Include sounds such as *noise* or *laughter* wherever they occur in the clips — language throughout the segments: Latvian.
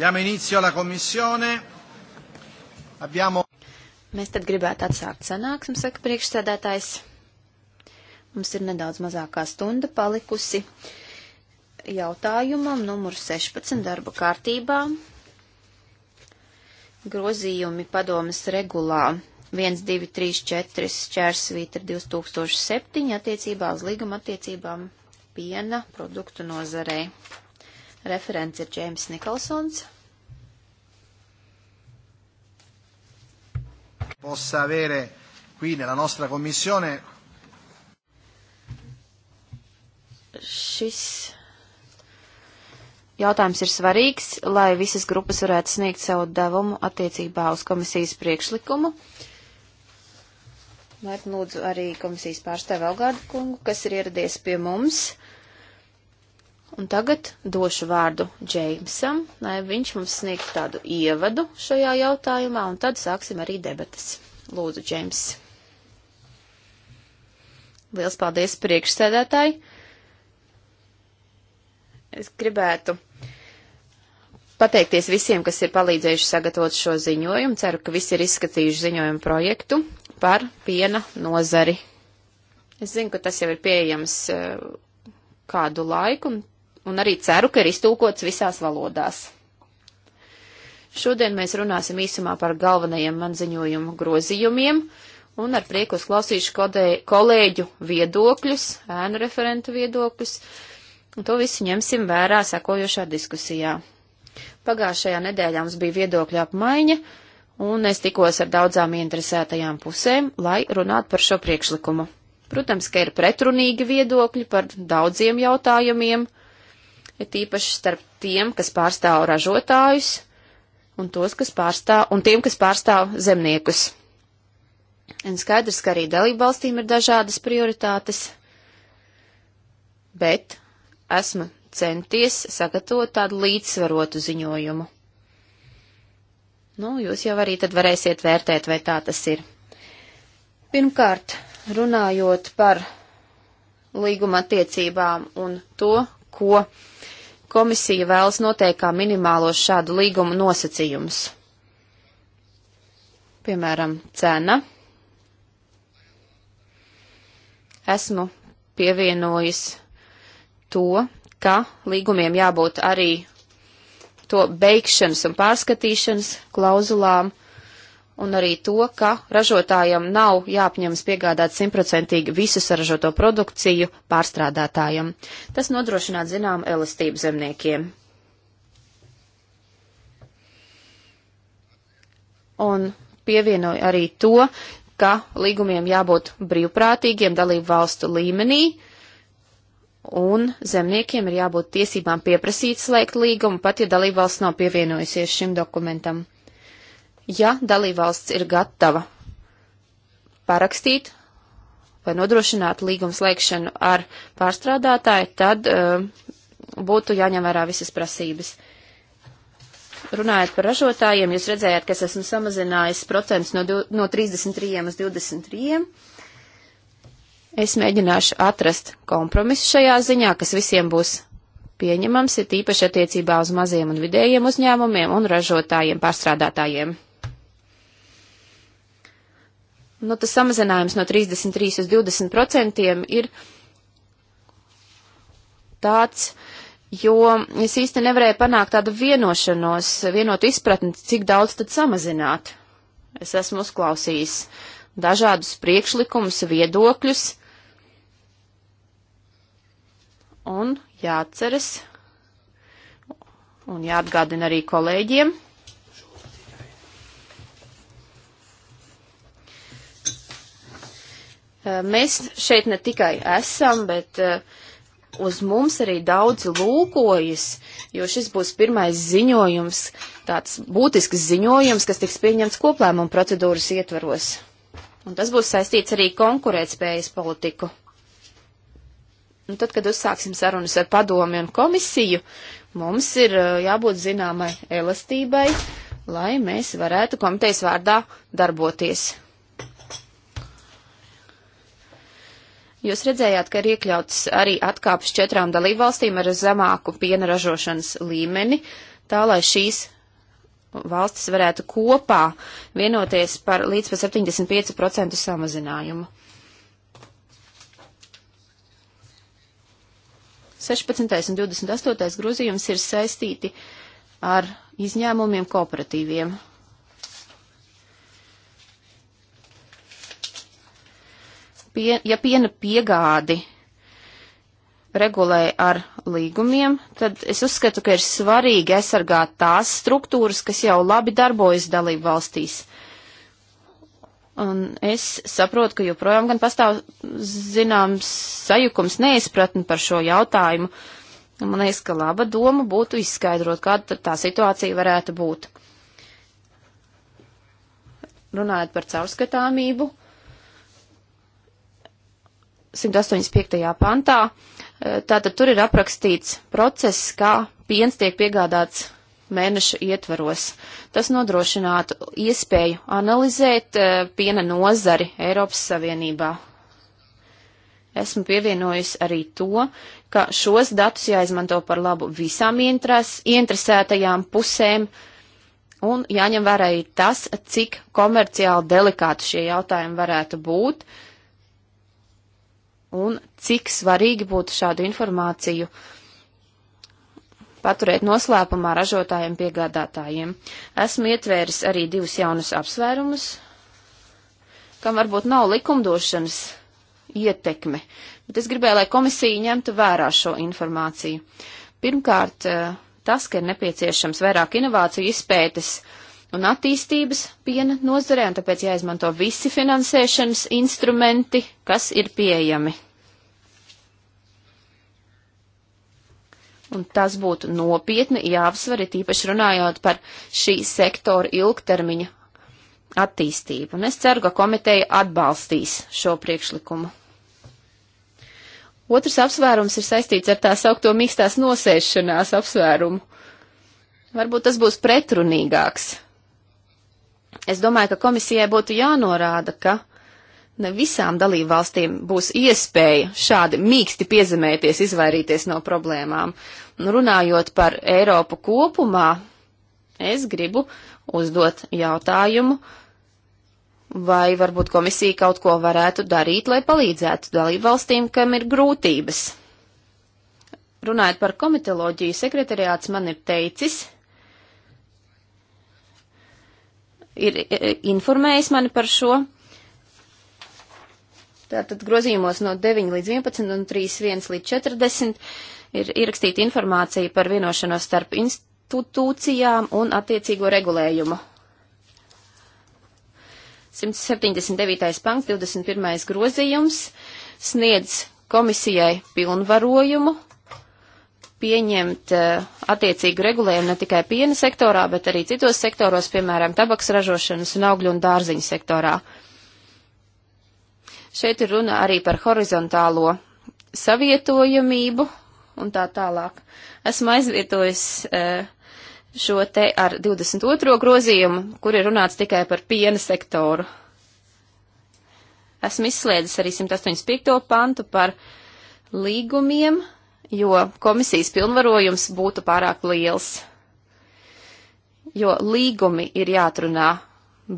Diamo inizio alla commissione. Abbiamo... Mēs tad gribētu atsākt sanāksmi, saka priekšsēdētājs. Mums ir nedaudz mazākā stunda palikusi jautājumam numur 16 darba kārtībā. Grozījumi padomas regulā 1, 2, 3, 4, šķērsvītra 2007 attiecībā uz līguma attiecībām piena produktu nozarei. Referents ir Džēms Nikolsons. Possa avere qui nella nostra commissione. Šis jautājums ir svarīgs, lai visas grupas varētu sniegt savu devumu attiecībā uz komisijas priekšlikumu. Laipni lūdzu arī komisijas pārstāvu Elgārdu kungu, kas ir ieradies pie mums. Un tagad došu vārdu Džeimsam, lai viņš mums sniegtu tādu ievadu šajā jautājumā, un tad sāksim arī debatas. Lūdzu, Džeims. Liels paldies priekšsēdētāji. Es gribētu pateikties visiem, kas ir palīdzējuši sagatavot šo ziņojumu. Ceru, ka visi ir izskatījuši ziņojumu projektu par piena nozari. Es zinu, ka tas jau ir pieejams eh, kādu laiku, un un arī ceru, ka ir iztūkots visās valodās. Šodien mēs runāsim īsumā par galvenajiem man ziņojumu grozījumiem, un ar prieku uzklausīšu kolēģu viedokļus, ēnu referentu viedokļus, un to visu ņemsim vērā sekojošā diskusijā. Pagājušajā nedēļā mums bija viedokļa apmaiņa, un es tikos ar daudzām interesētajām pusēm, lai runātu par šo priekšlikumu. Protams, ka ir pretrunīgi viedokļi par daudziem jautājumiem ir tīpaši starp tiem, kas pārstāv ražotājus, un, tos, kas pārstāv, un tiem, kas pārstāv zemniekus. Un skaidrs, ka arī dalībvalstīm ir dažādas prioritātes, bet esmu centies sagatavot tādu līdzsvarotu ziņojumu. Nu, jūs jau arī tad varēsiet vērtēt, vai tā tas ir. Pirmkārt, runājot par līguma attiecībām un to, ko Komisija vēlas noteikt kā minimālos šādu līgumu nosacījumus. Piemēram, cena. Esmu pievienojis to, ka līgumiem jābūt arī to beigšanas un pārskatīšanas klauzulām, un arī to, ka ražotājam nav jāapņemas piegādāt simtprocentīgi visu saražoto produkciju pārstrādātājam. Tas nodrošināt zinām elastību zemniekiem. Un pievienoju arī to, ka līgumiem jābūt brīvprātīgiem dalību valstu līmenī, un zemniekiem ir jābūt tiesībām pieprasīt slēgt līgumu, pat ja dalībvalsts nav pievienojusies šim dokumentam ja dalībvalsts ir gatava parakstīt vai nodrošināt līgumu slēgšanu ar pārstrādātāju, tad uh, būtu jāņem vērā visas prasības. Runājot par ražotājiem, jūs redzējāt, ka es esmu samazinājis procents no, no 33 uz 23. Es mēģināšu atrast kompromisu šajā ziņā, kas visiem būs pieņemams, ir tīpaši attiecībā uz maziem un vidējiem uzņēmumiem un ražotājiem, pārstrādātājiem nu, tas samazinājums no 33 uz 20 procentiem ir tāds, jo es īsti nevarēju panākt tādu vienošanos, vienotu izpratni, cik daudz tad samazināt. Es esmu uzklausījis dažādus priekšlikumus, viedokļus, un jāatceras, un jāatgādina arī kolēģiem, Eh, mēs šeit ne tikai esam, bet eh, uz mums arī daudzi lūkojas, jo šis būs pirmais ziņojums, tāds būtisks ziņojums, kas tiks pieņemts koplēmuma procedūras ietvaros. Un tas būs saistīts arī konkurētspējas politiku. Un tad, kad uzsāksim sarunas ar padomi un komisiju, mums ir eh, jābūt zināmai elastībai, lai mēs varētu komitejas vārdā darboties. Jūs redzējāt, ka ir iekļauts arī atkāpes četrām dalībvalstīm ar zemāku piena ražošanas līmeni, tā lai šīs valstis varētu kopā vienoties par līdz pa 75% samazinājumu. 16. un 28. grozījums ir saistīti ar izņēmumiem kooperatīviem. pie, ja piena piegādi regulē ar līgumiem, tad es uzskatu, ka ir svarīgi aizsargāt tās struktūras, kas jau labi darbojas dalību valstīs. Un es saprotu, ka joprojām gan pastāv zināms sajukums, neizpratni par šo jautājumu. Man liekas, ka laba doma būtu izskaidrot, kāda tā situācija varētu būt. Runājot par caurskatāmību, 185. pantā. Eh, tātad tur ir aprakstīts process, kā piens tiek piegādāts mēneša ietvaros. Tas nodrošinātu iespēju analizēt eh, piena nozari Eiropas Savienībā. Esmu pievienojusi arī to, ka šos datus jāizmanto par labu visām interes, interesētajām pusēm un jāņem vērā ir tas, cik komerciāli delikāti šie jautājumi varētu būt. Uh, un cik svarīgi būtu šādu informāciju paturēt noslēpumā ražotājiem piegādātājiem. Esmu ietvēris arī divus jaunus apsvērumus, kam varbūt nav likumdošanas ietekme, bet es gribēju, lai komisija ņemtu vērā šo informāciju. Pirmkārt, eh, tas, ka ir nepieciešams vairāk inovāciju izpētes, uh, un attīstības piena nozarē, un tāpēc jāizmanto visi finansēšanas instrumenti, kas ir pieejami. Un tas būtu nopietni jāapsver, it īpaši runājot par šī sektora ilgtermiņa attīstību. Un es ceru, ka komiteja atbalstīs šo priekšlikumu. Otrs apsvērums ir saistīts ar tā saukto mīkstās nosēšanās apsvērumu. Varbūt tas būs pretrunīgāks Es domāju, ka komisijai būtu jānorāda, ka ne visām dalībvalstīm būs iespēja šādi mīksti piezemēties, izvairīties no problēmām. Runājot par Eiropu kopumā, es gribu uzdot jautājumu, vai varbūt komisija kaut ko varētu darīt, lai palīdzētu dalībvalstīm, kam ir grūtības. Runājot par komiteloģiju, sekretariāts man ir teicis, ir e, e, informējis mani par šo. Tātad grozījumos no 9 līdz 11 un 31 līdz 40 ir ierakstīta informācija par vienošanos starp institūcijām un attiecīgo regulējumu. 179. pants, 21. grozījums sniedz komisijai pilnvarojumu pieņemt eh, attiecīgu regulējumu ne tikai piena sektorā, bet arī citos sektoros, piemēram, tabaks ražošanas un augļu un dārziņu sektorā. Šeit ir runa arī par horizontālo savietojamību un tā tālāk. Esmu aizvietojis eh, šo te ar 22. grozījumu, kur ir runāts tikai par piena sektoru. Esmu izslēdzis arī 185. pantu par līgumiem jo komisijas pilnvarojums būtu pārāk liels. Jo līgumi ir jāatrunā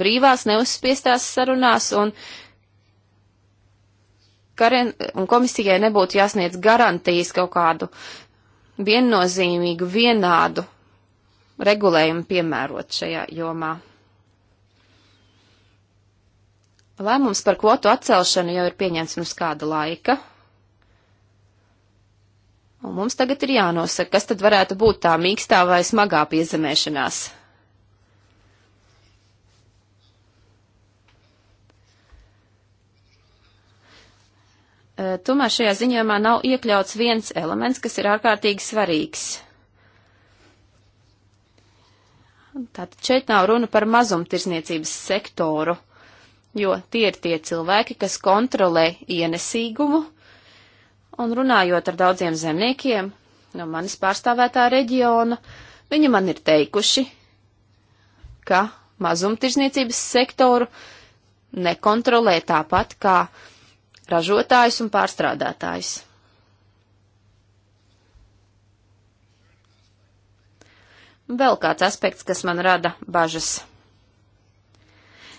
brīvās, neuzspiestās sarunās, un, karen, un komisijai nebūtu jāsniedz garantijas kaut kādu viennozīmīgu, vienādu regulējumu piemērot šajā jomā. Lēmums par kvotu atcelšanu jau ir pieņemts pirms kāda laika, Un mums tagad ir jānosaka, kas tad varētu būt tā mīkstā vai smagā piezemēšanās. E, tomēr šajā ziņojumā nav iekļauts viens elements, kas ir ārkārtīgi svarīgs. Tātad šeit nav runa par mazumtirzniecības sektoru, jo tie ir tie cilvēki, kas kontrolē ienesīgumu, uh, Un runājot ar daudziem zemniekiem no manis pārstāvētā reģiona, viņi man ir teikuši, ka mazumtirzniecības sektoru nekontrolē tāpat kā ražotājs un pārstrādātājs. Vēl kāds aspekts, kas man rada bažas.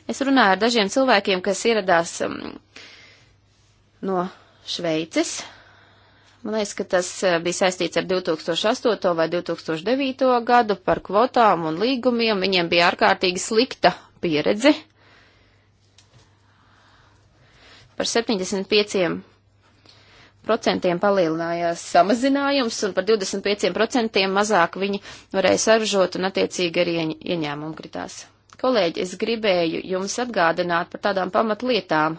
Es runāju ar dažiem cilvēkiem, kas ieradās um, no Šveices, Man liekas, ka tas eh, bija saistīts ar 2008. vai 2009. gadu par kvotām un līgumiem. Viņiem bija ārkārtīgi slikta pieredze. Par 75% palielinājās samazinājums un par 25% mazāk viņi varēja saražot un attiecīgi arī ieņēmumu kritās. Kolēģi, es gribēju jums atgādināt par tādām pamatlietām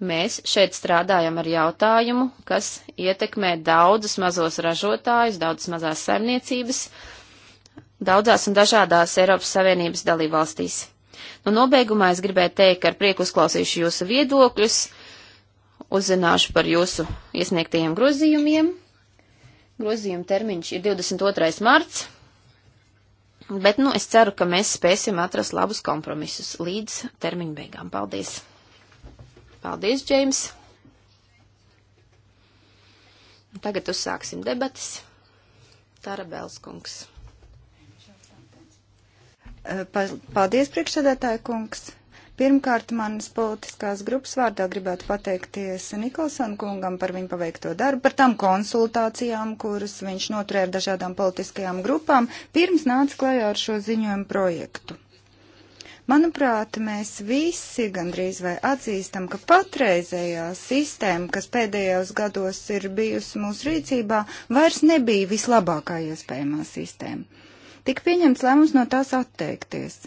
Mēs šeit strādājam ar jautājumu, kas ietekmē daudzus mazos ražotājus, daudzas mazās saimniecības, daudzās un dažādās Eiropas Savienības dalībvalstīs. Nu, nobeigumā es gribēju teikt, ka ar prieku uzklausīšu jūsu viedokļus, uzzināšu par jūsu iesniegtajiem grozījumiem. Grozījuma termiņš ir 22. marts, bet, nu, es ceru, ka mēs spēsim atrast labus kompromisus līdz termiņa beigām. Paldies! Paldies, Džeims! Tagad uzsāksim debatas. Tāra Belskungs. Eh, paldies, priekšsēdētāja kungs! Pirmkārt, manas politiskās grupas vārdā gribētu pateikties Nikolson kungam par viņu paveikto darbu, par tām konsultācijām, kuras viņš noturēja ar dažādām politiskajām grupām, pirms nāca klajā ar šo ziņojumu projektu. Manuprāt, mēs visi gandrīz vai atzīstam, ka patreizējā sistēma, kas pēdējos gados ir bijusi mūsu rīcībā, vairs nebija vislabākā iespējamā sistēma. Tik pieņemts lēmums no tās atteikties.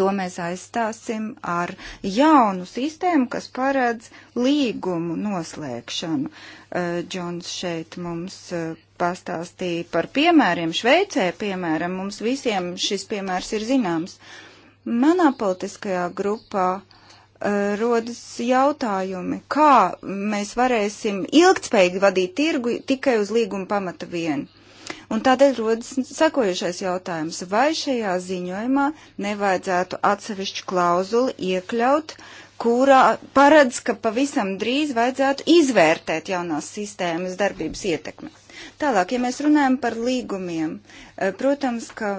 To mēs aizstāsim ar jaunu sistēmu, kas paredz līgumu noslēgšanu. Eh, Džons uh, šeit mums uh, pastāstīja par piemēriem. Šveicē, piemēram, mums visiem šis piemērs ir zināms. Uh, Manā politiskajā grupā eh, rodas jautājumi, kā mēs varēsim ilgtspējīgi vadīt tirgu tikai uz līguma pamata vien. Un tādēļ rodas sekojušais jautājums, vai šajā ziņojumā nevajadzētu atsevišķu klauzuli iekļaut, kurā paredz, ka pavisam drīz vajadzētu izvērtēt jaunās sistēmas darbības ietekmi. Tālāk, ja mēs runājam par līgumiem, eh, protams, ka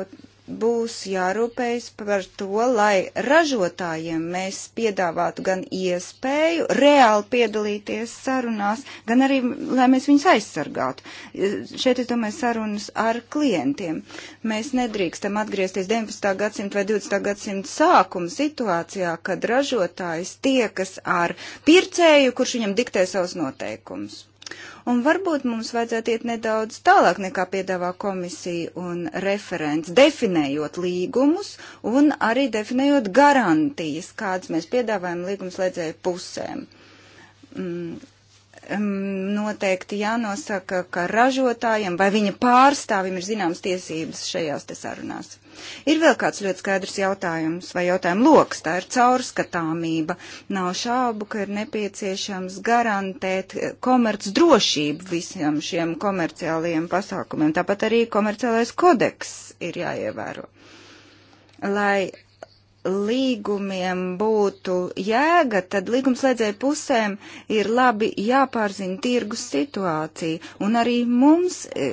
būs jārūpējas par to, lai ražotājiem mēs piedāvātu gan iespēju reāli piedalīties sarunās, gan arī, lai mēs viņus aizsargātu. Šeit, es domāju, sarunas ar klientiem. Mēs nedrīkstam atgriezties 19. gadsimta vai 20. gadsimta sākuma situācijā, kad ražotājs tiekas ar pircēju, kurš viņam diktē savus noteikumus. Un varbūt mums vajadzētu iet nedaudz tālāk nekā piedāvā komisija un referents, definējot līgumus un arī definējot garantijas, kādas mēs piedāvājam līgumslēdzēju pusēm. Mm, noteikti jānosaka, ka ražotājiem vai viņa pārstāvim ir zināmas tiesības šajās te sarunās. Ir vēl kāds ļoti skaidrs jautājums vai jautājumu loks, tā ir caurskatāmība. Nav šaubu, ka ir nepieciešams garantēt komerc drošību visiem šiem komerciālajiem pasākumiem. Tāpat arī komerciālais kodeks ir jāievēro. Lai līgumiem būtu jēga, tad līgumslēdzēju pusēm ir labi jāpārzina tirgus situācija, un arī mums e,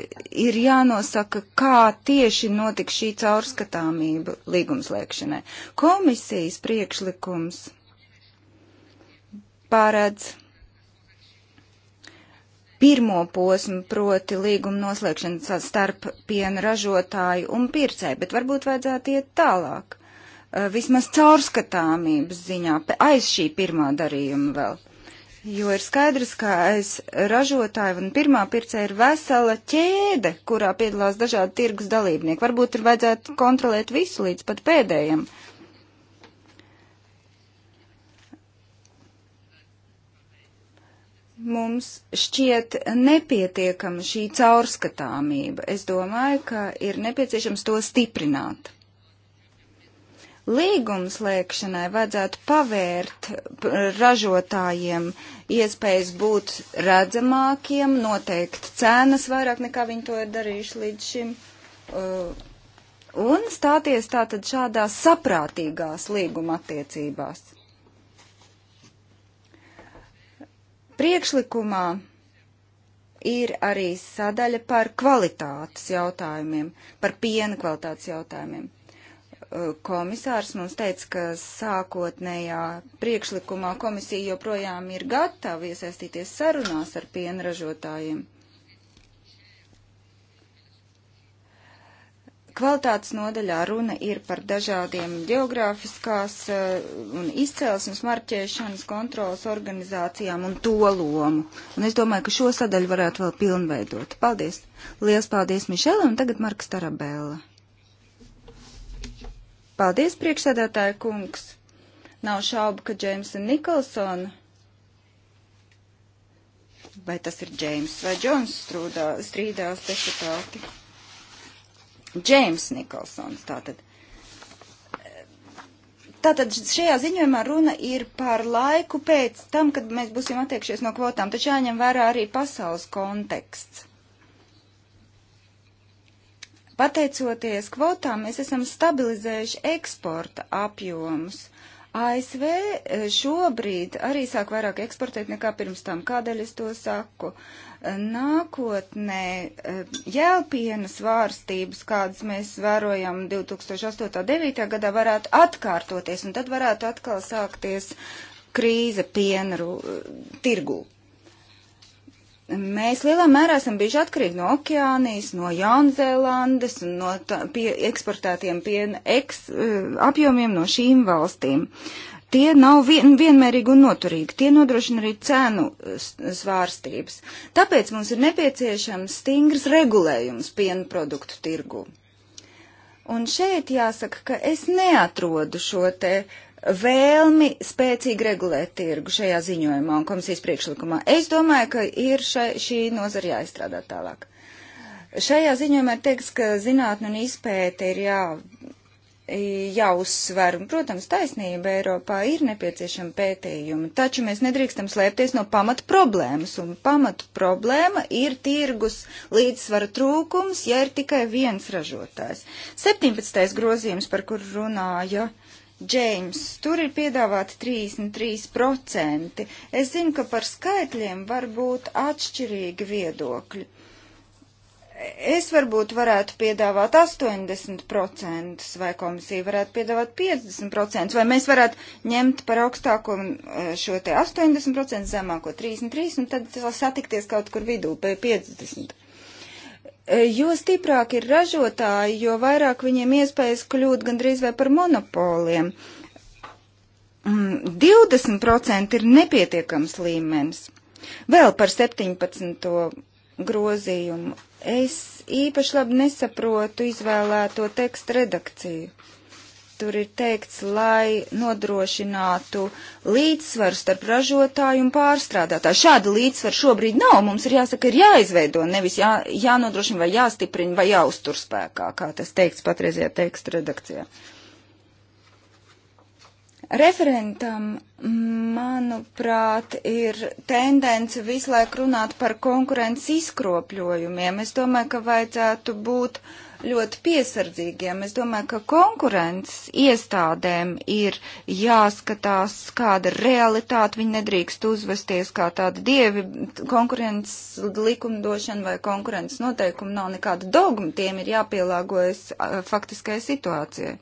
ir jānosaka, kā tieši notika šī caurskatāmība līgumslēgšanai. Komisijas priekšlikums paredz pirmo posmu, proti līguma noslēgšanu starp piena ražotāju un pircēju, bet varbūt vajadzētu iet tālāk. Eh, vismaz caurskatāmības ziņā aiz šī pirmā darījuma vēl. Jo ir skaidrs, ka aiz ražotāja un pirmā pircē ir vesela ķēde, kurā piedalās dažādi tirgus dalībnieki. Varbūt ir vajadzētu kontrolēt visu līdz pat pēdējiem. mums šķiet nepietiekama šī caurskatāmība. Es domāju, ka ir nepieciešams to stiprināt. Līgums liekšanai vajadzētu pavērt ražotājiem iespējas būt redzamākiem, noteikt cenas vairāk nekā viņi to ir darījuši līdz šim. Uh, un stāties tātad šādās saprātīgās līguma attiecībās. Priekšlikumā ir arī sadaļa par kvalitātes jautājumiem, par piena kvalitātes jautājumiem. Eh, komisārs mums teica, ka sākotnējā priekšlikumā komisija joprojām ir gatava iesaistīties sarunās ar pienražotājiem. Kvalitātes nodaļā runa ir par dažādiem geogrāfiskās eh, un izcelsmes marķēšanas kontrolas organizācijām un to lomu. Un es domāju, ka šo sadaļu varētu vēl pilnveidot. Paldies! Lielas paldies Mišela un tagad Marks Tarabēla. Paldies, priekšsēdētāja kungs! Nav šaubu, ka Džeimsa Nikolsona, vai tas ir Džeims vai Džons strūdā, strīdās deputāti. Džeims Nikolsons, tātad. Tātad šajā ziņojumā runa ir par laiku pēc tam, kad mēs būsim attiekšies no kvotām, taču jāņem vērā arī pasaules konteksts. Pateicoties kvotām, mēs esam stabilizējuši eksporta apjomus. ASV eh, šobrīd arī sāk vairāk eksportēt nekā pirms tam. Kādēļ es to saku? Eh, nākotnē eh, jēlpienas vārstības, kādas mēs vērojam 2008.9. gadā, varētu atkārtoties, un tad varētu atkal sākties krīze piena tirgū. Mēs lielā mērā esam bijuši atkarīgi no okeānijas, no Jaunzēlandes un no tā, pie, eksportētiem piena eks, eh, apjomiem no šīm valstīm. Tie nav vien, vienmērīgi un noturīgi, tie nodrošina arī cenu eh, svārstības. Tāpēc mums ir nepieciešams stingrs regulējums piena produktu tirgu. Un šeit jāsaka, ka es neatrodu šo te uh, vēlmi spēcīgi regulēt tirgu šajā ziņojumā un komisijas priekšlikumā. Es domāju, ka ir šai, šī nozara jāizstrādā tālāk. Šajā ziņojumā ir teiks, ka zinātne un izpēte ir jā, jāuzsver, un, protams, taisnība Eiropā ir nepieciešama pētījumi, taču mēs nedrīkstam slēpties no pamatu problēmas, un pamatu problēma ir tirgus līdzsvara trūkums, ja ir tikai viens ražotājs. 17. grozījums, par kur runāja. Ja Džeims, tur ir piedāvāti 33%. Es zinu, ka par skaitļiem var būt atšķirīgi viedokļi. Es varbūt varētu piedāvāt 80% vai komisija varētu piedāvāt 50% vai mēs varētu ņemt par augstāko e, šo te 80% zemāko 33% un tad satikties kaut kur vidū pie 50%. Jo stiprāk ir ražotāji, jo vairāk viņiem iespējas kļūt gandrīz vai par monopoliem. 20% mm, ir nepietiekams līmenis. Vēl par 17. grozījumu. Es īpaši labi nesaprotu izvēlēto tekstu redakciju. Tur ir teikts, lai nodrošinātu līdzsvaru starp ražotāju un pārstrādātāju. Šāda līdzsvara šobrīd nav. Mums ir jāsaka, ir jāizveido, nevis jā, jānodrošina vai jāstiprina vai jāuztur spēkā, kā tas teikts patreizajā teksta redakcijā. Referentam, manuprāt, ir tendence visu laiku runāt par konkurences izkropļojumiem. Es domāju, ka vajadzētu būt uh, ļoti piesardzīgiem. Es domāju, ka konkurences iestādēm ir jāskatās, kāda realitāte viņi nedrīkst uzvesties kā tāda dievi. Konkurences likumdošana vai konkurences noteikumi nav nekāda dogma, tiem ir jāpielāgojas faktiskai situācijai.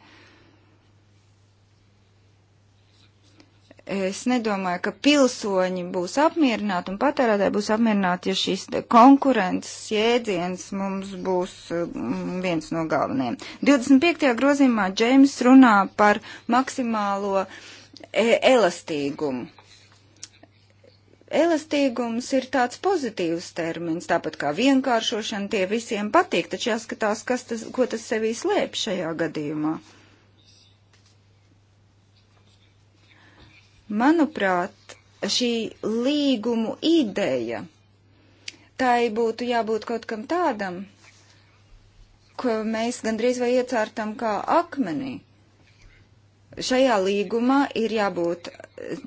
Es nedomāju, ka pilsoņi būs apmierināti un patērētāji būs apmierināti, ja šīs konkurences jēdziens mums būs mm, viens no galvenajiem. 25. grozījumā Džeims runā par maksimālo e, elastīgumu. Elastīgums ir tāds pozitīvs termins, tāpat kā vienkāršošana tie visiem patīk, taču jāskatās, kas tas, ko tas sevī slēp šajā gadījumā. Manuprāt, šī līgumu ideja, tai būtu jābūt kaut kam tādam, ko mēs gandrīz vai iecārtam kā akmenī. Šajā līgumā ir jābūt eh,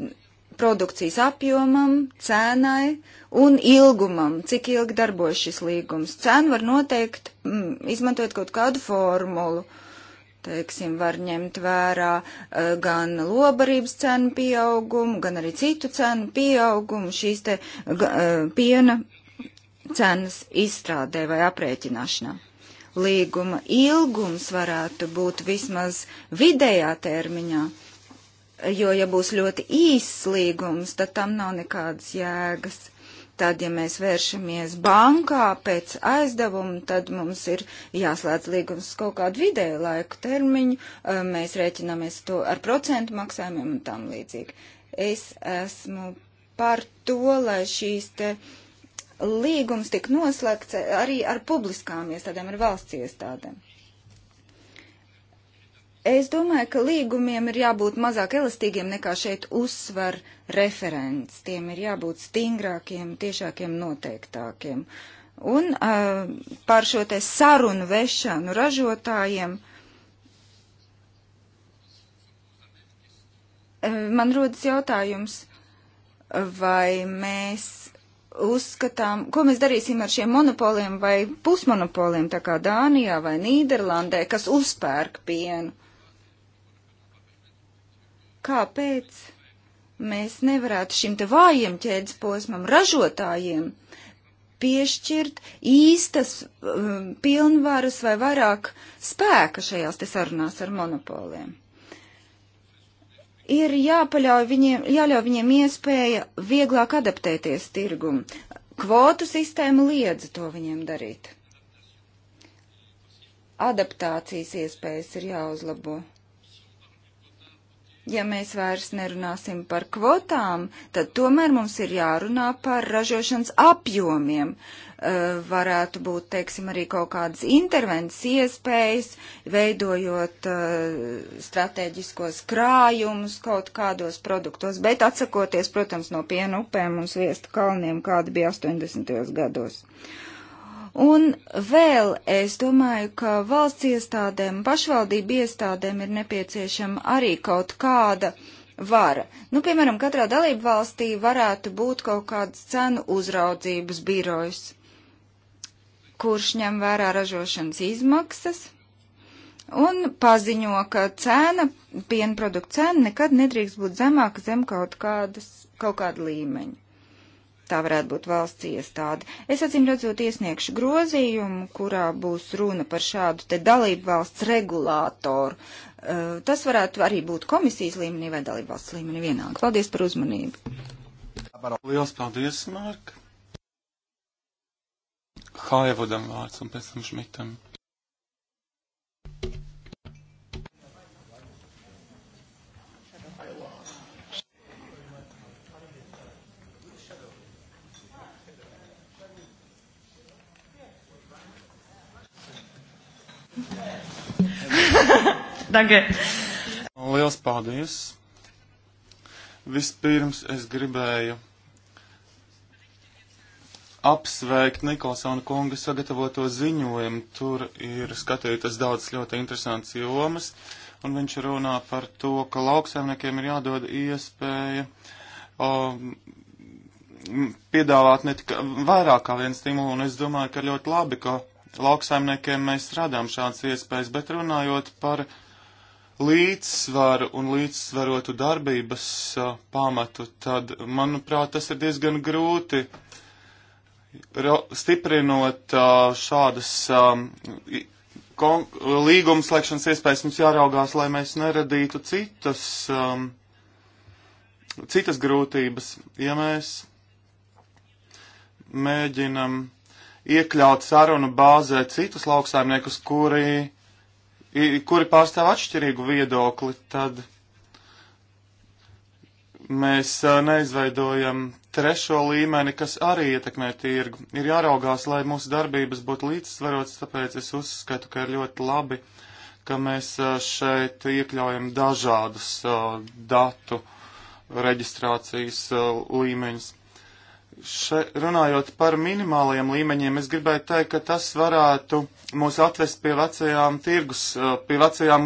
produkcijas apjomam, cenai un ilgumam, cik ilgi darbojas šis līgums. Cenu var noteikt, mm, izmantojot kaut kādu formulu. Uh, teiksim, var ņemt vērā eh, gan lobarības cenu pieaugumu, gan arī citu cenu pieaugumu šīs te eh, piena cenas izstrādē vai aprēķināšanā. Līguma ilgums varētu būt vismaz vidējā termiņā, jo, ja būs ļoti īss līgums, tad tam nav nekādas jēgas Tad, ja mēs vēršamies bankā pēc aizdevuma, tad mums ir jāslēdz līgums kaut kādu vidēju laiku termiņu, mēs rēķināmies to ar procentu maksājumiem un tam līdzīgi. Es esmu par to, lai šīs te līgums tik noslēgts arī ar publiskām iestādēm, ar valsts iestādēm. Es domāju, ka līgumiem ir jābūt mazāk elastīgiem nekā šeit uzsver referents. Tiem ir jābūt stingrākiem, tiešākiem, noteiktākiem. Un uh, par šo te sarunu vešanu ražotājiem uh, man rodas jautājums, vai mēs uzskatām, ko mēs darīsim ar šiem monopoliem vai pusmonopoliem, tā kā Dānijā vai Nīderlandē, kas uzpērk pienu kāpēc mēs nevarētu šim te vājiem ķēdes posmam, ražotājiem, piešķirt īstas um, pilnvaras vai vairāk spēka šajās te sarunās ar monopoliem. Ir jāpaļauj viņiem, jāļauj viņiem iespēja vieglāk adaptēties tirgumu. Kvotu sistēma liedza to viņiem darīt. Adaptācijas iespējas ir jāuzlabo ja mēs vairs nerunāsim par kvotām, tad tomēr mums ir jārunā par ražošanas apjomiem. Eh, varētu būt, teiksim, arī kaut kādas intervences iespējas, veidojot eh, strateģiskos krājumus kaut kādos produktos, bet atsakoties, protams, no piena upēm un sviestu kalniem, kāda bija 80. gados. Uh, Un vēl es domāju, ka valsts iestādēm, pašvaldību iestādēm ir nepieciešama arī kaut kāda vara. Nu, piemēram, katrā dalību valstī varētu būt kaut kāds cenu uzraudzības birojs, kurš ņem vērā ražošanas izmaksas un paziņo, ka cena, pienproduktu cena nekad nedrīkst būt zemāka zem kaut kādas, kaut kāda līmeņa tā varētu būt valsts iestāde. Es acīm redzot iesniegšu grozījumu, kurā būs runa par šādu te dalību valsts regulātoru. Uh, tas varētu arī būt komisijas līmenī vai dalību valsts līmenī vienalga. Paldies par uzmanību. Lielas paldies, Mārk. Haivudam vārds un pēc tam Šmitam. *laughs* Danke. Liels paldies. Vispirms es gribēju apsveikt Nikolsona kunga sagatavoto ziņojumu. Tur ir skatītas daudz ļoti interesants jomas, un viņš runā par to, ka lauksaimniekiem ir jādod iespēja um, piedāvāt ne tikai vairāk kā vienu stimulu, un es domāju, ka ļoti labi, ka lauksaimniekiem mēs radām šādas iespējas, bet runājot par līdzsvaru un līdzsvarotu darbības a, pamatu, tad, manuprāt, tas ir diezgan grūti ra, stiprinot a, šādas līguma slēgšanas iespējas. Mums jāraugās, lai mēs neradītu citas, um, citas grūtības, ja mēs mēģinam iekļaut sarunu bāzē citus lauksaimniekus, kuri, kuri pārstāv atšķirīgu viedokli, tad mēs neizveidojam trešo līmeni, kas arī ietekmē tirgu. Ir jāraugās, lai mūsu darbības būtu līdzsvarotas, tāpēc es uzskatu, ka ir ļoti labi, ka mēs šeit iekļaujam dažādus datu reģistrācijas līmeņus. Še, runājot par minimālajiem līmeņiem, es gribēju teikt, ka tas varētu mūs atvest pie vecajām tirgus, eh, pie vecajām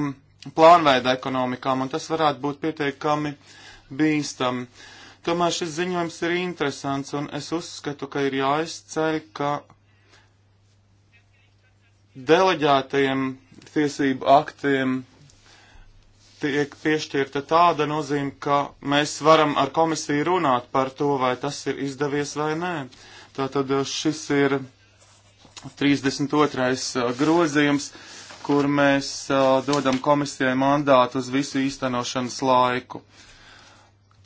plānveida ekonomikām, un tas varētu būt pietiekami bīstami. Tomēr šis ziņojums ir interesants, un es uzskatu, ka ir jāizceļ, ka deleģētajiem tiesību aktiem tiek piešķirta tāda nozīme, ka mēs varam ar komisiju runāt par to, vai tas ir izdevies vai nē. Tātad eh, šis ir 32. Eh, grozījums, kur mēs eh, dodam komisijai mandātu uz visu īstenošanas laiku.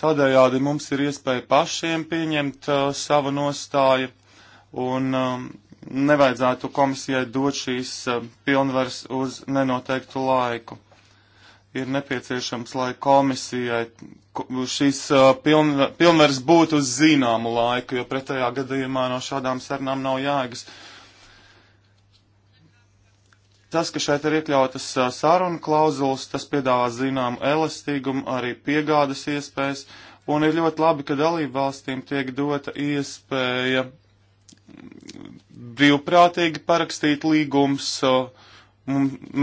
Tādējādi mums ir iespēja pašiem pieņemt uh, savu nostāju un um, nevajadzētu komisijai dot šīs uh, pilnvaras uz nenoteiktu laiku ir nepieciešams, lai komisijai šīs uh, piln, pilnvers būtu uz zināmu laiku, jo pretējā gadījumā no šādām sarunām nav jēgas. Tas, ka šeit ir iekļautas uh, saruna klauzulas, tas piedāvā zināmu elastīgumu, arī piegādas iespējas, un ir ļoti labi, ka dalību valstīm tiek dota iespēja brīvprātīgi parakstīt līgums uh,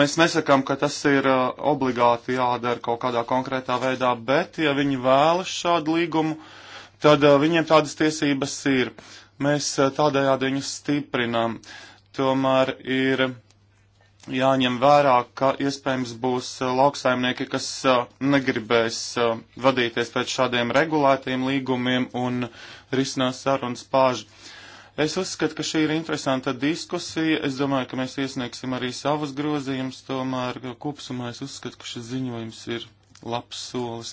Mēs nesakām, ka tas ir uh, obligāti jādara kaut kādā konkrētā veidā, bet ja viņi vēlas šādu līgumu, tad uh, viņiem tādas tiesības ir. Mēs uh, tādējādi viņus stiprinām. Tomēr ir jāņem vērā, ka iespējams būs lauksaimnieki, kas negribēs vadīties pēc šādiem regulētiem līgumiem un risinās sarunas pāžu. Es uzskatu, ka šī ir interesanta diskusija. Es domāju, ka mēs iesniegsim arī savus grozījumus. Tomēr kopumā es uzskatu, ka šis ziņojums ir labs solis.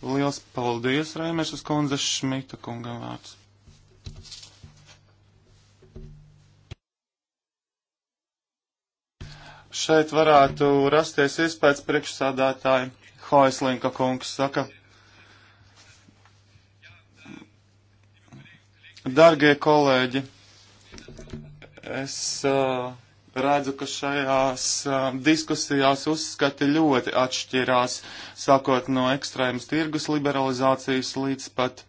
Liels paldies, Rēmešas kundze Šmita kungam vārds. Šeit varētu rasties iespējas priekšsādātāji. Hoislinka kungs saka, Dargie kolēģi, es uh, redzu, ka šajās uh, diskusijās uzskati ļoti atšķirās, sākot no ekstrēmas tirgus liberalizācijas līdz pat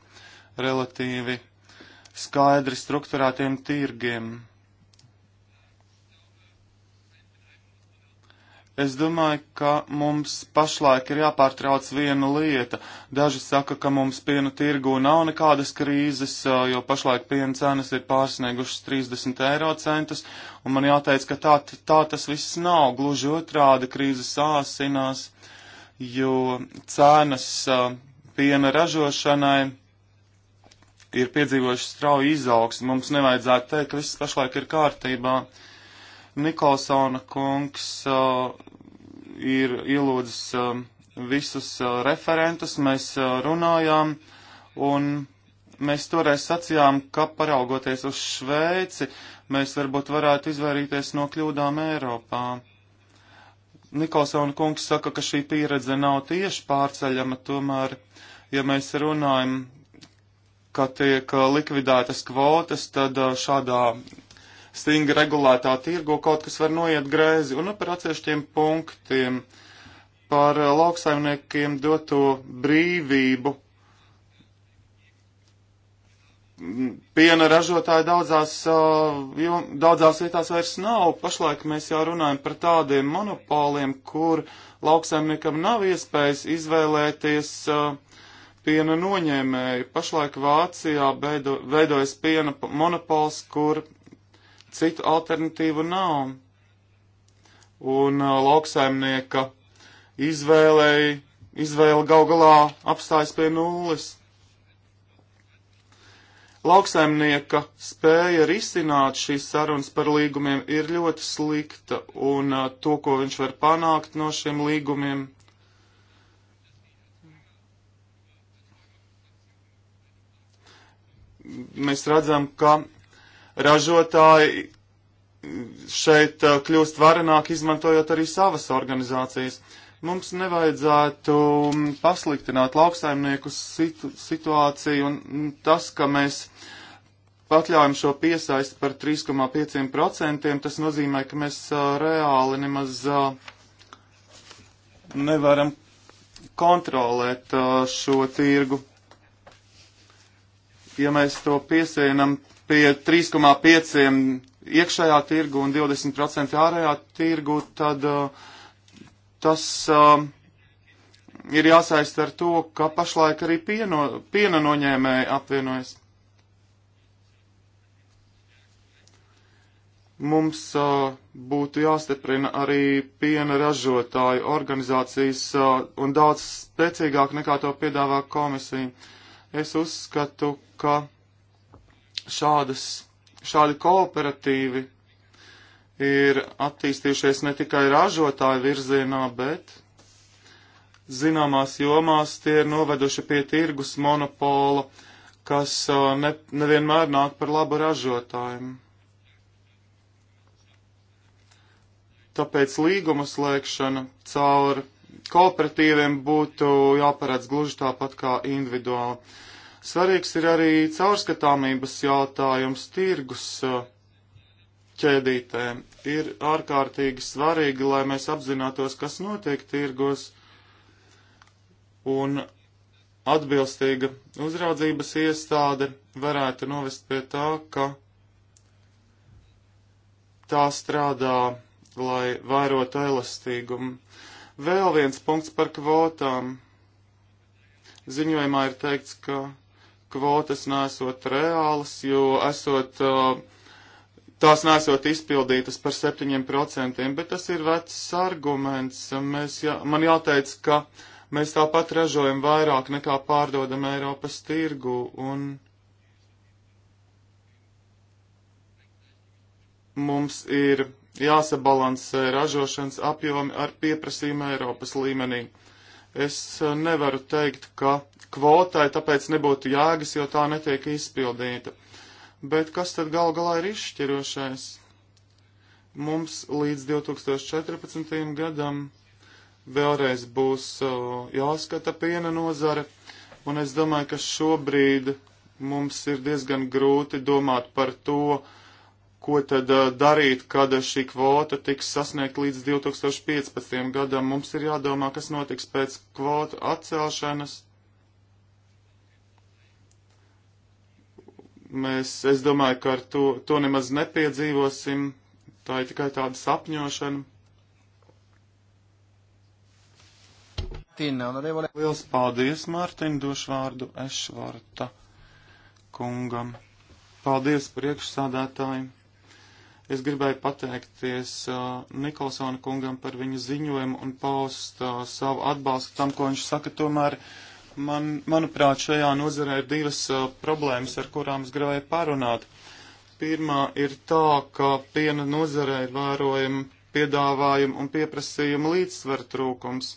relatīvi skaidri strukturētiem tirgiem. Es domāju, ka mums pašlaik ir jāpārtrauc viena lieta. Daži saka, ka mums piena tirgu nav nekādas krīzes, jo pašlaik piena cenas ir pārsniegušas 30 eiro centus, un man jāteic, ka tā, tā tas viss nav. Gluži otrādi krīzes sāsinās, jo cenas piena ražošanai ir piedzīvojuši strauju izaugsmu. Mums nevajadzētu teikt, ka viss pašlaik ir kārtībā. Uh, Nikolsona kungs uh, ir ielūdzis uh, visus uh, referentus, mēs uh, runājām, un mēs toreiz sacījām, ka paraugoties uz Šveici, mēs varbūt varētu izvairīties no kļūdām Eiropā. Nikolsona kungs saka, ka šī pieredze nav tieši pārceļama, tomēr, ja mēs runājam, ka tiek uh, likvidētas kvotas, tad uh, šādā stingri regulētā tirgo kaut kas var noiet greizi. Un nu, par atsevišķiem punktiem, par lauksaimniekiem doto brīvību. Piena ražotāji daudzās, uh, jo, daudzās vietās vairs nav. Pašlaik mēs jau runājam par tādiem monopoliem, kur lauksaimniekam nav iespējas izvēlēties uh, piena noņēmēji. Pašlaik Vācijā beido, veidojas piena monopols, kur Citu alternatīvu nav. Un uh, lauksaimnieka izvēlēji, izvēle gal galā apstājas pie nulles. Lauksaimnieka spēja risināt šīs sarunas par līgumiem ir ļoti slikta, un uh, to, ko viņš var panākt no šiem līgumiem, mēs redzam, ka ražotāji šeit uh, kļūst varenāk, izmantojot arī savas organizācijas. Mums nevajadzētu mm, pasliktināt lauksaimnieku situ situāciju un mm, tas, ka mēs pakļaujam šo piesaisti par 3,5%, tas nozīmē, ka mēs uh, reāli nemaz uh, nevaram kontrolēt šo tirgu. Ja mēs to piesienam pie 3,5 iekšējā tirgu un 20% ārējā tirgu, tad uh, tas uh, ir jāsaist ar to, ka pašlaik arī pieno, piena noņēmēji apvienojas. Mums uh, būtu jāstiprina arī piena ražotāju organizācijas un daudz spēcīgāk nekā to piedāvā komisija. Es uzskatu, ka šādas, šādi kooperatīvi ir attīstījušies ne tikai ražotāju virzienā, bet zināmās jomās tie ir noveduši pie tirgus monopola, kas uh, ne, nevienmēr nāk par labu ražotājiem. Tāpēc līguma slēgšana caur kooperatīviem būtu jāparedz gluži tāpat kā individuāli Svarīgs ir arī caurskatāmības jautājums tirgus ķēdītē. Ir ārkārtīgi svarīgi, lai mēs apzinātos, kas notiek tirgos un atbilstīga uzraudzības iestāde varētu novest pie tā, ka tā strādā, lai vairotu elastīgumu. Vēl viens punkts par kvotām. Ziņojumā ir teikts, ka kvotas nesot reālas, jo esot, uh, tās nesot izpildītas par 7%, bet tas ir vecs arguments. Mēs, jā, man jāteic, ka mēs tāpat ražojam vairāk nekā pārdodam Eiropas tirgu un mums ir jāsabalansē ražošanas apjomi ar pieprasījumu Eiropas līmenī. Uh, Es eh, nevaru teikt, ka kvotai tāpēc nebūtu jēgas, jo tā netiek izpildīta. Bet kas tad gal galā ir izšķirošais? Mums līdz 2014. gadam vēlreiz būs eh, jāskata piena nozare, un es domāju, ka šobrīd mums ir diezgan grūti domāt par to, ko tad darīt, kad šī kvota tiks sasniegta līdz 2015. gadam. Mums ir jādomā, kas notiks pēc kvotu atcelšanas. Mēs, es domāju, ka ar to, to nemaz nepiedzīvosim. Tā ir tikai tāda sapņošana. Liels paldies, Mārtiņ, došu vārdu Ešvarta kungam. Paldies priekšsādātājiem. Es gribēju pateikties uh, Nikolsona kungam par viņa ziņojumu un paust uh, savu atbalstu tam, ko viņš saka. Tomēr, man, manuprāt, šajā nozarē ir divas uh, problēmas, ar kurām es gribēju parunāt. Pirmā ir tā, ka piena nozarē ir vērojama piedāvājuma un pieprasījuma līdzsver trūkums.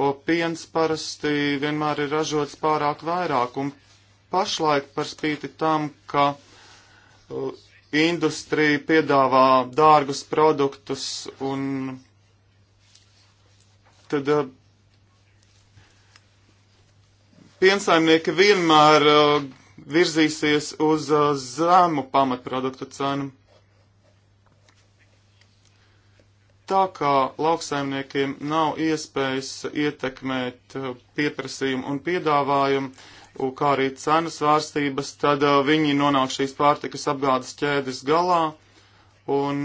O piens parasti vienmēr ir ražots pārāk vairāk, un pašlaik par spīti tam, ka uh, industrija piedāvā dārgus produktus un tad uh, piensaimnieki vienmēr uh, virzīsies uz uh, zemu pamatproduktu cenu. Tā kā lauksaimniekiem nav iespējas ietekmēt pieprasījumu un piedāvājumu, kā arī cenu svārstības, tad uh, viņi nonāk šīs pārtikas apgādes ķēdes galā, un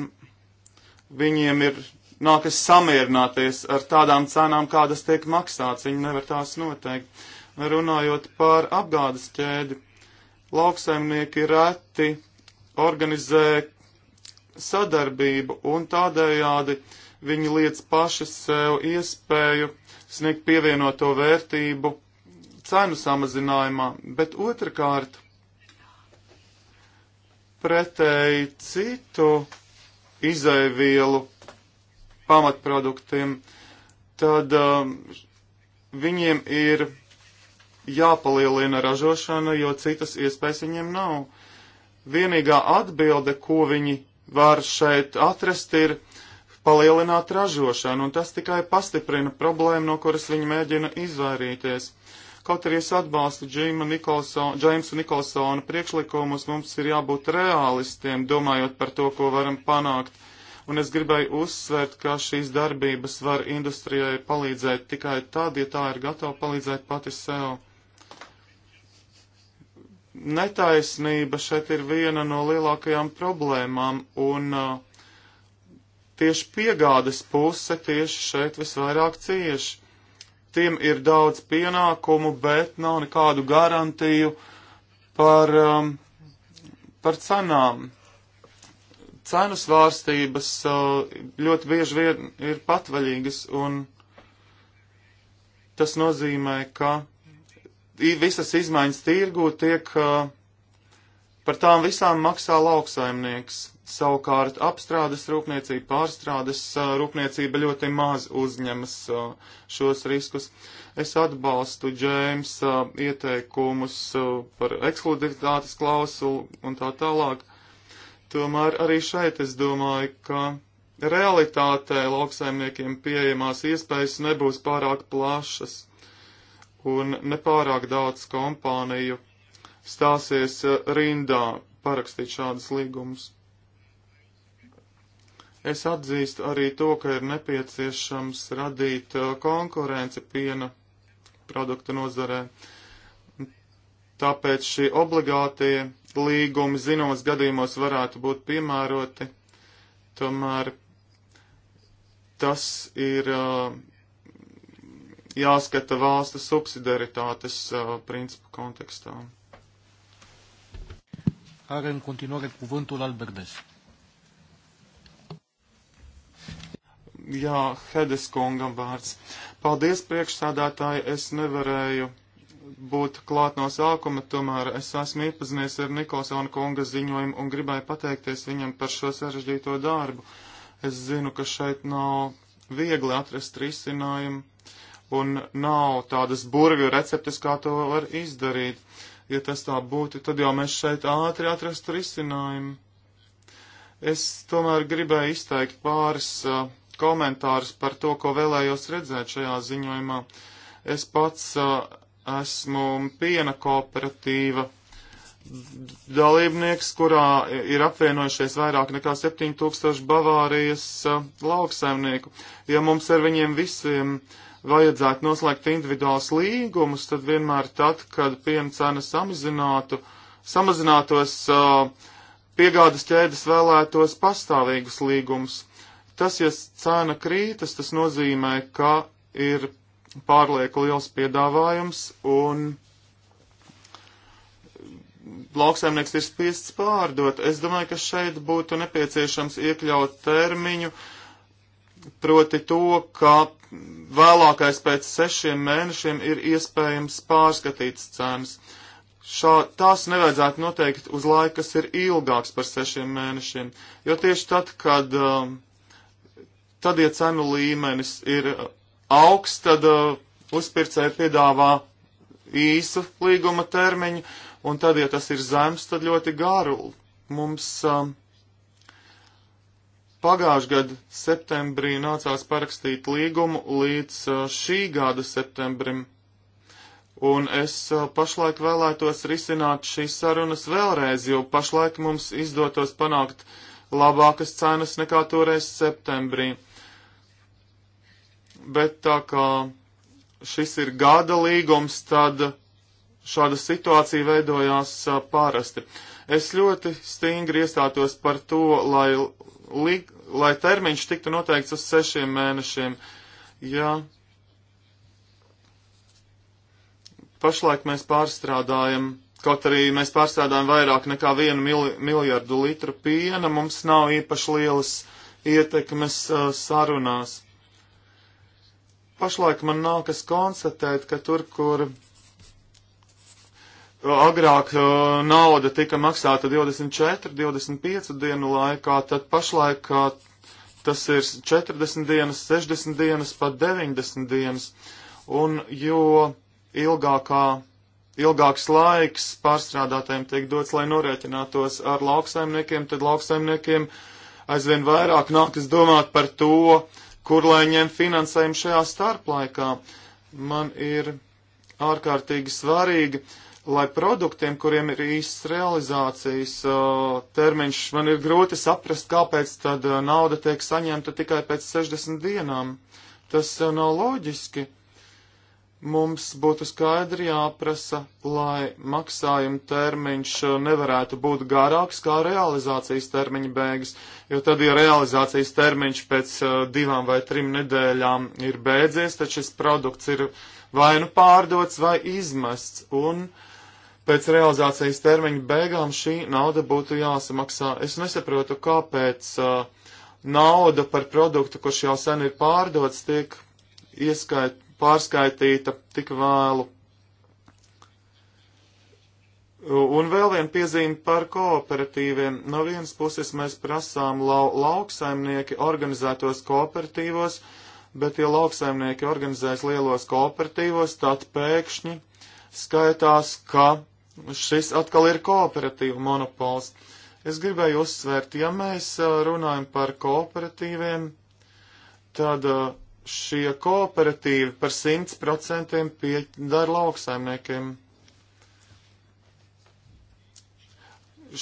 viņiem ir nākas samierināties ar tādām cenām, kādas tiek maksāts, viņi nevar tās noteikt. Runājot par apgādes ķēdi, lauksaimnieki reti organizē sadarbību, un tādējādi viņi liec paši sev iespēju sniegt pievienoto vērtību cenu samazinājumā, bet otrkārt pretēji citu izaivielu pamatproduktiem, tad um, viņiem ir jāpalielina ražošana, jo citas iespējas viņiem nav. Vienīgā atbilde, ko viņi var šeit atrast, ir palielināt ražošanu, un tas tikai pastiprina problēmu, no kuras viņi mēģina izvairīties. Kaut arī es atbalstu Nikolson, Džeimsa Nikolsona priekšlikumus, mums ir jābūt realistiem, domājot par to, ko varam panākt. Un es gribēju uzsvērt, ka šīs darbības var industrijai palīdzēt tikai tad, ja tā ir gatava palīdzēt pati sev netaisnība šeit ir viena no lielākajām problēmām, un uh, tieši piegādes puse tieši šeit visvairāk cieši tiem ir daudz pienākumu, bet nav nekādu garantiju par, um, par cenām. Cenu svārstības uh, ļoti bieži vien ir patvaļīgas, un tas nozīmē, ka visas izmaiņas tirgū tiek, uh, par tām visām maksā lauksaimnieks. Savukārt apstrādes rūpniecība, pārstrādes rūpniecība ļoti maz uzņemas šos riskus. Es atbalstu Džēmsa ieteikumus par ekskludivitātes klausulu un tā tālāk. Tomēr arī šeit es domāju, ka realitātē lauksaimniekiem pieejamās iespējas nebūs pārāk plašas un nepārāk daudz kompāniju stāsies rindā parakstīt šādus līgumus. Es atzīstu arī to, ka ir nepieciešams radīt uh, konkurence piena produktu nozarē. Tāpēc šie obligātie līgumi zināmos gadījumos varētu būt piemēroti. Tomēr tas ir uh, jāskata valstu subsidiaritātes uh, principu kontekstā. Are în continuare cuvântul Albert Des. jā, Hedes kungam vārds. Paldies priekšsādātāji, es nevarēju būt klāt no sākuma, tomēr es esmu iepazinies ar Nikolsona kunga ziņojumu un gribēju pateikties viņam par šo sarežģīto darbu. Es zinu, ka šeit nav viegli atrast risinājumu un nav tādas burvju receptes, kā to var izdarīt. Ja tas tā būtu, tad jau mēs šeit ātri atrastu risinājumu. Es tomēr gribēju izteikt pāris uh, komentārus par to, ko vēlējos redzēt šajā ziņojumā. Es pats uh, esmu piena kooperatīva dalībnieks, kurā ir apvienojušies vairāk nekā 7000 Bavārijas uh, lauksaimnieku. Ja mums ar viņiem visiem vajadzētu noslēgt individuāls līgumus, tad vienmēr tad, kad piena cena samazinātu, samazinātos, uh, piegādas ķēdes vēlētos pastāvīgus līgumus. Tas, ja cena krītas, tas nozīmē, ka ir pārlieku liels piedāvājums un lauksaimnieks ir spiests pārdot. Es domāju, ka šeit būtu nepieciešams iekļaut termiņu, proti to, ka vēlākais pēc sešiem mēnešiem ir iespējams pārskatīt cenas. Šā, tās nevajadzētu noteikt uz laiku, kas ir ilgāks par sešiem mēnešiem, jo tieši tad, kad um, Tad, ja cenu līmenis ir augsts, tad uh, uzpircēji piedāvā īsu līguma termiņu, un tad, ja tas ir zems, tad ļoti garu. Mums uh, um, pagājušajā gada septembrī nācās parakstīt līgumu līdz uh, šī gada septembrim, un es uh, pašlaik vēlētos risināt šīs sarunas vēlreiz, jo pašlaik mums izdotos panākt labākas cenas nekā toreiz septembrī bet tā kā šis ir gada līgums, tad šāda situācija veidojās a, parasti. Es ļoti stingri iestātos par to, lai, li, lai termiņš tiktu noteikts uz sešiem mēnešiem. Ja pašlaik mēs pārstrādājam, kaut arī mēs pārstrādājam vairāk nekā vienu mili, miljardu litru piena, mums nav īpaši lielas ietekmes a, sarunās. Pašlaik man nākas konstatēt, ka tur, kur uh, agrāk uh, nauda tika maksāta 24, 25 dienu laikā, tad pašlaik uh, tas ir 40 dienas, 60 dienas, pat 90 dienas. Un jo ilgākā, ilgāks laiks pārstrādātājiem tiek dots, lai norēķinātos ar lauksaimniekiem, tad lauksaimniekiem aizvien vairāk nākas domāt par to, uh, kur lai ņem finansējumu šajā starplaikā. Man ir ārkārtīgi svarīgi, lai produktiem, kuriem ir īsts realizācijas uh, termiņš, man ir grūti saprast, kāpēc tad uh, nauda tiek saņemta tikai pēc 60 dienām. Tas jau uh, nav loģiski mums būtu skaidri jāprasa, lai maksājuma termiņš uh, nevarētu būt garāks kā realizācijas termiņa beigas, jo tad, ja realizācijas termiņš pēc uh, divām vai trim nedēļām ir beidzies, tad šis produkts ir vai nu pārdots vai izmests, un pēc realizācijas termiņa beigām šī nauda būtu jāsamaksā. Es nesaprotu, kāpēc uh, nauda par produktu, kurš jau sen ir pārdots, tiek ieskait pārskaitīta tik vēlu. Un vēl viena piezīme par kooperatīviem. No vienas puses mēs prasām lau, lauksaimnieki organizētos kooperatīvos, bet ja lauksaimnieki organizēs lielos kooperatīvos, tad pēkšņi skaitās, ka šis atkal ir kooperatīvu monopols. Es gribēju uzsvērt, ja mēs runājam par kooperatīviem, tad uh, šie kooperatīvi par 100% piedara lauksaimniekiem.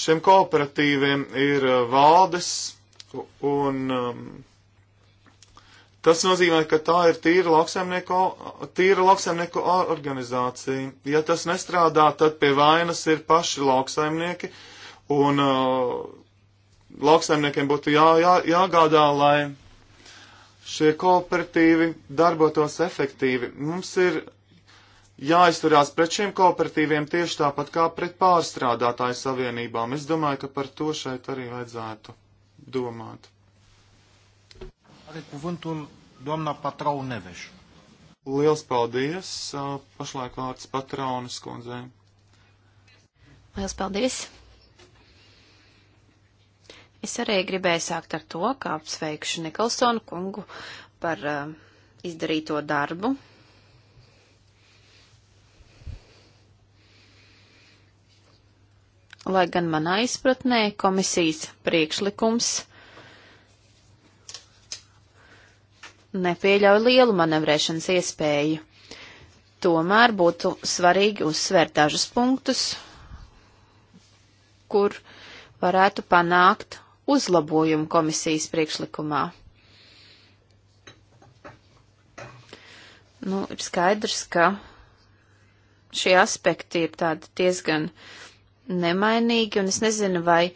Šiem kooperatīviem ir uh, valdes, un um, tas nozīmē, ka tā ir tīra lauksaimnieku, tīra lauksaimnieku organizācija. Ja tas nestrādā, tad pie vainas ir paši lauksaimnieki, un uh, lauksaimniekiem būtu jā, jā, jāgādā, lai šie kooperatīvi darbotos efektīvi. Mums ir jāizturās pret šiem kooperatīviem tieši tāpat kā pret pārstrādātāju savienībām. Es domāju, ka par to šeit arī vajadzētu domāt. Arī kuvântul doamna Patrau Nevešu. Liels paldies! Pašlaik vārds patronas kundzei. Liels paldies! Es arī gribēju sākt ar to, kā apsveikšu Nikolsonu kungu par uh, izdarīto darbu. Lai gan manā izpratnē komisijas priekšlikums nepieļauj lielu manevrēšanas iespēju, tomēr būtu svarīgi uzsvērt dažus punktus, kur varētu panākt uzlabojumu komisijas priekšlikumā. Nu, ir skaidrs, ka šie aspekti ir tādi diezgan nemainīgi, un es nezinu, vai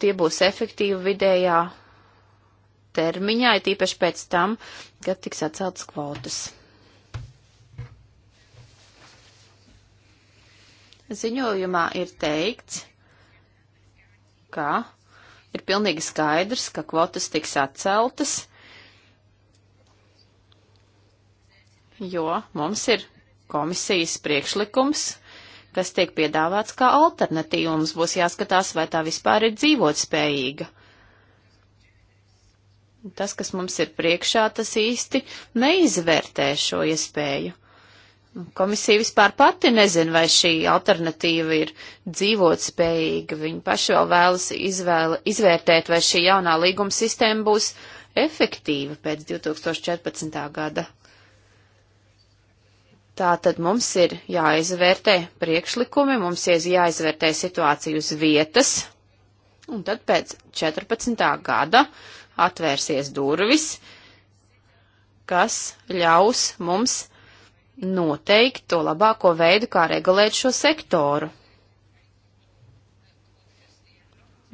tie būs efektīvi vidējā termiņā, ir tīpaši pēc tam, kad tiks atceltas kvotas. Ziņojumā ir teikts, ka ir pilnīgi skaidrs, ka kvotas tiks atceltas, jo mums ir komisijas priekšlikums, kas tiek piedāvāts kā alternatīva. Mums būs jāskatās, vai tā vispār ir dzīvotspējīga. Tas, kas mums ir priekšā, tas īsti neizvērtē šo iespēju. Komisija vispār pati nezina, vai šī alternatīva ir dzīvot spējīga. Viņi paši vēl vēlas izvēle, izvērtēt, vai šī jaunā līguma sistēma būs efektīva pēc 2014. gada. Tātad mums ir jāizvērtē priekšlikumi, mums ir jāizvērtē situācija uz vietas, un tad pēc 14. gada atvērsies durvis, kas ļaus mums noteikt to labāko veidu, kā regulēt šo sektoru.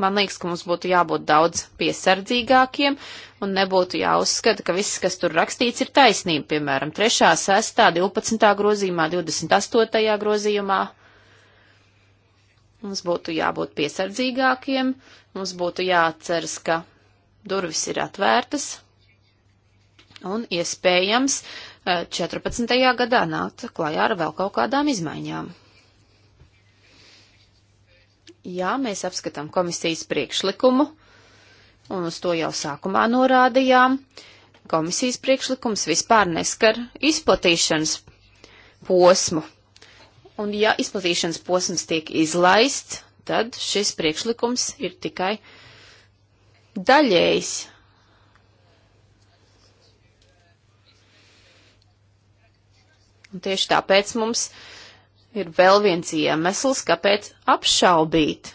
Man liekas, ka mums būtu jābūt daudz piesardzīgākiem un nebūtu jāuzskata, ka viss, kas tur rakstīts, ir taisnība, piemēram, 3., 6., 12. grozījumā, 28. grozījumā. Mums būtu jābūt piesardzīgākiem, mums būtu jāatceras, ka durvis ir atvērtas un iespējams 14. gadā nākt klajā ar vēl kaut kādām izmaiņām. Jā, mēs apskatām komisijas priekšlikumu, un uz to jau sākumā norādījām. Komisijas priekšlikums vispār neskar izplatīšanas posmu. Un ja izplatīšanas posms tiek izlaists, tad šis priekšlikums ir tikai daļējs Un tieši tāpēc mums ir vēl viens iemesls, kāpēc apšaubīt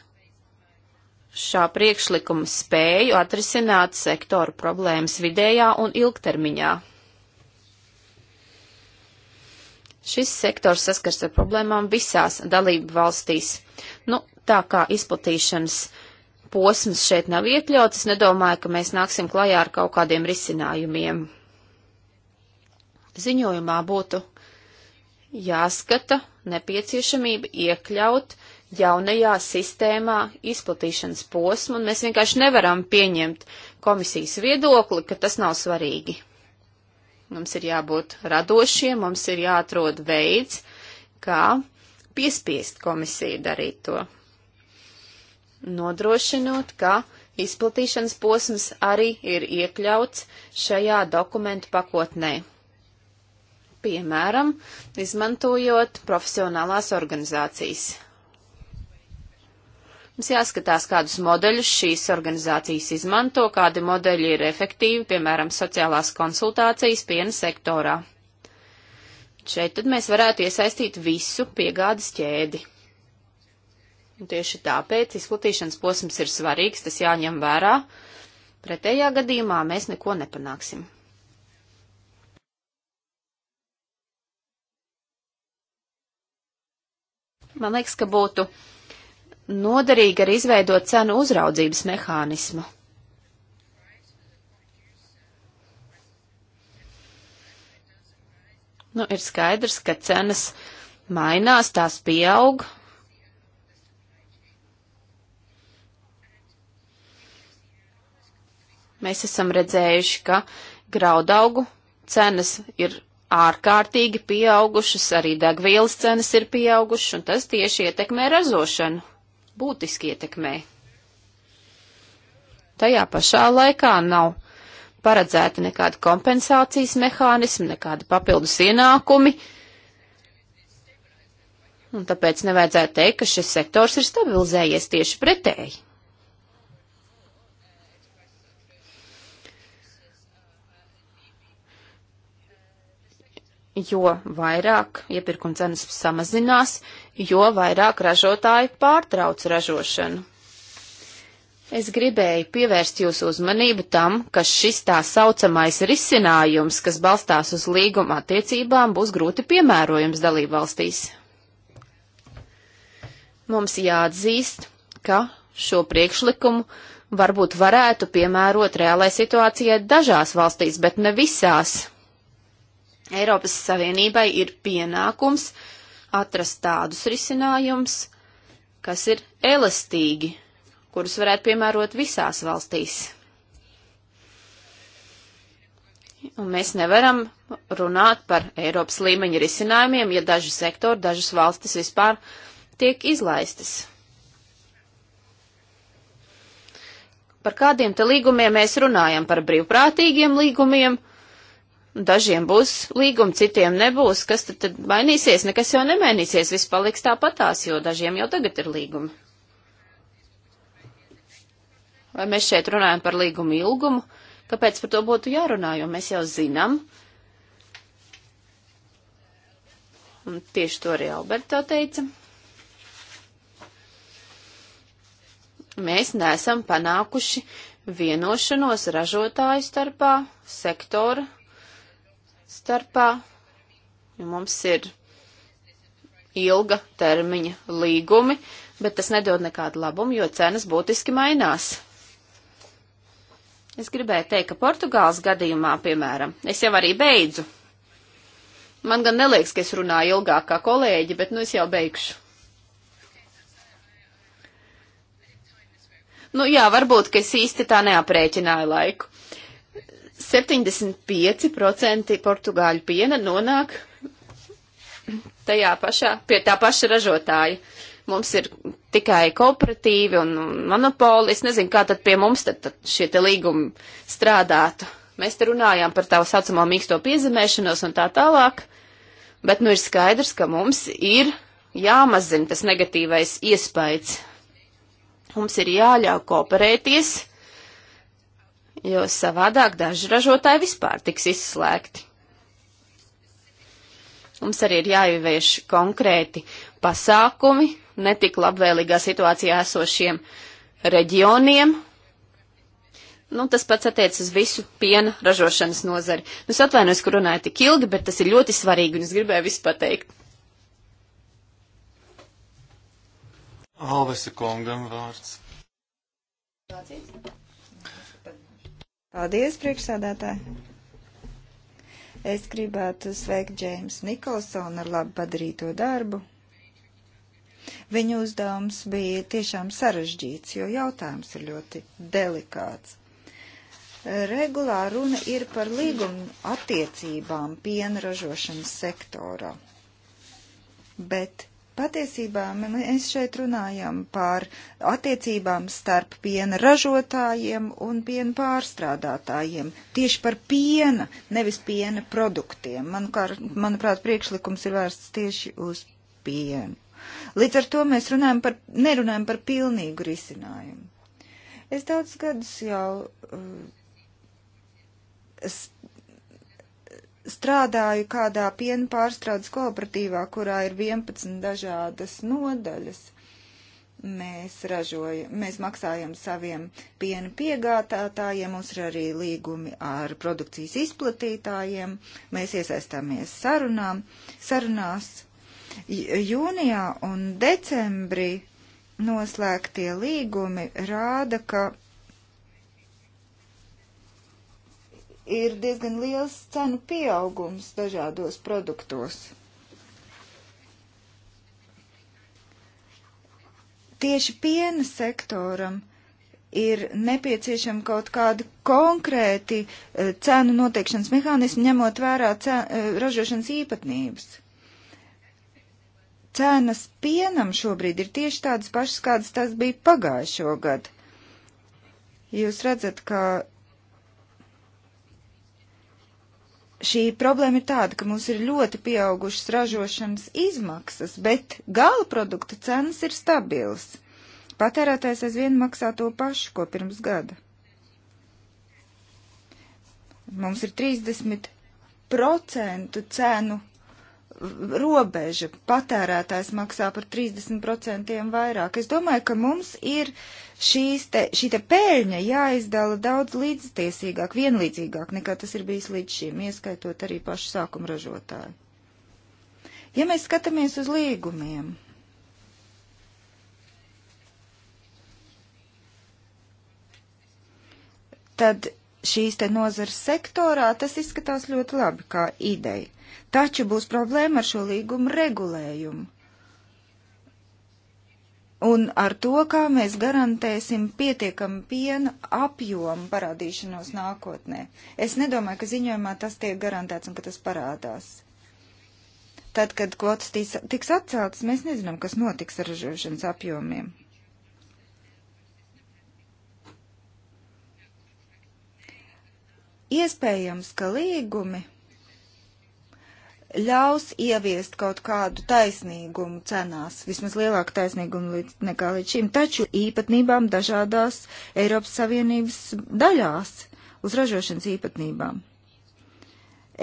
šā priekšlikuma spēju atrisināt sektoru problēmas vidējā un ilgtermiņā. Šis sektors saskars ar problēmām visās dalību valstīs. Nu, tā kā izplatīšanas posms šeit nav iekļauts, es nedomāju, ka mēs nāksim klajā ar kaut kādiem risinājumiem. Ziņojumā būtu jāskata nepieciešamība iekļaut jaunajā sistēmā izplatīšanas posmu, un mēs vienkārši nevaram pieņemt komisijas viedokli, ka tas nav svarīgi. Mums ir jābūt radošiem, mums ir jāatrod veids, kā piespiest komisiju darīt to. Nodrošinot, ka izplatīšanas posms arī ir iekļauts šajā dokumentu pakotnē piemēram, izmantojot profesionālās organizācijas. Mums jāskatās, kādus modeļus šīs organizācijas izmanto, kādi modeļi ir efektīvi, piemēram, sociālās konsultācijas piena sektorā. Šeit tad mēs varētu iesaistīt visu piegādes ķēdi. Un tieši tāpēc izplatīšanas posms ir svarīgs, tas jāņem vērā. Pretējā gadījumā mēs neko nepanāksim. Man liekas, ka būtu noderīgi arī izveidot cenu uzraudzības mehānismu. Nu, ir skaidrs, ka cenas mainās, tās pieaug. Mēs esam redzējuši, ka graudaugu cenas ir ārkārtīgi pieaugušas, arī degvielas cenas ir pieaugušas, un tas tieši ietekmē ražošanu, būtiski ietekmē. Tajā pašā laikā nav paredzēti nekādi kompensācijas mehānismi, nekādi papildus ienākumi, un tāpēc nevajadzētu teikt, ka šis sektors ir stabilizējies tieši pretēji. jo vairāk iepirkuma cenas samazinās, jo vairāk ražotāji pārtrauc ražošanu. Es gribēju pievērst jūsu uzmanību tam, ka šis tā saucamais risinājums, kas balstās uz līguma attiecībām, būs grūti piemērojams dalībvalstīs. Mums jāatzīst, ka šo priekšlikumu varbūt varētu piemērot reālai situācijai dažās valstīs, bet ne visās. Eiropas Savienībai ir pienākums atrast tādus risinājumus, kas ir elastīgi, kurus varētu piemērot visās valstīs. Un mēs nevaram runāt par Eiropas līmeņa risinājumiem, ja daži sektori, dažas valstis vispār tiek izlaistas. Par kādiem te līgumiem mēs runājam? Par brīvprātīgiem līgumiem Dažiem būs līguma, citiem nebūs. Kas tad, tad mainīsies? Nekas jau nemainīsies. Viss paliks tāpatās, jo dažiem jau tagad ir līgumi. Vai mēs šeit runājam par līgumu ilgumu? Kāpēc par to būtu jārunā? Jo mēs jau zinām. Un tieši to arī Alberto teica. Mēs neesam panākuši vienošanos ražotāju starpā, sektora starpā, jo mums ir ilga termiņa līgumi, bet tas nedod nekādu labumu, jo cenas būtiski mainās. Es gribēju teikt, ka Portugāles gadījumā, piemēram, es jau arī beidzu. Man gan neliekas, ka es runāju ilgāk kā kolēģi, bet nu es jau beigšu. Nu jā, varbūt, ka es īsti tā neaprēķināju laiku. 75% portugāļu piena nonāk tajā pašā, pie tā paša ražotāja. Mums ir tikai kooperatīvi un monopoli. Es nezinu, kā tad pie mums tad, tad šie te līgumi strādātu. Mēs te runājām par tā saucamo mīksto piezemēšanos un tā tālāk, bet nu ir skaidrs, ka mums ir jāmazina tas negatīvais iespējas. Mums ir jāļauj kooperēties jo savādāk daži ražotāji vispār tiks izslēgti. Mums arī ir jāievieš konkrēti pasākumi netik labvēlīgā situācijā esošiem reģioniem. Nu, tas pats attiec uz visu piena ražošanas nozari. Nu, es atvainojos, ka runāju tik ilgi, bet tas ir ļoti svarīgi, un es gribēju visu pateikt. Alvesa kungam vārds. Lācijas. Paldies, priekšsādātāji! Es gribētu sveikt Džēms Nikolsonu ar labu padarīto darbu. Viņa uzdevums bija tiešām sarežģīts, jo jautājums ir ļoti delikāts. Regulā runa ir par līgumu attiecībām piena ražošanas sektorā, bet Patiesībā mēs šeit runājam par attiecībām starp piena ražotājiem un piena pārstrādātājiem. Tieši par piena, nevis piena produktiem. Manukārt, manuprāt, priekšlikums ir vērsts tieši uz pienu. Līdz ar to mēs runājam par, nerunājam par pilnīgu risinājumu. Es daudz gadus jau. Uh, strādāju kādā piena pārstrādes kooperatīvā, kurā ir 11 dažādas nodaļas. Mēs ražojam, mēs maksājam saviem piena piegādātājiem, mums ir arī līgumi ar produkcijas izplatītājiem, mēs iesaistāmies sarunām, sarunās. Jūnijā un decembrī noslēgtie līgumi rāda, ka ir diezgan liels cenu pieaugums dažādos produktos. Tieši piena sektoram ir nepieciešama kaut kāda konkrēti e, cenu noteikšanas mehānismi, ņemot vērā cen, e, ražošanas īpatnības. Cenas pienam šobrīd ir tieši tādas pašas, kādas tas bija pagājušo gadu. Jūs redzat, ka šī problēma ir tāda, ka mums ir ļoti pieaugušas ražošanas izmaksas, bet gala produkta cenas ir stabilas. Patērētājs aizvien maksā to pašu, ko pirms gada. Mums ir 30% cenu robeža. Patērētājs maksā par 30% vairāk. Es domāju, ka mums ir uh, šīs te, šī te pēļņa jāizdala daudz līdztiesīgāk, vienlīdzīgāk nekā tas ir bijis līdz šim, ieskaitot arī pašu sākuma ražotāju. Ja mēs skatāmies uz līgumiem, tad šīs te nozares sektorā tas izskatās ļoti labi kā ideja. Taču būs problēma ar šo līgumu regulējumu Un ar to, kā mēs garantēsim pietiekami piena apjomu parādīšanos nākotnē. Es nedomāju, ka ziņojumā tas tiek garantēts un ka tas parādās. Tad, kad kvotas tīs, tiks atceltas, mēs nezinām, kas notiks ar ražošanas apjomiem. Iespējams, ka līgumi ļaus ieviest kaut kādu taisnīgumu cenās, vismaz lielāku taisnīgumu līdz, nekā līdz šim, taču īpatnībām dažādās Eiropas Savienības daļās uz ražošanas īpatnībām.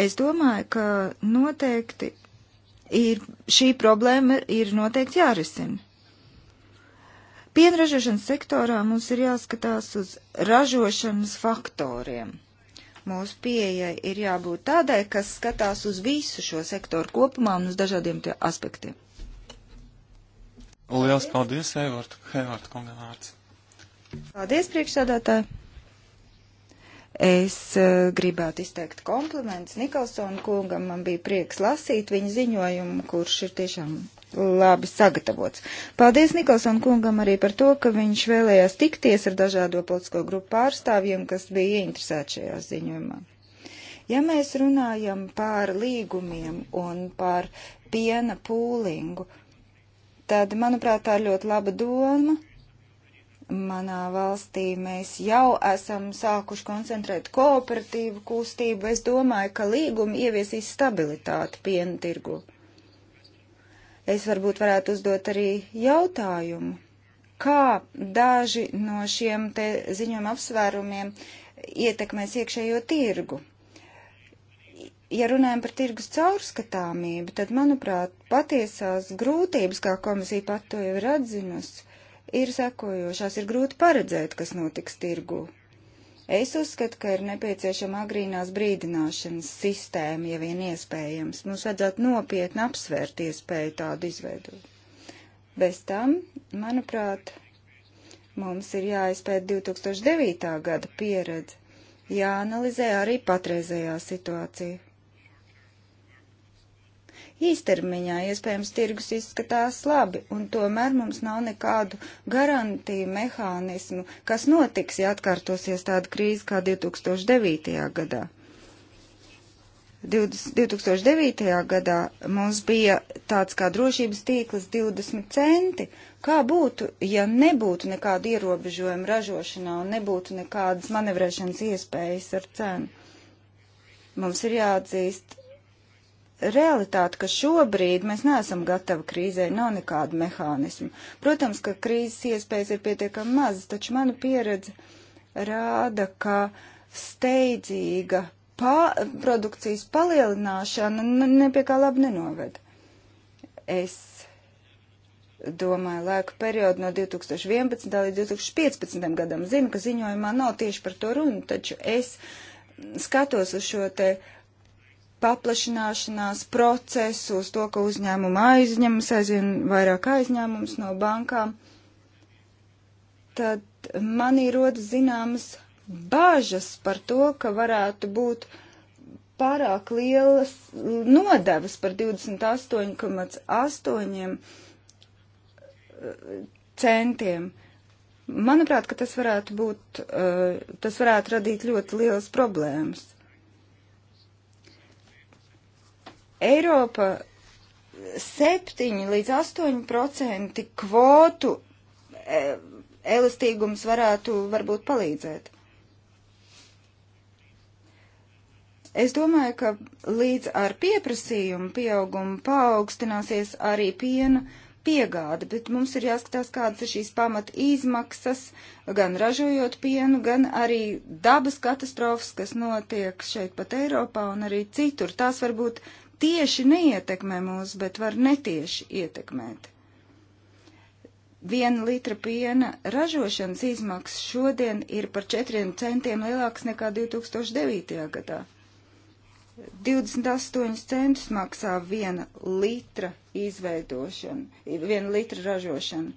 Es domāju, ka noteikti ir, šī problēma ir noteikti jārisina. Pienražošanas sektorā mums ir jāskatās uz ražošanas faktoriem – Mūsu pieeja ir jābūt tādai, kas skatās uz visu šo sektoru kopumā un uz dažādiem tie aspektiem. Lielas paldies, Eivort, Eivort kungam vārds. Paldies, priekšsādātāji. Es uh, gribētu izteikt komplimentus Nikolsonu kungam. Man bija prieks lasīt viņa ziņojumu, kurš ir tiešām labi sagatavots. Paldies Nikolson kungam arī par to, ka viņš vēlējās tikties ar dažādo politisko grupu pārstāvjiem, kas bija ieinteresēti šajā ziņojumā. Ja mēs runājam par līgumiem un par piena pūlingu, tad, manuprāt, tā ir ļoti laba doma. Manā valstī mēs jau esam sākuši koncentrēt kooperatīvu kustību. Es domāju, ka līgumi ieviesīs stabilitāti piena tirgu. Es varbūt varētu uzdot arī jautājumu, kā daži no šiem te ziņojuma apsvērumiem ietekmēs iekšējo tirgu. Ja runājam par tirgus caurskatāmību, tad, manuprāt, patiesās grūtības, kā komisija pat to jau ir atzinusi, ir sekojošās, ir grūti paredzēt, kas notiks tirgu. Es uzskatu, ka ir nepieciešama agrīnās brīdināšanas sistēma, ja vien iespējams. Mums vajadzētu nopietni apsvērt iespēju tādu izveidot. Bez tam, manuprāt, mums ir jāizpēt 2009. gada pieredze, jāanalizē arī patreizējā situācija īstermiņā. Iespējams, tirgus izskatās labi, un tomēr mums nav nekādu garantiju mehānismu, kas notiks, ja atkārtosies tāda krīze kā 2009. gadā. 2009. gadā mums bija tāds kā drošības tīkls 20 centi. Kā būtu, ja nebūtu nekādu ierobežojumu ražošanā un nebūtu nekādas manevrēšanas iespējas ar cenu? Mums ir jāatzīst, realitāte, ka šobrīd mēs neesam gatavi krīzē, nav nekādu mehānismu. Protams, ka krīzes iespējas ir pietiekami mazas, taču mana pieredze rāda, ka steidzīga pa produkcijas palielināšana nepie kā labi nenoved. Es domāju, laika periodu no 2011. līdz 2015. gadam zinu, ka ziņojumā nav tieši par to runa, taču es skatos uz šo te uh, paplašināšanās procesu, uz to, ka uzņēmuma aizņemas aizvien vairāk aizņēmums no bankām, tad manī rodas zināmas bāžas par to, ka varētu būt pārāk lielas nodevas par 28,8 eh, centiem. Manuprāt, ka tas varētu būt, eh, tas varētu radīt ļoti lielas problēmas. Eiropa 7 līdz 8% kvotu e, elastīgums varētu varbūt palīdzēt. Es domāju, ka līdz ar pieprasījumu pieaugumu paaugstināsies arī piena piegāde, bet mums ir jāskatās, kādas ir šīs pamat izmaksas, gan ražojot pienu, gan arī dabas katastrofas, kas notiek šeit pat Eiropā un arī citur. Tās varbūt tieši neietekmē mūs, bet var netieši ietekmēt. Viena litra piena ražošanas izmaksas šodien ir par 4 centiem lielākas nekā 2009. gadā. 28 centus maksā viena litra izveidošana, viena litra ražošana.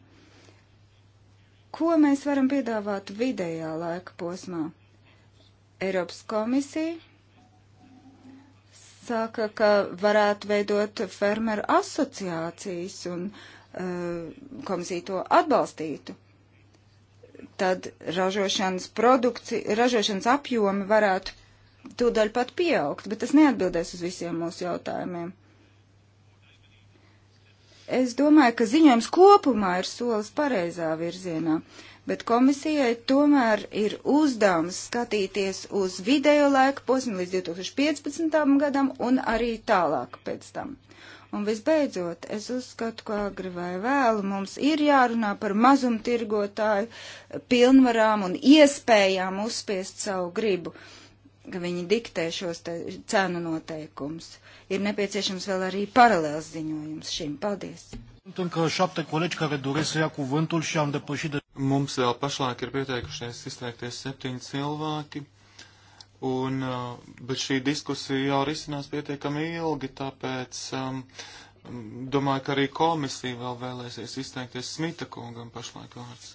Ko mēs varam piedāvāt vidējā laika posmā? Eiropas komisija saka, ka varētu veidot fermeru asociācijas un uh, komisija to atbalstītu. Tad ražošanas, ražošanas apjomi varētu tūdaļ pat pieaugt, bet tas neatbildēs uz visiem mūsu jautājumiem. Es domāju, ka ziņojums kopumā ir solis pareizā virzienā bet komisijai tomēr ir uzdevums skatīties uz vidējo laika posmu līdz 2015. gadam un arī tālāk pēc tam. Un visbeidzot, es uzskatu, ka agri vai vēlu mums ir jārunā par mazumtirgotāju pilnvarām un iespējām uzspiest savu gribu, ka viņi diktē šos cenu noteikumus. Ir nepieciešams vēl arī paralēls ziņojums šim. Paldies! Încă șapte colegi care doresc să ia cuvântul și am depășit de Mums vēl pašlaik ir pieteikušies izteikties septiņi cilvēki, un, uh, bet šī diskusija jau risinās pietiekami ilgi, tāpēc um, domāju, ka arī komisija vēl vēlēsies izteikties Smita kungam pašlaik vārds.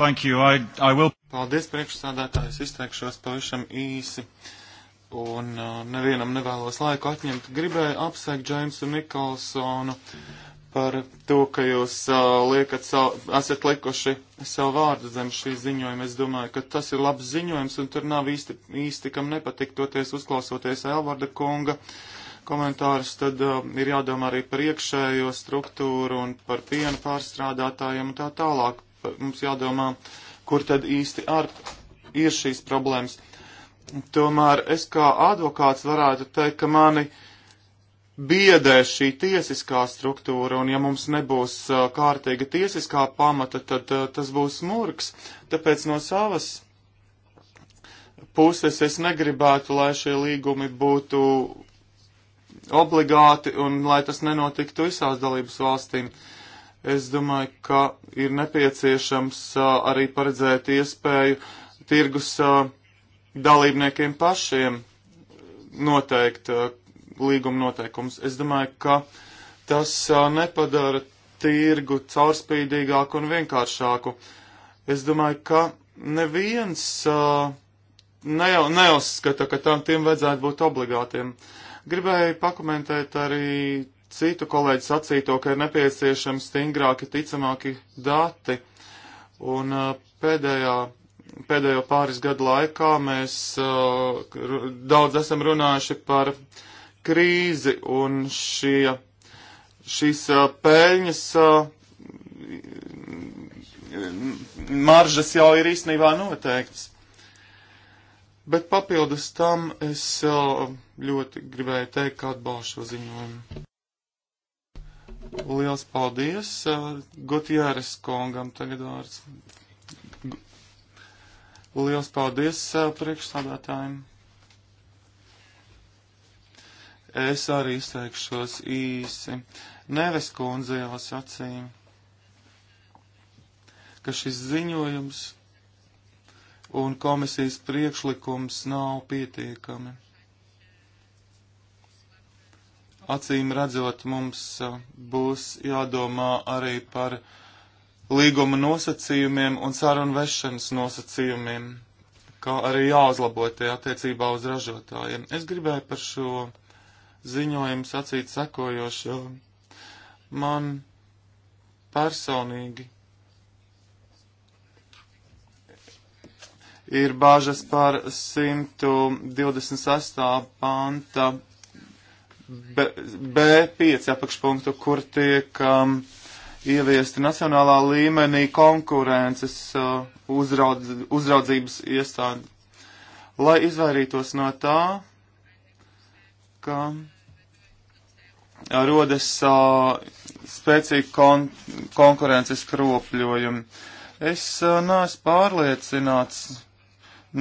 Thank you. I, I will... Paldies, priekšsādātājs, izteikšos pavisam īsi. Un uh, nevienam nevēlos laiku atņemt. Gribēju apsveikt Džeimsu Nikolsonu. Mm par to, ka jūs uh, liekat savu, esat likuši savu vārdu zem šī ziņojuma. Es domāju, ka tas ir labs ziņojums, un tur nav īsti, īsti kam nepatikt toties uzklausoties Elvarda kunga komentārus, tad uh, ir jādomā arī par iekšējo struktūru un par piena pārstrādātājiem un tā tālāk. Mums jādomā, kur tad īsti ar, ir šīs problēmas. Tomēr es kā advokāts varētu teikt, ka mani uh, biedē šī tiesiskā struktūra, un ja mums nebūs kārtīga tiesiskā pamata, tad tas būs murgs. Tāpēc no savas puses es negribētu, lai šie līgumi būtu obligāti un lai tas nenotiktu visās dalības valstīm. Es domāju, ka ir nepieciešams arī paredzēt iespēju tirgus dalībniekiem pašiem noteikt, līguma noteikumus. Es domāju, ka tas nepadara tirgu caurspīdīgāku un vienkāršāku. Es domāju, ka neviens neo, neuzskata, ka tam tiem vajadzētu būt obligātiem. Gribēju pakomentēt arī citu kolēģu sacīto, ka ir nepieciešami stingrāki, ticamāki dati. Un pēdējā, pēdējo pāris gadu laikā mēs uh, daudz esam runājuši par krīzi un šie, šīs peļņas maržas jau ir īstenībā noteiktas. Bet papildus tam es ļoti gribēju teikt, ka atbalstu šo ziņojumu. Liels paldies Gutjēras kongam tagad vārds. Liels paldies priekšsādātājiem. Es arī izteikšos īsi. Neves kundze jau sacīja, ka šis ziņojums un komisijas priekšlikums nav pietiekami. Acīm redzot, mums būs jādomā arī par līguma nosacījumiem un sarunu vešanas nosacījumiem, kā arī jāuzlabo tie attiecībā uz ražotājiem. Es gribēju par šo ziņojumu sacīt sekojošo. Man personīgi ir bāžas par 128. panta B5 apakšpunktu, kur tiek um, ieviesti nacionālā līmenī konkurences uh, uzraudz, uzraudzības iestādi. Lai izvairītos no tā, ka rodas uh, spēcīgi kon konkurences kropļojumi. Es uh, neesmu pārliecināts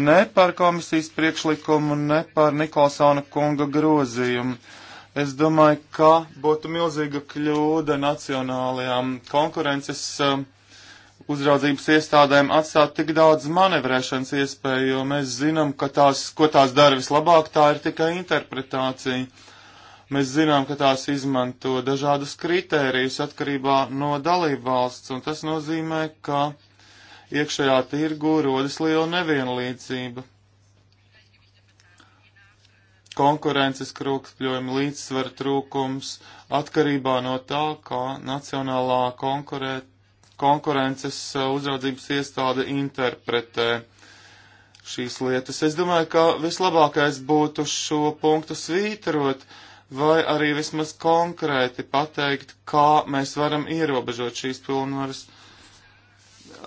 ne par komisijas priekšlikumu, ne par Nikolsona kunga grozījumu. Es domāju, ka būtu milzīga kļūda nacionālajām konkurences uh, uzraudzības iestādēm atstāt tik daudz manevrēšanas iespēju, jo mēs zinām, ka tās, ko tās dara vislabāk, tā ir tikai interpretācija. Mēs zinām, ka tās izmanto dažādus kritērijus atkarībā no dalību valsts, un tas nozīmē, ka iekšējā tirgu rodas liela nevienlīdzība. Konkurences krūkspļojumi, līdzsvera trūkums atkarībā no tā, kā nacionālā konkurēt konkurences eh, uzraudzības iestāde interpretē šīs lietas. Es domāju, ka vislabākais būtu šo punktu svītrot vai arī vismaz konkrēti pateikt, kā mēs varam ierobežot šīs pilnvaras.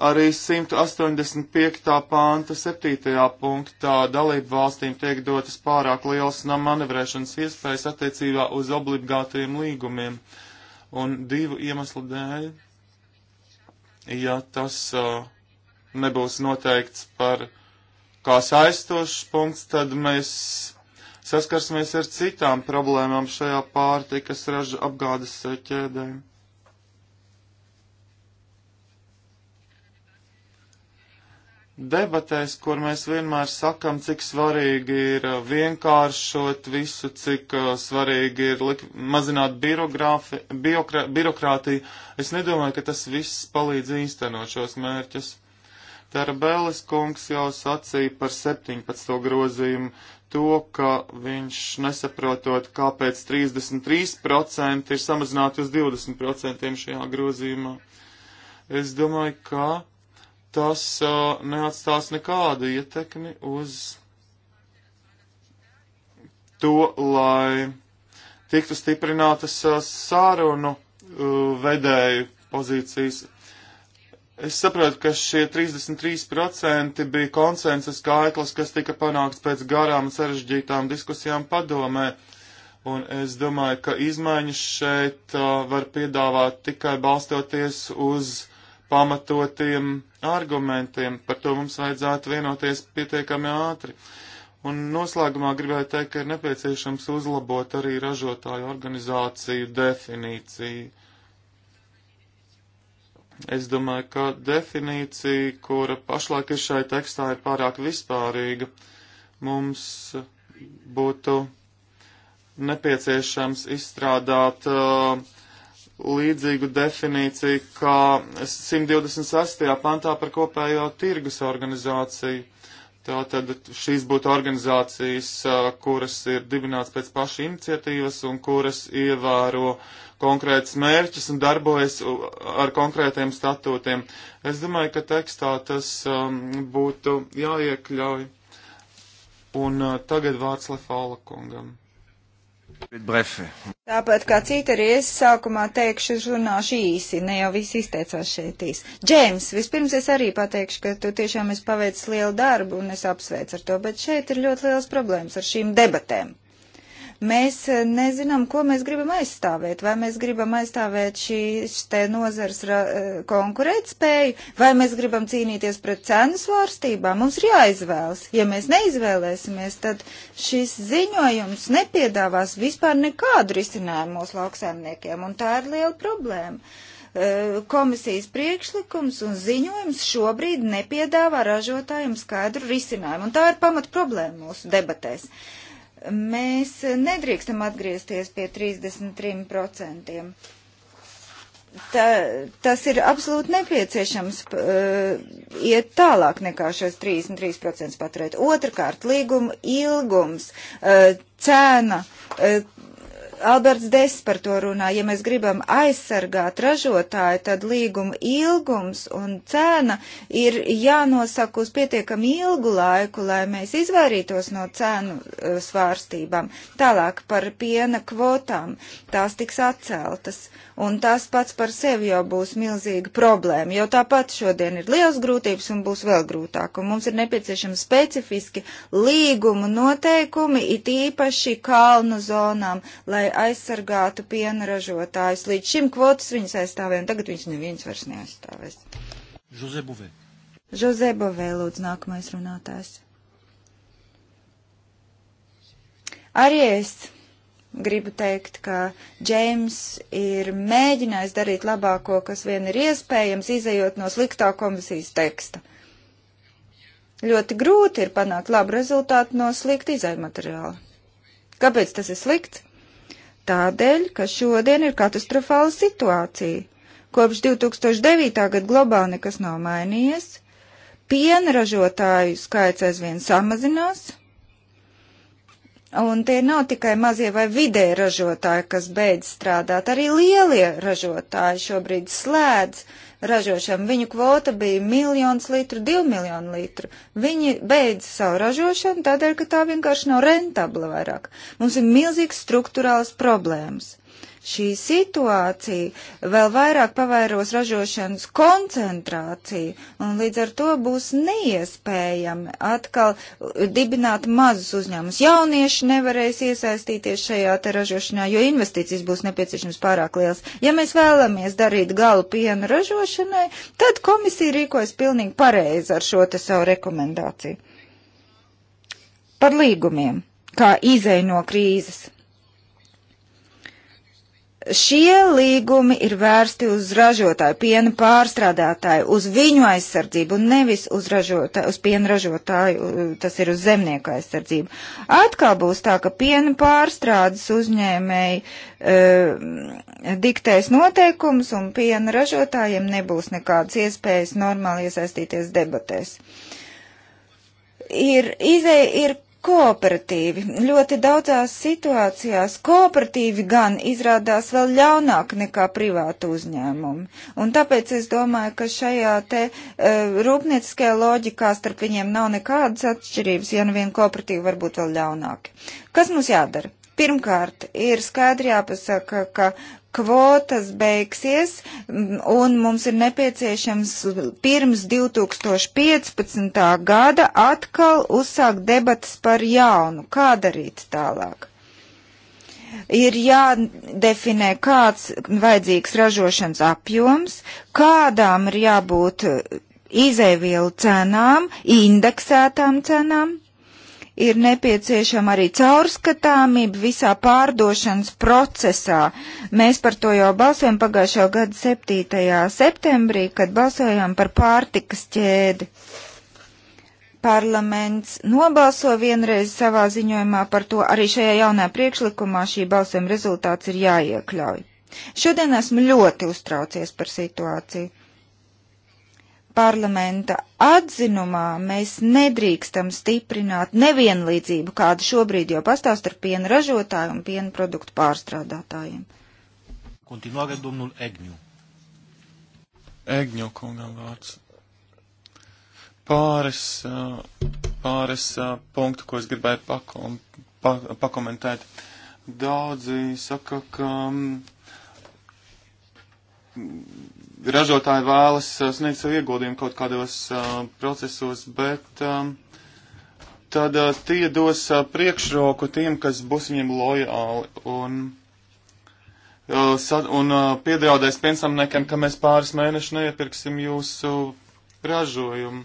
Arī 185. pānta 7. punktā dalību valstīm tiek dotas pārāk lielas no manevrēšanas iespējas attiecībā uz obligātajiem līgumiem. Un divu iemeslu dēļ ja tas uh, nebūs noteikts par kā saistošs punkts, tad mēs saskarsimies ar citām problēmām šajā pārtikas ražu apgādes ķēdēm. debatēs, kur mēs vienmēr sakam, cik svarīgi ir uh, vienkāršot visu, cik uh, svarīgi ir lik, mazināt birokrā, birokrātiju, es nedomāju, ka tas viss palīdz īstenot šos mērķus. Tarabēlis kungs jau sacīja par 17. grozījumu to, ka viņš nesaprotot, kāpēc 33% ir samazināti uz 20% šajā grozījumā. Es domāju, ka tas uh, neatstās nekādu ietekmi uz to, lai tiktu stiprinātas uh, sārunu uh, vedēju pozīcijas. Es saprotu, ka šie 33% bija konsensus skaitlis, kas tika panākts pēc garām sarežģītām diskusijām padomē. Un es domāju, ka izmaiņas šeit uh, var piedāvāt tikai balstoties uz pamatotiem argumentiem. Par to mums vajadzētu vienoties pietiekami ātri. Un noslēgumā gribēju teikt, ka ir nepieciešams uzlabot arī ražotāju organizāciju definīciju. Es domāju, ka definīcija, kura pašlaik ir šai tekstā, ir pārāk vispārīga. Mums būtu nepieciešams izstrādāt uh, līdzīgu definīciju kā 126. pantā par kopējo tirgus organizāciju. Tātad šīs būtu organizācijas, kuras ir dibināts pēc paša iniciatīvas un kuras ievēro konkrētas mērķis un darbojas ar konkrētiem statūtiem. Es domāju, ka tekstā tas um, būtu jāiekļauj. Un uh, tagad vārds Lefāla kungam. Tāpat kā citi arī es sākumā teikšu, runāšu īsi, ne jau viss izteicās šeit īsi. Džēms, vispirms es arī pateikšu, ka tu tiešām esi paveicis lielu darbu un es apsveicu ar to, bet šeit ir ļoti liels problēmas ar šīm debatēm. Mēs eh, nezinām, ko mēs gribam aizstāvēt. Vai mēs gribam aizstāvēt šīs te nozars eh, konkurētspēju, vai mēs gribam cīnīties pret cenu svārstībām. Mums ir jāizvēlas. Ja mēs neizvēlēsimies, tad šis ziņojums nepiedāvās vispār nekādu risinājumu mūsu lauksēmniekiem, un tā ir liela problēma eh, komisijas priekšlikums un ziņojums šobrīd nepiedāvā ražotājiem skaidru risinājumu, un tā ir pamat problēma mūsu debatēs. Uh, Mēs nedrīkstam atgriezties pie 33%. Ta, tas ir absolūti nepieciešams uh, iet tālāk nekā šos 33% paturēt. Otrakārt, līguma ilgums, uh, cena, uh, Alberts Des par to runā, ja mēs gribam aizsargāt ražotāju, tad līguma ilgums un cena ir jānosaka uz pietiekami ilgu laiku, lai mēs izvairītos no cenu e, svārstībām. Tālāk par piena kvotām. Tās tiks atceltas. Un tas pats par sevi jau būs milzīga problēma, jo tāpat šodien ir liels grūtības un būs vēl grūtāk. Un mums ir nepieciešami specifiski līgumu noteikumi, it īpaši kalnu zonām, lai aizsargātu piena ražotājus. Līdz šim kvotas viņas aizstāvēja, un tagad viņas neviens vairs neaizstāvēs. Jose Bovē. Jose Bovē, lūdzu, nākamais runātājs. Arī es gribu teikt, ka Džeims ir mēģinājis darīt labāko, kas vien ir iespējams, izējot no sliktā komisijas teksta. Ļoti grūti ir panākt labu rezultātu no slikta izējuma materiāla. Kāpēc tas ir slikts? Tādēļ, ka šodien ir katastrofāla situācija. Kopš 2009. gada globāli nekas nav mainījies, piena ražotāju skaits aizvien samazinās, Un tie nav tikai mazie vai vidē ražotāji, kas beidz strādāt. Arī lielie ražotāji šobrīd slēdz ražošanu. Viņu kvota bija miljons litru, divi miljoni litru. Viņi beidz savu ražošanu tādēļ, ka tā vienkārši nav rentabla vairāk. Mums ir milzīgs struktūrāls problēmas. Šī situācija vēl vairāk pavairos ražošanas koncentrāciju, un līdz ar to būs neiespējami atkal dibināt mazus uzņēmumus. Jaunieši nevarēs iesaistīties šajā te ražošanā, jo investīcijas būs nepieciešams pārāk liels. Ja mēs vēlamies darīt galu piena ražošanai, tad komisija rīkojas pilnīgi pareizi ar šo te savu rekomendāciju par līgumiem, kā izēj no krīzes. Šie līgumi ir vērsti uz ražotāju, piena pārstrādātāju, uz viņu aizsardzību un nevis uz, ražotāju, uz piena ražotāju, tas ir uz zemnieku aizsardzību. Atkal būs tā, ka piena pārstrādes uzņēmēji uh, diktēs noteikumus un piena ražotājiem nebūs nekādas iespējas normāli iesaistīties debatēs. Ir, ize, ir kooperatīvi. Ļoti daudzās situācijās kooperatīvi gan izrādās vēl ļaunāk nekā privātu uzņēmumi. Un tāpēc es domāju, ka šajā te uh, rūpnieciskajā loģikā starp viņiem nav nekādas atšķirības, ja nu vien kooperatīvi varbūt vēl ļaunāki. Kas mums jādara? Pirmkārt, ir skaidri jāpasaka, ka kvotas beigsies un mums ir nepieciešams pirms 2015. gada atkal uzsākt debatas par jaunu, kā darīt tālāk. Ir jādefinē, kāds vajadzīgs ražošanas apjoms, kādām ir jābūt izēvielu cenām, indeksētām cenām ir nepieciešama arī caurskatāmība visā pārdošanas procesā. Mēs par to jau balsojam pagājušā gada 7. septembrī, kad balsojām par pārtikas ķēdi. Parlaments nobalso vienreiz savā ziņojumā par to, arī šajā jaunā priekšlikumā šī balsojuma rezultāts ir jāiekļauj. Šodien esmu ļoti uztraucies par situāciju parlamenta atzinumā mēs nedrīkstam stiprināt nevienlīdzību, kāda šobrīd jau pastāv starp piena ražotāju un piena produktu pārstrādātājiem. Continuare, domnul Egņu. Egņu kungam vārds. Pāris, pāris eh, punktu, ko es gribēju pakom, pa, pakomentēt. Daudzi saka, ka mm, ražotāji vēlas uh, sniegt savu ieguldījumu kaut kādos uh, procesos, bet um, tad uh, tie dos uh, priekšroku tiem, kas būs viņiem lojāli un, uh, sad, un uh, piedraudēs piensamniekiem, ka mēs pāris mēnešus neiepirksim jūsu ražojumu.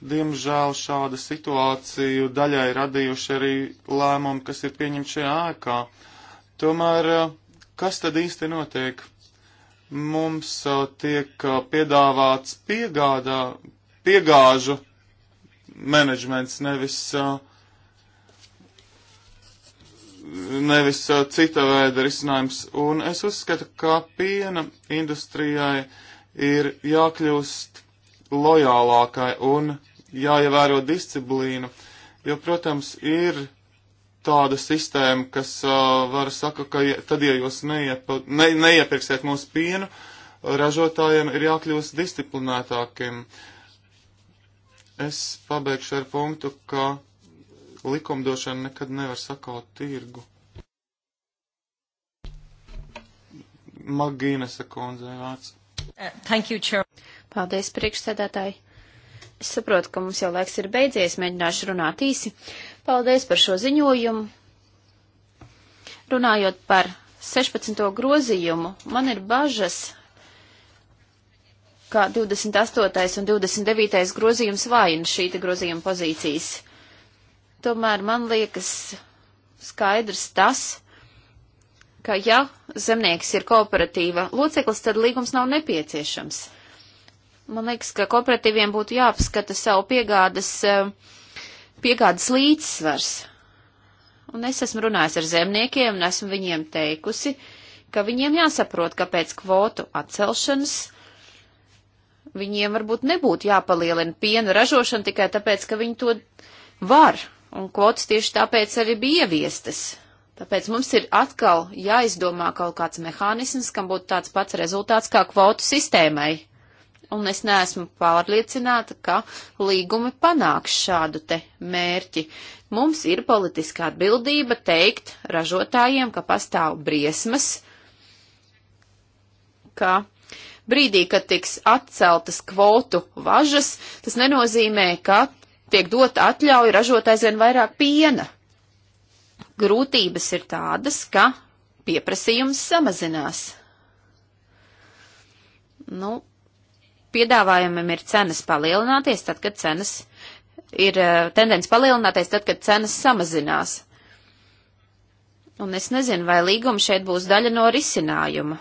Diemžēl šādu situāciju daļai radījuši arī lēmumi, kas ir pieņemti šajā ēkā. Tomēr, uh, kas tad īsti notiek? mums tiek piedāvāts piegādā, piegāžu menedžments, nevis, nevis cita veida risinājums. Un es uzskatu, ka piena industrijai ir jākļūst lojālākai un jāievēro disciplīna, jo, protams, ir tāda sistēma, kas uh, var saka, ka tad, ja jūs neiepa, ne, neiepirksiet mūsu pienu, ražotājiem ir jākļūst disciplinētākiem. Es pabeigšu ar punktu, ka likumdošana nekad nevar sakaut tirgu. Magīnesa kundzei vārds. Uh, thank you, Chair. Paldies, priekšsēdētāji. Es saprotu, ka mums jau laiks ir beidzies, mēģināšu runāt īsi. Paldies par šo ziņojumu. Runājot par 16. grozījumu, man ir bažas, kā 28. un 29. grozījums vaina šīta grozījuma pozīcijas. Tomēr man liekas skaidrs tas, ka ja zemnieks ir kooperatīva loceklis, tad līgums nav nepieciešams. Man liekas, ka kooperatīviem būtu jāapskata savu piegādas uh, eh, piegādas līdzsvars. Un es esmu runājis ar zemniekiem un esmu viņiem teikusi, ka viņiem jāsaprot, ka pēc kvotu atcelšanas viņiem varbūt nebūtu jāpalielina piena ražošana tikai tāpēc, ka viņi to var. Un kvotas tieši tāpēc arī bija ieviestas. Tāpēc mums ir atkal jāizdomā kaut kāds mehānisms, kam būtu tāds pats rezultāts kā kvotu sistēmai un es neesmu pārliecināta, ka līgumi panāks šādu te mērķi. Mums ir politiskā atbildība teikt ražotājiem, ka pastāv briesmas, ka brīdī, kad tiks atceltas kvotu važas, tas nenozīmē, ka tiek dota atļauja ražot aizvien vairāk piena. Grūtības ir tādas, ka pieprasījums samazinās. Nu, piedāvājumam ir cenas palielināties, tad, kad cenas ir eh, tendence palielināties, tad, kad cenas samazinās. Un es nezinu, vai līgums šeit būs daļa no risinājuma.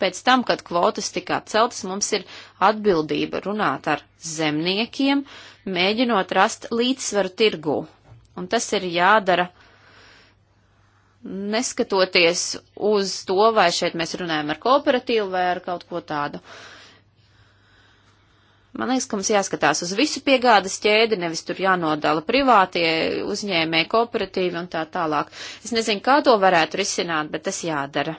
Pēc tam, kad kvotas tika atceltas, mums ir atbildība runāt ar zemniekiem, mēģinot rast līdzsvaru tirgū. Un tas ir jādara neskatoties uz to, vai šeit mēs runājam ar kooperatīvu vai ar kaut ko tādu. Uh, Man liekas, ka mums jāskatās uz visu piegādes ķēdi, nevis tur jānodala privātie uzņēmē, kooperatīvi un tā tālāk. Es nezinu, kā to varētu risināt, bet tas jādara.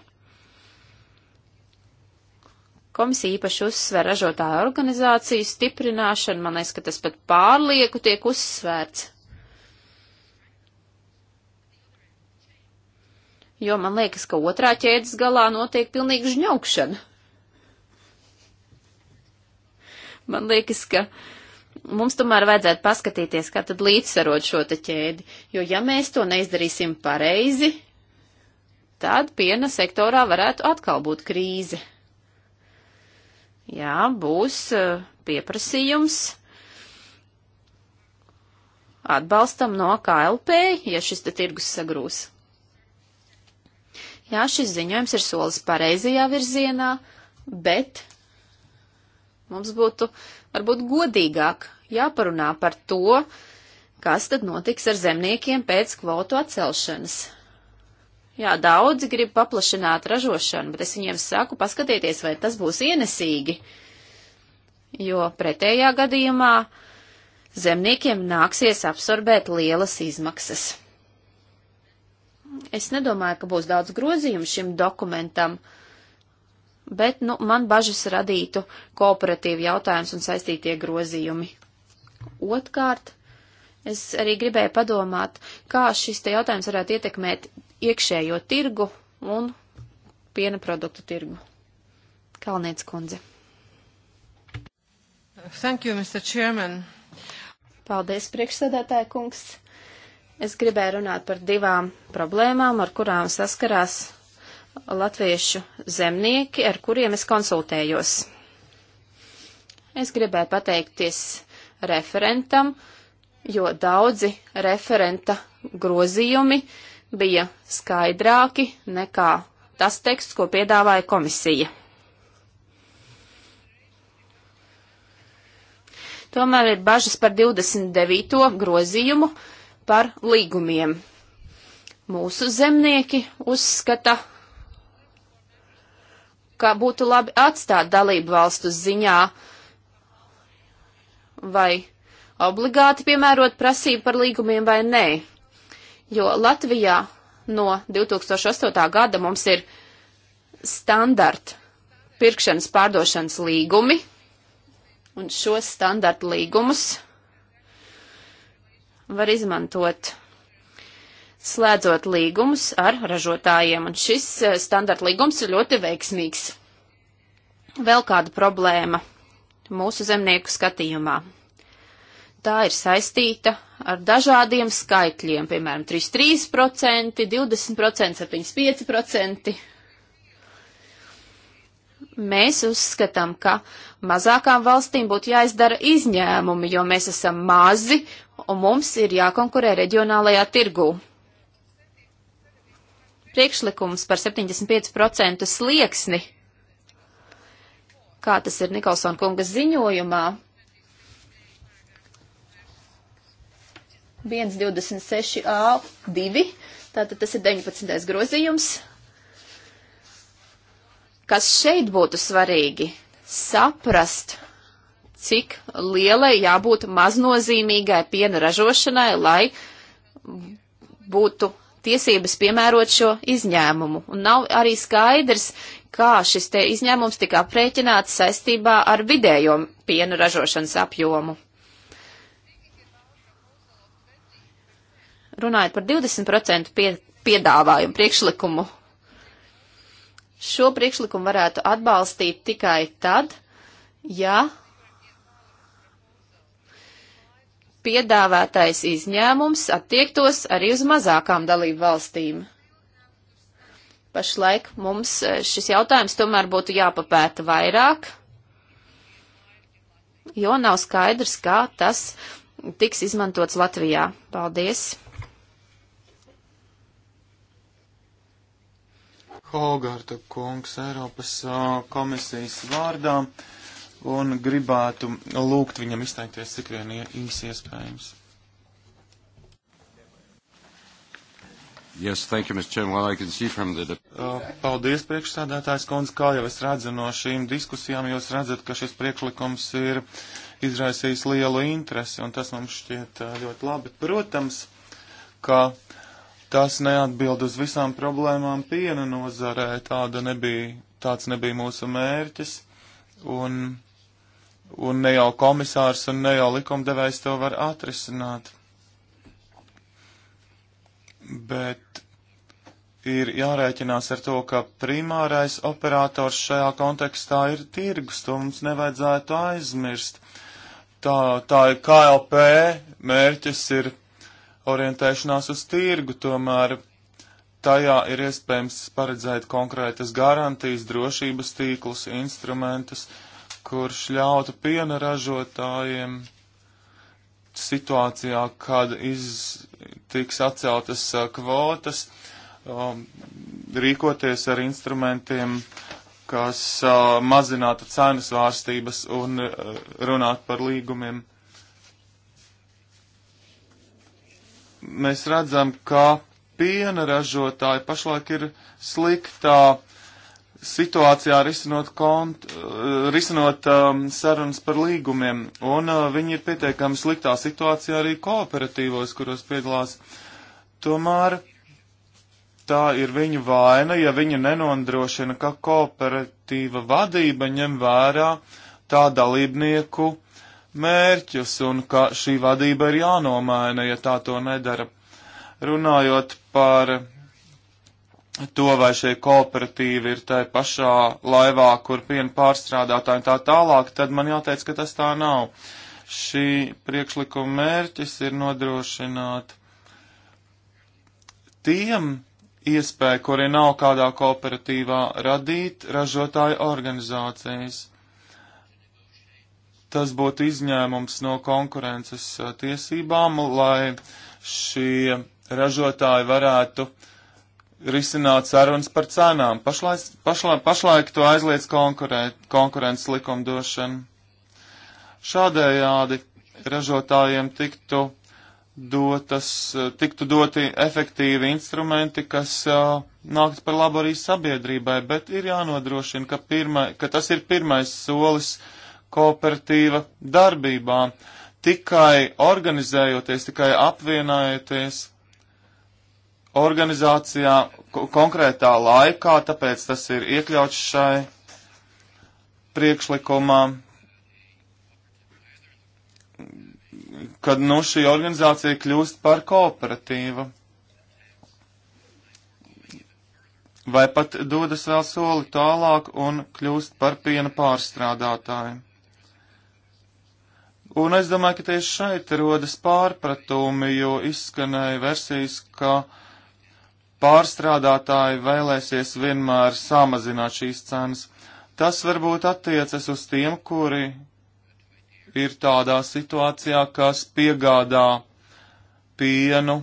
Komisija īpaši uzsver ražotāju organizāciju stiprināšanu, man liekas, ka tas pat pārlieku tiek uzsvērts. Jo man liekas, ka otrā ķēdes galā notiek pilnīgi žņaukšana. Man liekas, ka mums tomēr vajadzētu paskatīties, kā tad līdzsvarot šo te ķēdi, jo ja mēs to neizdarīsim pareizi, tad piena sektorā varētu atkal būt krīze. Jā, būs eh, pieprasījums atbalstam no KLP, ja šis te tirgus sagrūs. Jā, šis ziņojums ir solis pareizajā virzienā, bet Mums būtu varbūt godīgāk jāparunā par to, kas tad notiks ar zemniekiem pēc kvotu atcelšanas. Jā, daudzi grib paplašināt ražošanu, bet es viņiem saku, paskatieties, vai tas būs ienesīgi. Jo pretējā gadījumā zemniekiem nāksies absorbēt lielas izmaksas. Es nedomāju, ka būs daudz grozījumu šim dokumentam. Uh, bet nu, man bažas radītu kooperatīvu jautājums un saistītie grozījumi. Otkārt, es arī gribēju padomāt, kā šis te jautājums varētu ietekmēt iekšējo tirgu un piena produktu tirgu. Kalniec kundze. Thank you, Mr. Chairman. Paldies, priekšsēdētāja kungs. Es gribēju runāt par divām problēmām, ar kurām saskarās latviešu zemnieki, ar kuriem es konsultējos. Es gribēju pateikties referentam, jo daudzi referenta grozījumi bija skaidrāki nekā tas teksts, ko piedāvāja komisija. Tomēr ir bažas par 29. grozījumu par līgumiem. Mūsu zemnieki uzskata, ka būtu labi atstāt dalību valstu ziņā vai obligāti piemērot prasību par līgumiem vai nē. Jo Latvijā no 2008. gada mums ir standarta pirkšanas pārdošanas līgumi, un šos standarta līgumus var izmantot slēdzot līgumus ar ražotājiem, un šis eh, standarta līgums ir ļoti veiksmīgs. Vēl kāda problēma mūsu zemnieku skatījumā. Tā ir saistīta ar dažādiem skaitļiem, piemēram, 33%, 20%, 75%. Mēs uzskatām, ka mazākām valstīm būtu jāizdara izņēmumi, jo mēs esam mazi un mums ir jākonkurē reģionālajā tirgū priekšlikums par 75% slieksni, kā tas ir Nikolsona kungas ziņojumā, 1.26a2, tātad tas ir 19. grozījums. Kas šeit būtu svarīgi? Saprast, cik lielai jābūt maznozīmīgai piena ražošanai, lai būtu tiesības piemērot šo izņēmumu. Un nav arī skaidrs, kā šis te izņēmums tika aprēķināts saistībā ar vidējo piena ražošanas apjomu. Runājot par 20% pie, piedāvājumu priekšlikumu, šo priekšlikumu varētu atbalstīt tikai tad, ja piedāvātais izņēmums attiektos arī uz mazākām dalību valstīm. Pašlaik mums e, šis jautājums tomēr būtu jāpapēta vairāk, jo nav skaidrs, kā tas tiks izmantots Latvijā. Paldies! Hogarta kungs Eiropas e, komisijas vārdā. Uh, un gribētu lūgt viņam izteikties cik vien īsi iespējams. Yes, thank you, Mr. Chairman. Well, I can see from the... Uh, paldies, priekšsādātājs kundze, kā jau es redzu no šīm diskusijām, jūs redzat, ka šis priekšlikums ir izraisījis lielu interesi, un tas mums šķiet uh, ļoti labi. Protams, ka tas neatbild uz visām problēmām piena nozarē, tāda nebija, tāds nebija mūsu mērķis, un un ne jau komisārs un ne jau likumdevējs to var atrisināt. Bet ir jārēķinās ar to, ka primārais operators šajā kontekstā ir tirgus, to mums nevajadzētu aizmirst. Tā, tā ir KLP, mērķis ir orientēšanās uz tirgu, tomēr tajā ir iespējams paredzēt konkrētas garantijas, drošības tīklus, instrumentus, uh, kurš ļautu piena ražotājiem situācijā, kad iz, tiks atceltas kvotas, um, rīkoties ar instrumentiem, kas uh, mazinātu cenas vārstības un uh, runāt par līgumiem. Mēs redzam, ka piena ražotāji pašlaik ir sliktā situācijā risinot, kont, eh, risinot um, sarunas par līgumiem, un uh, viņi ir pietiekami sliktā situācijā arī kooperatīvos, kuros piedalās. Tomēr tā ir viņu vaina, ja viņa nenondrošina, ka kooperatīva vadība ņem vērā tā dalībnieku mērķus un ka šī vadība ir jānomaina, ja tā to nedara. Runājot par to, vai šie kooperatīvi ir tajā pašā laivā, kur piena pārstrādātāji un tā tālāk, tad man jāteic, ka tas tā nav. Šī priekšlikuma mērķis ir nodrošināt tiem iespēju, kuri nav kādā kooperatīvā, radīt ražotāju organizācijas. Tas būtu izņēmums no konkurences uh, tiesībām, lai šie ražotāji varētu risināt sarunas par cenām. Pašlaik, pašlaik, pašlaik to aizliedz konkurences likumdošana. Šādējādi ražotājiem tiktu, dotas, tiktu doti efektīvi instrumenti, kas uh, nākt par labu arī sabiedrībai, bet ir jānodrošina, ka, pirmai, ka tas ir pirmais solis kooperatīva darbībā. Tikai organizējoties, tikai apvienojoties, organizācijā konkrētā laikā, tāpēc tas ir iekļauts šai priekšlikumā, kad nu šī organizācija kļūst par kooperatīvu. Vai pat dodas vēl soli tālāk un kļūst par piena pārstrādātāju. Un es domāju, ka tieši šeit rodas pārpratumi, jo izskanēja versijas, ka uh, pārstrādātāji vēlēsies vienmēr samazināt šīs cenas. Tas varbūt attiecas uz tiem, kuri ir tādā situācijā, kas piegādā pienu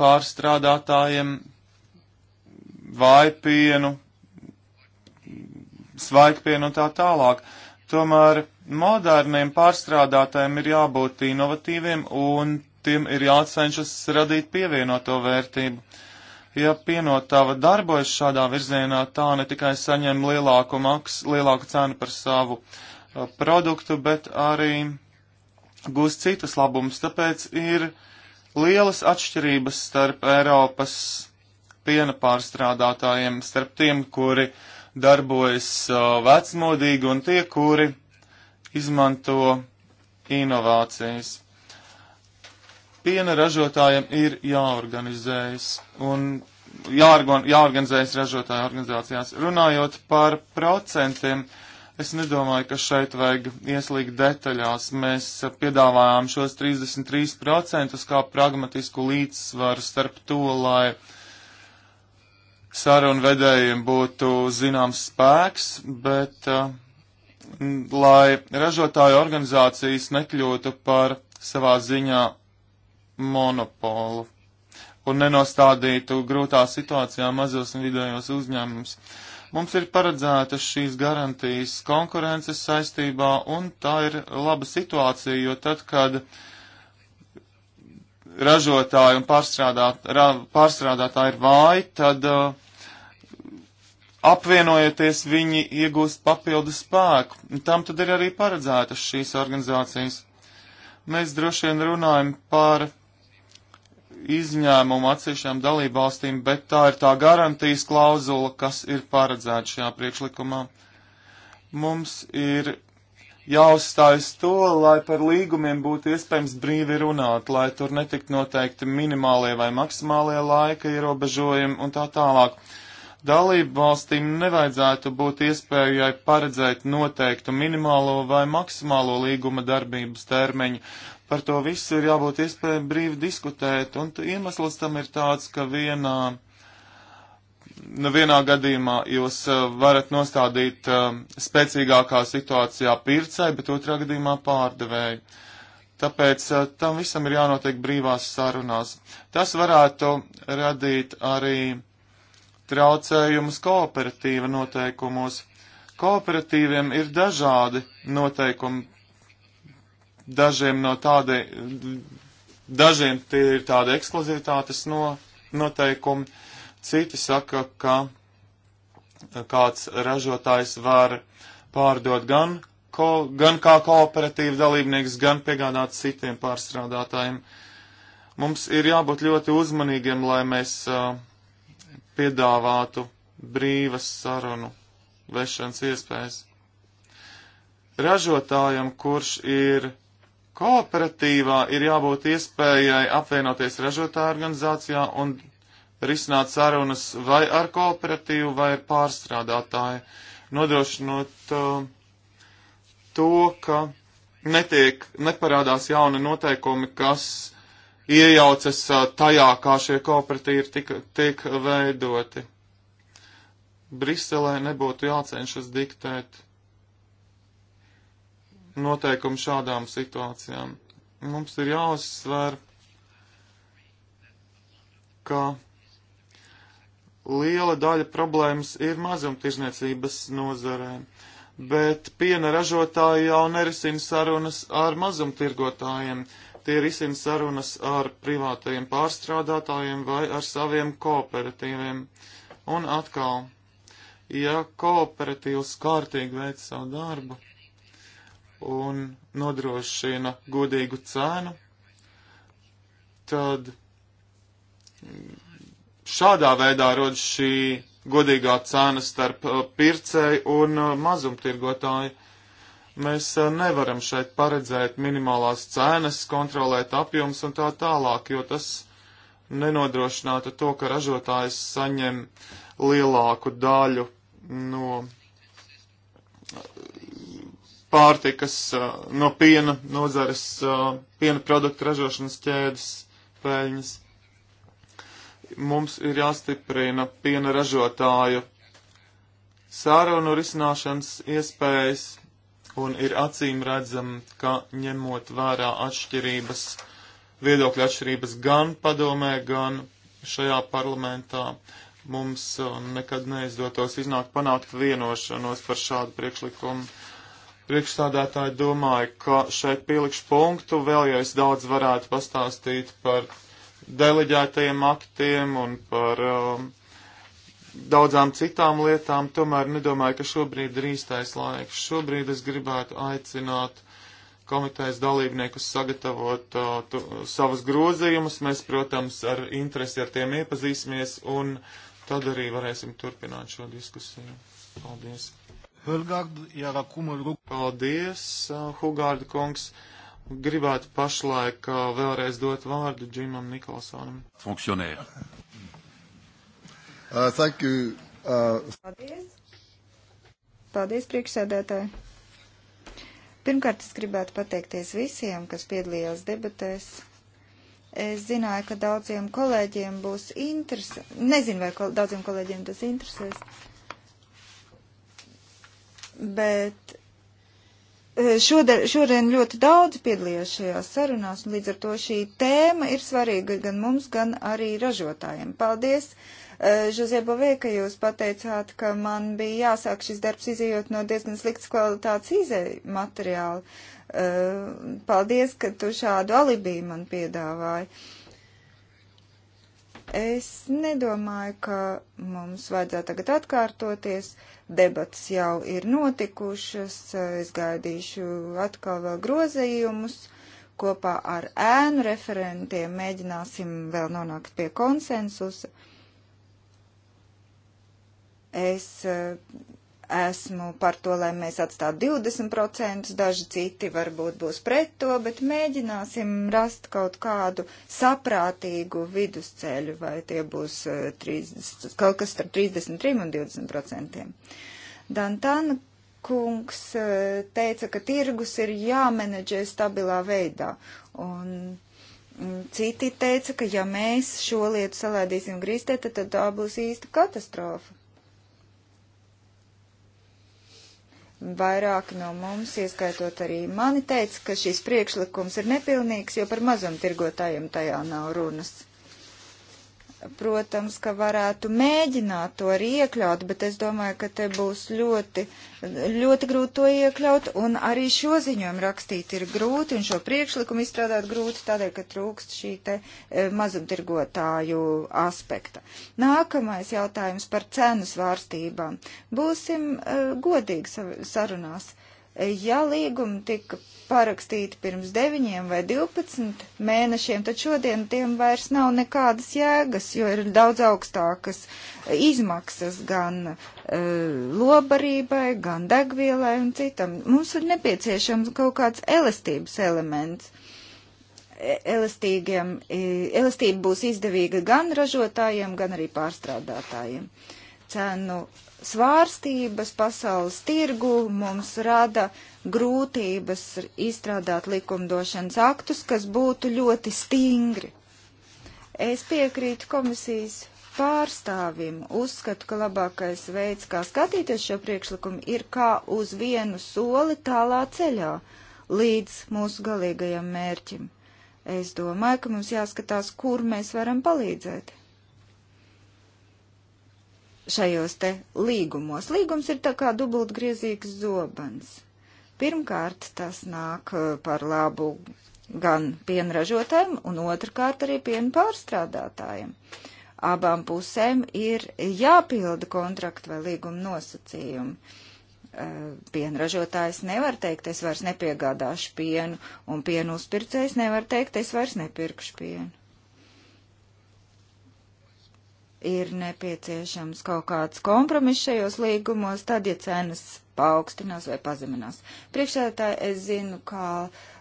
pārstrādātājiem vai pienu, svaigpienu un tā tālāk. Tomēr moderniem pārstrādātājiem ir jābūt inovatīviem un tiem ir jācenšas radīt pievienoto vērtību. Ja pienotava darbojas šādā virzienā, tā ne tikai saņem lielāku, maks, lielāku cenu par savu uh, produktu, bet arī gūst citas labumus. Tāpēc ir lielas atšķirības starp Eiropas piena pārstrādātājiem, starp tiem, kuri darbojas uh, vecmodīgi un tie, kuri izmanto inovācijas. Piena ražotājiem ir jāorganizējas un jāorgan, jāorganizējas ražotāju organizācijās. Runājot par procentiem, es nedomāju, ka šeit vajag ieslīgt detaļās. Mēs piedāvājām šos 33% kā pragmatisku līdzsvaru starp to, lai sarunvedējiem būtu zināms spēks, bet uh, lai ražotāju organizācijas nekļūtu par savā ziņā monopolu un nenostādītu grūtā situācijā mazos un vidējos uzņēmumus. Mums ir paredzētas šīs garantijas konkurences saistībā, un tā ir laba situācija, jo tad, kad ražotāji un pārstrādāt, ra, pārstrādātāji ir vāji, tad uh, apvienojoties viņi iegūst papildu spēku. Tam tad ir arī paredzētas šīs organizācijas. Mēs droši vien runājam par izņēmumu atsevišķām dalībvalstīm, bet tā ir tā garantijas klauzula, kas ir paredzēta šajā priekšlikumā. Mums ir jāuzstājas to, lai par līgumiem būtu iespējams brīvi runāt, lai tur netikt noteikti minimālie vai maksimālie laika ierobežojumi un tā tālāk. Dalību valstīm nevajadzētu būt iespējai paredzēt noteiktu minimālo vai maksimālo līguma darbības termiņu, par to visu ir jābūt iespēja brīvi diskutēt, un iemesls tam ir tāds, ka vienā, nu, vienā gadījumā jūs e, varat nostādīt um, spēcīgākā situācijā pircēju, bet otrā gadījumā pārdevēju. Tāpēc e, tam visam ir jānotiek brīvās sarunās. Tas varētu radīt arī traucējumus kooperatīva noteikumos. Kooperatīviem ir dažādi noteikumi dažiem no tādi, dažiem tie ir tādi ekskluzivitātes no, noteikumi, citi saka, ka kāds ražotājs var pārdot gan, ko, gan kā kooperatīva dalībnieks, gan piegādāt citiem pārstrādātājiem. Mums ir jābūt ļoti uzmanīgiem, lai mēs uh, piedāvātu brīvas sarunu vešanas iespējas ražotājam, kurš ir Kooperatīvā ir jābūt iespējai apvienoties ražotāju organizācijā un risināt sarunas vai ar kooperatīvu, vai ar pārstrādātāju, nodrošinot uh, to, ka netiek, neparādās jauni noteikumi, kas iejaucas uh, tajā, kā šie kooperatīvi tika, tiek veidoti. Briselē nebūtu jācenšas diktēt noteikumi šādām situācijām. Mums ir jāuzsver, ka liela daļa problēmas ir mazumtirdzniecības nozarē, bet piena ražotāji jau nerisina sarunas ar mazumtirgotājiem. Tie risina sarunas ar privātajiem pārstrādātājiem vai ar saviem kooperatīviem. Un atkal, ja kooperatīvs kārtīgi veic savu darbu, un nodrošina godīgu cēnu, tad šādā veidā rod šī godīgā cena starp uh, pircēju un uh, mazumtirgotāju. Mēs uh, nevaram šeit paredzēt minimālās cenas, kontrolēt apjoms un tā tālāk, jo tas nenodrošinātu to, ka ražotājs saņem lielāku daļu no pārtikas, no piena nozares, piena produktu ražošanas ķēdes peļņas. Mums ir jāstiprina piena ražotāju sārunu risināšanas iespējas, un ir acīm redzam, ka ņemot vērā atšķirības, viedokļa atšķirības gan padomē, gan šajā parlamentā, mums nekad neizdotos iznākt panākt vienošanos par šādu priekšlikumu priekšstādātāji domāju, ka šeit pielikšu punktu, vēl ja es daudz varētu pastāstīt par deleģētajiem aktiem un par um, daudzām citām lietām, tomēr nedomāju, ka šobrīd ir īstais laiks. Šobrīd es gribētu aicināt komitejas dalībniekus sagatavot uh, tu, savus grozījumus. Mēs, protams, ar interesi ar tiem iepazīsimies un tad arī varēsim turpināt šo diskusiju. Paldies! Hurgārdu, ja rakumu rūk. Paldies, Hugārda eh, kungs. Gribētu pašlaik eh, vēlreiz dot vārdu Džimam Nikolsonam. Funkcionēja. Uh, thank you. Uh... Paldies. Paldies, priekšsēdētāji. Pirmkārt, es gribētu pateikties visiem, kas piedalījās debatēs. Es zināju, ka daudziem kolēģiem būs interesi. Nezinu, vai kol daudziem kolēģiem tas interesēs bet e, šodien, šodien ļoti daudz piedalījās šajās sarunās, un līdz ar to šī tēma ir svarīga gan mums, gan arī ražotājiem. Paldies, e, Žozie Bovē, ka jūs pateicāt, ka man bija jāsāk šis darbs izējot no diezgan sliktas kvalitātes izēju materiāla. E, paldies, ka tu šādu alibī man piedāvāji. Es nedomāju, ka mums vajadzētu tagad atkārtoties. Debats jau ir notikušas. Es gaidīšu atkal vēl grozījumus. Kopā ar ēnu referentiem mēģināsim vēl nonākt pie konsensusa. Es eh, esmu par to, lai mēs atstātu 20%, daži citi varbūt būs pret to, bet mēģināsim rast kaut kādu saprātīgu vidusceļu, vai tie būs 30, e, kaut kas starp 33 un 20%. Dantana kungs e, teica, ka tirgus ir jāmenedžē stabilā veidā. Un mm, Citi teica, ka ja mēs šo lietu salēdīsim grīstē, tad tā būs īsta katastrofa. Vairāki no mums, ieskaitot arī mani, teica, ka šis priekšlikums ir nepilnīgs, jo par mazumtirgotājiem tajā nav runas protams, ka varētu mēģināt to arī iekļaut, bet es domāju, ka te būs ļoti, ļoti grūti to iekļaut, un arī šo ziņojumu rakstīt ir grūti, un šo priekšlikumu izstrādāt grūti, tādēļ, ka trūkst šī te e, mazumtirgotāju aspekta. Nākamais jautājums par cenu svārstībām. Būsim uh, godīgi sarunās. E, ja līgumi tika parakstīti pirms 9 vai 12 mēnešiem, tad šodien tiem vairs nav nekādas jēgas, jo ir daudz augstākas izmaksas gan e, lobarībai, gan degvielai un citam. Mums ir nepieciešams kaut kāds elastības elements e, elastīgiem, e, elastība būs izdevīga gan ražotājiem, gan arī pārstrādātājiem. Cenu svārstības pasaules tirgu mums rada grūtības izstrādāt likumdošanas aktus, kas būtu ļoti stingri. Es piekrītu komisijas pārstāvim. Uzskatu, ka labākais veids, kā skatīties šo priekšlikumu, ir kā uz vienu soli tālā ceļā līdz mūsu galīgajam mērķim. Es domāju, ka mums jāskatās, kur mēs varam palīdzēt šajos te līgumos. Līgums ir tā kā dubultgriezīgs zobens. Pirmkārt, tas nāk eh, par labu gan pienražotājiem, un otrkārt arī piena pārstrādātājiem. Abām pusēm ir jāpilda kontrakta vai līguma nosacījumi. Eh, pienražotājs nevar teikt, es vairs nepiegādāšu pienu, un pienu uzpircējs nevar teikt, es vairs nepirkšu pienu ir nepieciešams kaut kāds kompromiss šajos līgumos, tad, ja cenas paaugstinās vai pazeminās. Priekšsēdētāji, es zinu, kā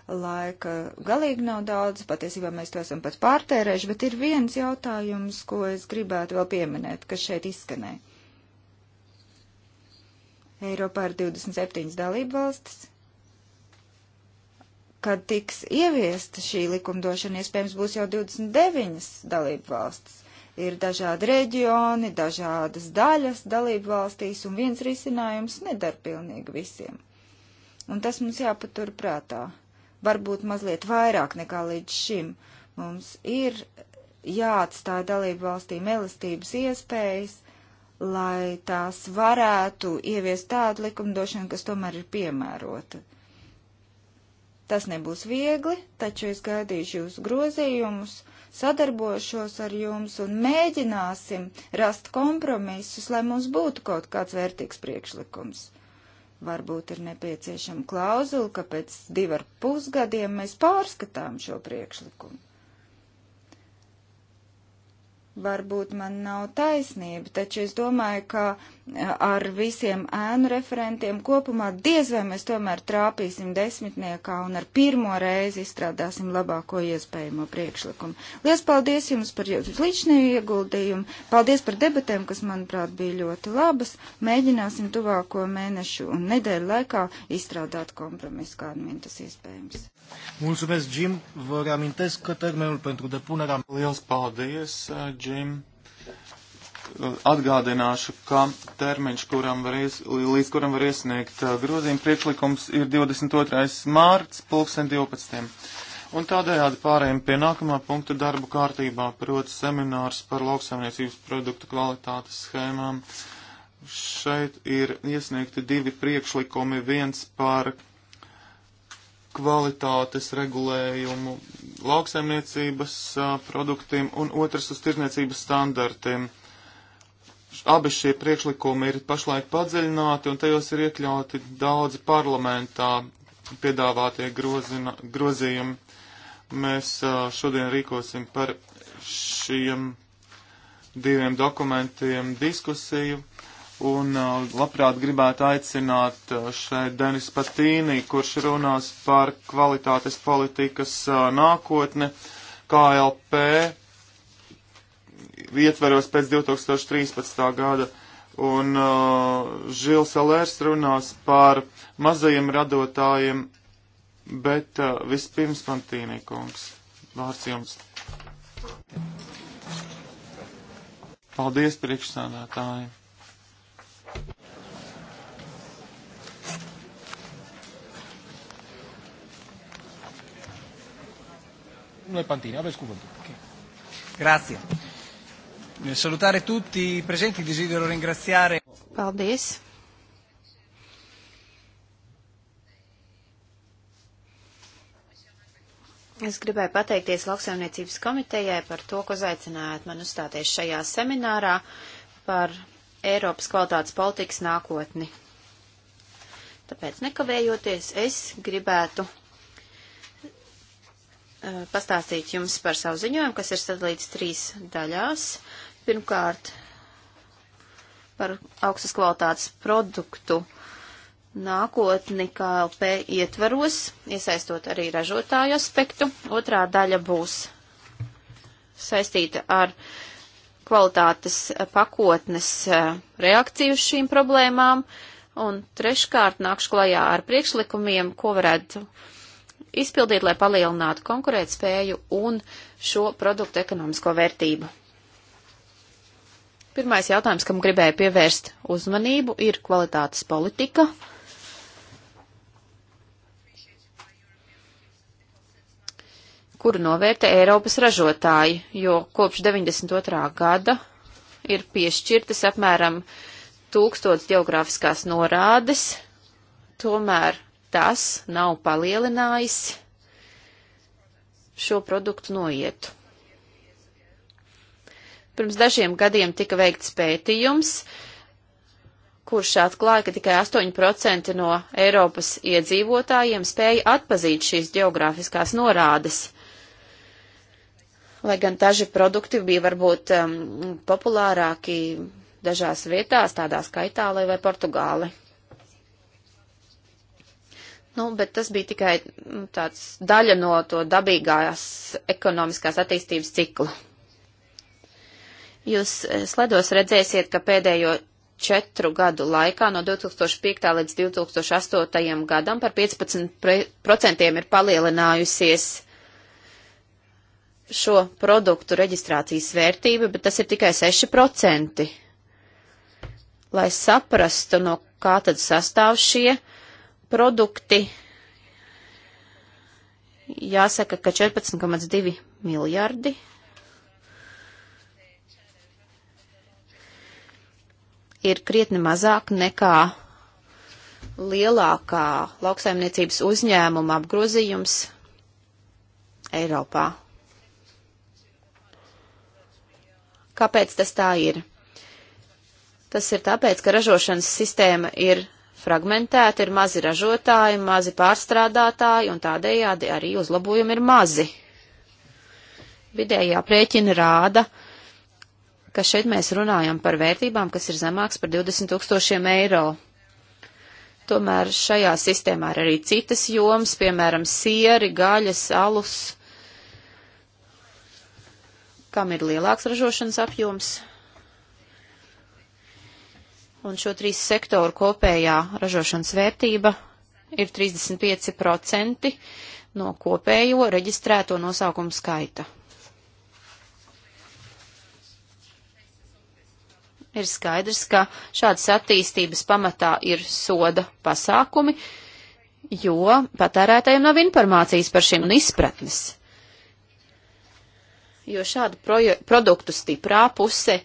laika galīgi nav daudz, patiesībā mēs to esam pat pārtērējuši, bet ir viens jautājums, ko es gribētu vēl pieminēt, kas šeit izskanē. Eiropā ir 27 dalību valstis. Kad tiks ieviesta šī likumdošana, iespējams būs jau 29 dalību valstis. Ir dažādi reģioni, dažādas daļas dalību valstīs, un viens risinājums nedara pilnīgi visiem. Un tas mums jāpatur prātā. Varbūt mazliet vairāk nekā līdz šim. Mums ir jāatstāja dalību valstīm elastības iespējas, lai tās varētu ieviest tādu likumdošanu, kas tomēr ir piemērota. Tas nebūs viegli, taču es gaidīšu jūsu grozījumus sadarbošos ar jums un mēģināsim rast kompromisus, lai mums būtu kaut kāds vērtīgs priekšlikums. Varbūt ir nepieciešama klauzula, ka pēc divu ar pusgadiem mēs pārskatām šo priekšlikumu. Varbūt man nav taisnība, taču es domāju, ka ar visiem ēnu referentiem kopumā, diez vai mēs tomēr trāpīsim desmitniekā un ar pirmo reizi izstrādāsim labāko iespējamo priekšlikumu. Lielas paldies jums par jūsu līdzinēju ieguldījumu, paldies par debatēm, kas, manuprāt, bija ļoti labas. Mēģināsim tuvāko mēnešu un nedēļu laikā izstrādāt kompromisu, kādu vien tas iespējams. Mulțumesc, Jim. Vă reamintesc că termenul pentru depunerea... Lielas paldies, Jim atgādināšu, ka termiņš, kuram var ies, līdz kuram var iesniegt grozījuma priekšlikums, ir 22. mārts 2012. Un tādējādi pārējiem pie nākamā punkta darbu kārtībā, proti seminārs par lauksaimniecības produktu kvalitātes schēmām. Šeit ir iesniegti divi priekšlikumi, viens par kvalitātes regulējumu lauksaimniecības produktiem un otrs uz tirniecības standartiem. Abi šie priekšlikumi ir pašlaik padziļināti, un tajos ir iekļauti daudzi parlamentā piedāvātie grozina, grozījumi. Mēs šodien rīkosim par šiem diviem dokumentiem diskusiju. Un labprāt gribētu aicināt šeit Denis Patīnī, kurš runās par kvalitātes politikas nākotni, KLP ietveros pēc 2013. gada. Un uh, Žils Alērs runās par mazajiem radotājiem, bet uh, vispirms Fantīnī kungs. Vārds jums. Paldies priekšsādātājiem. Domnule Pantin, aveți cuvântul. Okay. Grazie. Eh, salutare tutti i presenti, desidero ringraziare. Paldies. Es gribēju pateikties lauksaimniecības komitejai par to, ka uzaicinājāt man uzstāties šajā seminārā par Eiropas kvalitātes politikas nākotni. Tāpēc nekavējoties es gribētu eh, pastāstīt jums par savu ziņojumu, kas ir sadalīts trīs daļās. Pirmkārt, par augstas kvalitātes produktu nākotni KLP ietvaros, iesaistot arī ražotāju aspektu. Otrā daļa būs saistīta ar kvalitātes pakotnes e, reakciju uz šīm problēmām. Un treškārt nākšu klajā ar priekšlikumiem, ko varētu izpildīt, lai palielinātu konkurētspēju un šo produktu ekonomisko vērtību. Pirmais jautājums, kam gribēju pievērst uzmanību, ir kvalitātes politika. kuru novērtē Eiropas ražotāji, jo kopš 92. gada ir piešķirtas apmēram tūkstots geogrāfiskās norādes, tomēr tas nav palielinājis šo produktu noietu. Pirms dažiem gadiem tika veikts pētījums, kurš atklāja, ka tikai 8% no Eiropas iedzīvotājiem spēja atpazīt šīs geogrāfiskās norādes. Lai gan daži produkti bija varbūt um, populārāki dažās vietās, tādā kā Itālija vai Portugāli. Nu, bet tas bija tikai nu, tāds daļa no to dabīgās ekonomiskās attīstības cikla. Jūs e, sledos redzēsiet, ka pēdējo četru gadu laikā no 2005. līdz 2008. gadam par 15% ir palielinājusies šo produktu reģistrācijas vērtība, bet tas ir tikai 6%. Lai saprastu, no kā tad sastāv šie produkti, jāsaka, ka 14,2 miljardi ir krietni mazāk nekā lielākā lauksaimniecības uzņēmuma apgrozījums Eiropā. Kāpēc tas tā ir? Tas ir tāpēc, ka ražošanas sistēma ir fragmentēta, ir mazi ražotāji, mazi pārstrādātāji un tādējādi arī uzlabojumi ir mazi. Vidējā prēķina rāda, ka šeit mēs runājam par vērtībām, kas ir zemāks par 20 tūkstošiem eiro. Tomēr šajā sistēmā ir arī citas jomas, piemēram, sieri, gaļas, alus, kam ir lielāks ražošanas apjoms. Un šo trīs sektoru kopējā ražošanas vērtība ir 35% no kopējo reģistrēto nosaukumu skaita. ir skaidrs, ka šādas attīstības pamatā ir soda pasākumi, jo patērētājiem nav informācijas par šiem un izpratnes. Jo šādu proje, produktu stiprā puse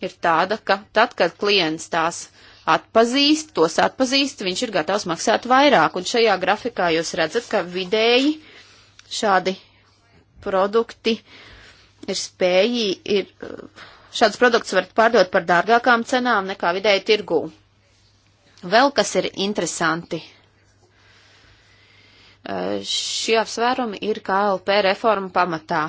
ir tāda, ka tad, kad klients tās atpazīst, tos atpazīst, viņš ir gatavs maksāt vairāk. Un šajā grafikā jūs redzat, ka vidēji šādi produkti ir spējīgi, ir Šādus produktus var pārdot par dārgākām cenām nekā vidēji tirgū. Vēl kas ir interesanti. Eh, šie apsvērumi ir KLP reforma pamatā.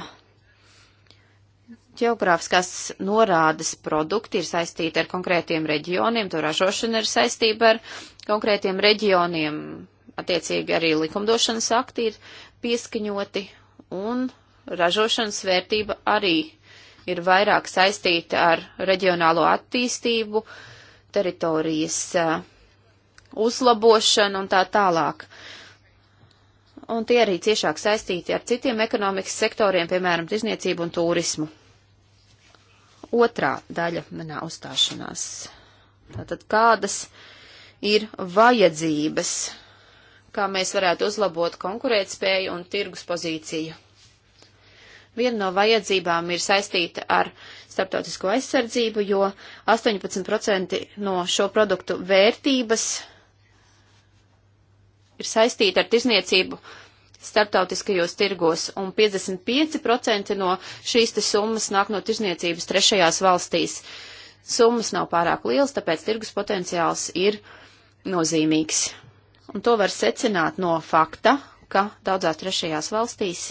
Geogrāfiskās norādes produkti ir saistīti ar konkrētiem reģioniem, to ražošana ir saistība ar konkrētiem reģioniem, attiecīgi arī likumdošanas akti ir pieskaņoti un ražošanas vērtība arī ir vairāk saistīta ar reģionālo attīstību, teritorijas eh, uzlabošanu un tā tālāk. Un tie arī ciešāk saistīti ar citiem ekonomikas sektoriem, piemēram, tirzniecību un turismu. Otrā daļa manā uzstāšanās. Tātad kādas ir vajadzības, kā mēs varētu uzlabot konkurētspēju un tirgus pozīciju? Viena no vajadzībām ir saistīta ar starptautisko aizsardzību, jo 18% no šo produktu vērtības ir saistīta ar tirzniecību starptautiskajos tirgos, un 55% no šīs te summas nāk no tirzniecības trešajās valstīs. Summas nav pārāk liels, tāpēc tirgus potenciāls ir nozīmīgs. Un to var secināt no fakta, ka daudzās trešajās valstīs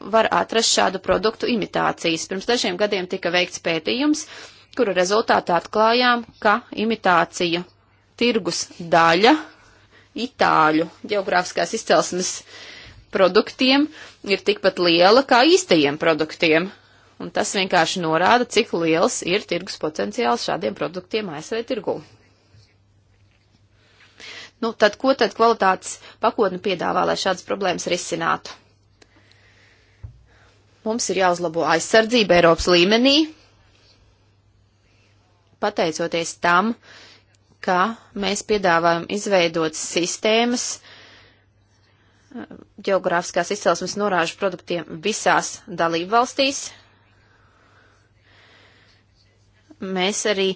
var atrast šādu produktu imitācijas. Pirms dažiem gadiem tika veikts pētījums, kuru rezultātā atklājām, ka imitācija tirgus daļa itāļu geogrāfiskās izcelsmes produktiem ir tikpat liela kā īstajiem produktiem. Un tas vienkārši norāda, cik liels ir tirgus potenciāls šādiem produktiem ASV tirgū. Nu, tad ko tad kvalitātes pakotne piedāvā, lai šādas problēmas risinātu? Mums ir jāuzlabo aizsardzība Eiropas līmenī, pateicoties tam, ka mēs piedāvājam izveidot sistēmas geogrāfiskās izcelsmes norāžu produktiem visās dalību valstīs. Mēs arī,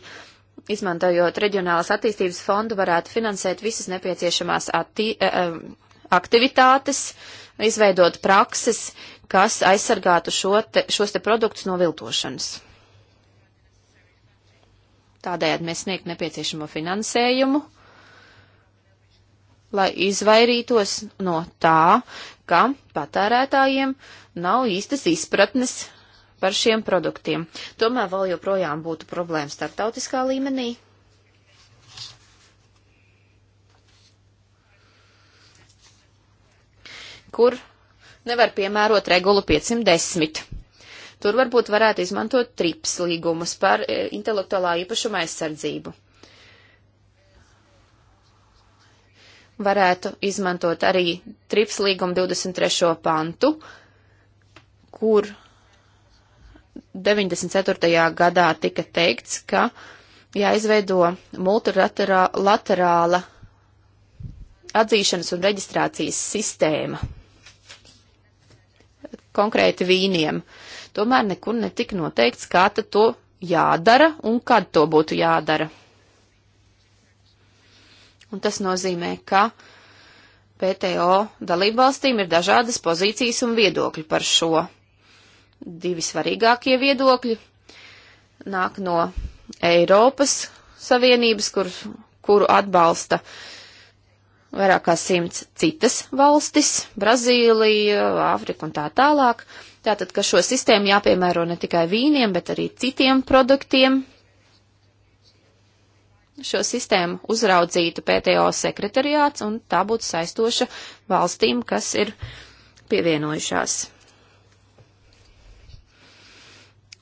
izmantojot reģionālas attīstības fondu, varētu finansēt visas nepieciešamās atti, eh, eh, aktivitātes, izveidot prakses, kas aizsargātu šo te, šos te produktus no viltošanas. Tādējādi mēs sniegt nepieciešamo finansējumu, lai izvairītos no tā, ka patērētājiem nav īstas izpratnes par šiem produktiem. Tomēr vēl joprojām būtu problēma starptautiskā līmenī. kur nevar piemērot regulu 510. Tur varbūt varētu izmantot trips līgumus par e, intelektuālā īpašuma aizsardzību. Varētu izmantot arī trips līguma 23. pantu, kur 94. gadā tika teikts, ka jāizveido multilaterāla atzīšanas un reģistrācijas sistēma konkrēti vīniem. Tomēr nekur netika noteikts, kā tad to jādara un kad to būtu jādara. Un tas nozīmē, ka PTO dalībvalstīm ir dažādas pozīcijas un viedokļi par šo. Divi svarīgākie viedokļi nāk no Eiropas Savienības, kur, kuru atbalsta uh, vairāk kā simts citas valstis - Brazīlija, Āfrika un tā tālāk. Tātad, ka šo sistēmu jāpiemēro ne tikai vīniem, bet arī citiem produktiem. Šo sistēmu uzraudzītu PTO sekretariāts un tā būtu saistoša valstīm, kas ir pievienojušās.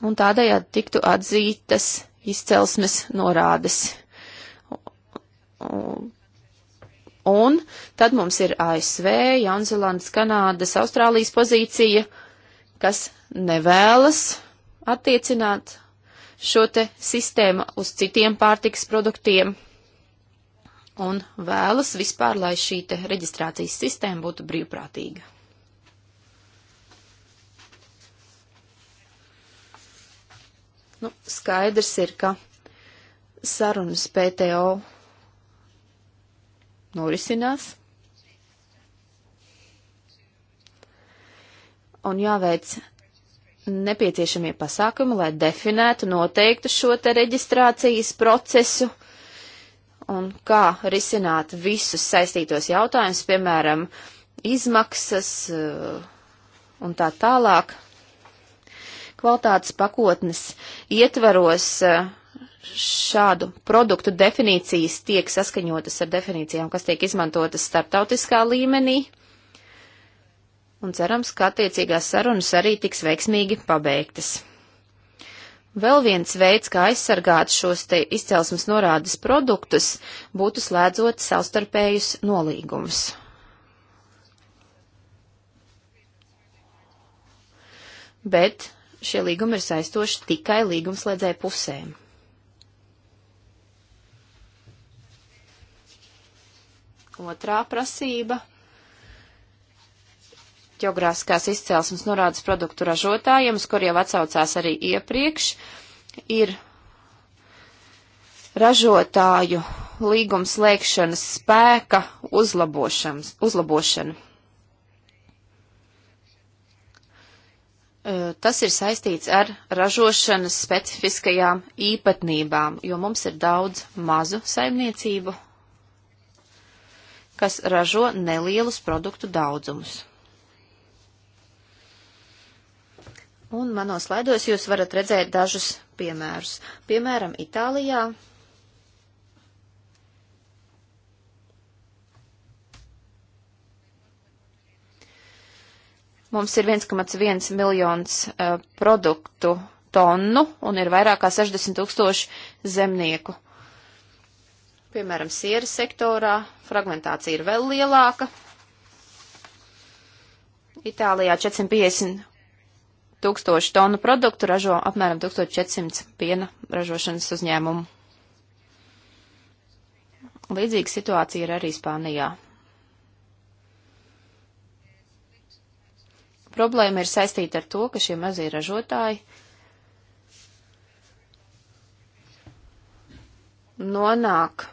Un tādējādi tiktu atzītas izcelsmes norādes Un tad mums ir ASV, Jaunzēlandes, Kanādas, Austrālijas pozīcija, kas nevēlas attiecināt šo te sistēmu uz citiem pārtikas produktiem un vēlas vispār, lai šī te reģistrācijas sistēma būtu brīvprātīga. Nu, skaidrs ir, ka sarunas PTO norisinās. Un jāveic nepieciešamie pasākumi, lai definētu noteiktu šo te reģistrācijas procesu un kā risināt visus saistītos jautājumus, piemēram, izmaksas eh, un tā tālāk. Kvalitātes pakotnes ietvaros uh, šādu produktu definīcijas tiek saskaņotas ar definīcijām, kas tiek izmantotas starptautiskā līmenī, un cerams, ka attiecīgās sarunas arī tiks veiksmīgi pabeigtas. Vēl viens veids, kā aizsargāt šos te izcelsmes norādes produktus, būtu slēdzot savstarpējus nolīgumus. Bet šie līgumi ir saistoši tikai līgumslēdzēju pusēm. Otrā prasība - ģeogrāfiskās izcelsmes norādes produktu ražotājiem, uz kur jau atsaucās arī iepriekš, ir ražotāju līgums slēgšanas spēka uzlabošana. Eh, tas ir saistīts ar ražošanas specifiskajām īpatnībām, jo mums ir daudz mazu saimniecību kas ražo nelielus produktu daudzumus. Un manos slaidos jūs varat redzēt dažus piemērus. Piemēram, Itālijā. Mums ir 1,1 miljons uh, produktu tonnu un ir vairāk kā 60 tūkstoši zemnieku. Piemēram, sieras sektorā fragmentācija ir vēl lielāka. Itālijā 450 tūkstoši tonu produktu ražo apmēram 1400 piena ražošanas uzņēmumu. Līdzīga situācija ir arī Spānijā. Problēma ir saistīta ar to, ka šie mazie ražotāji nonāk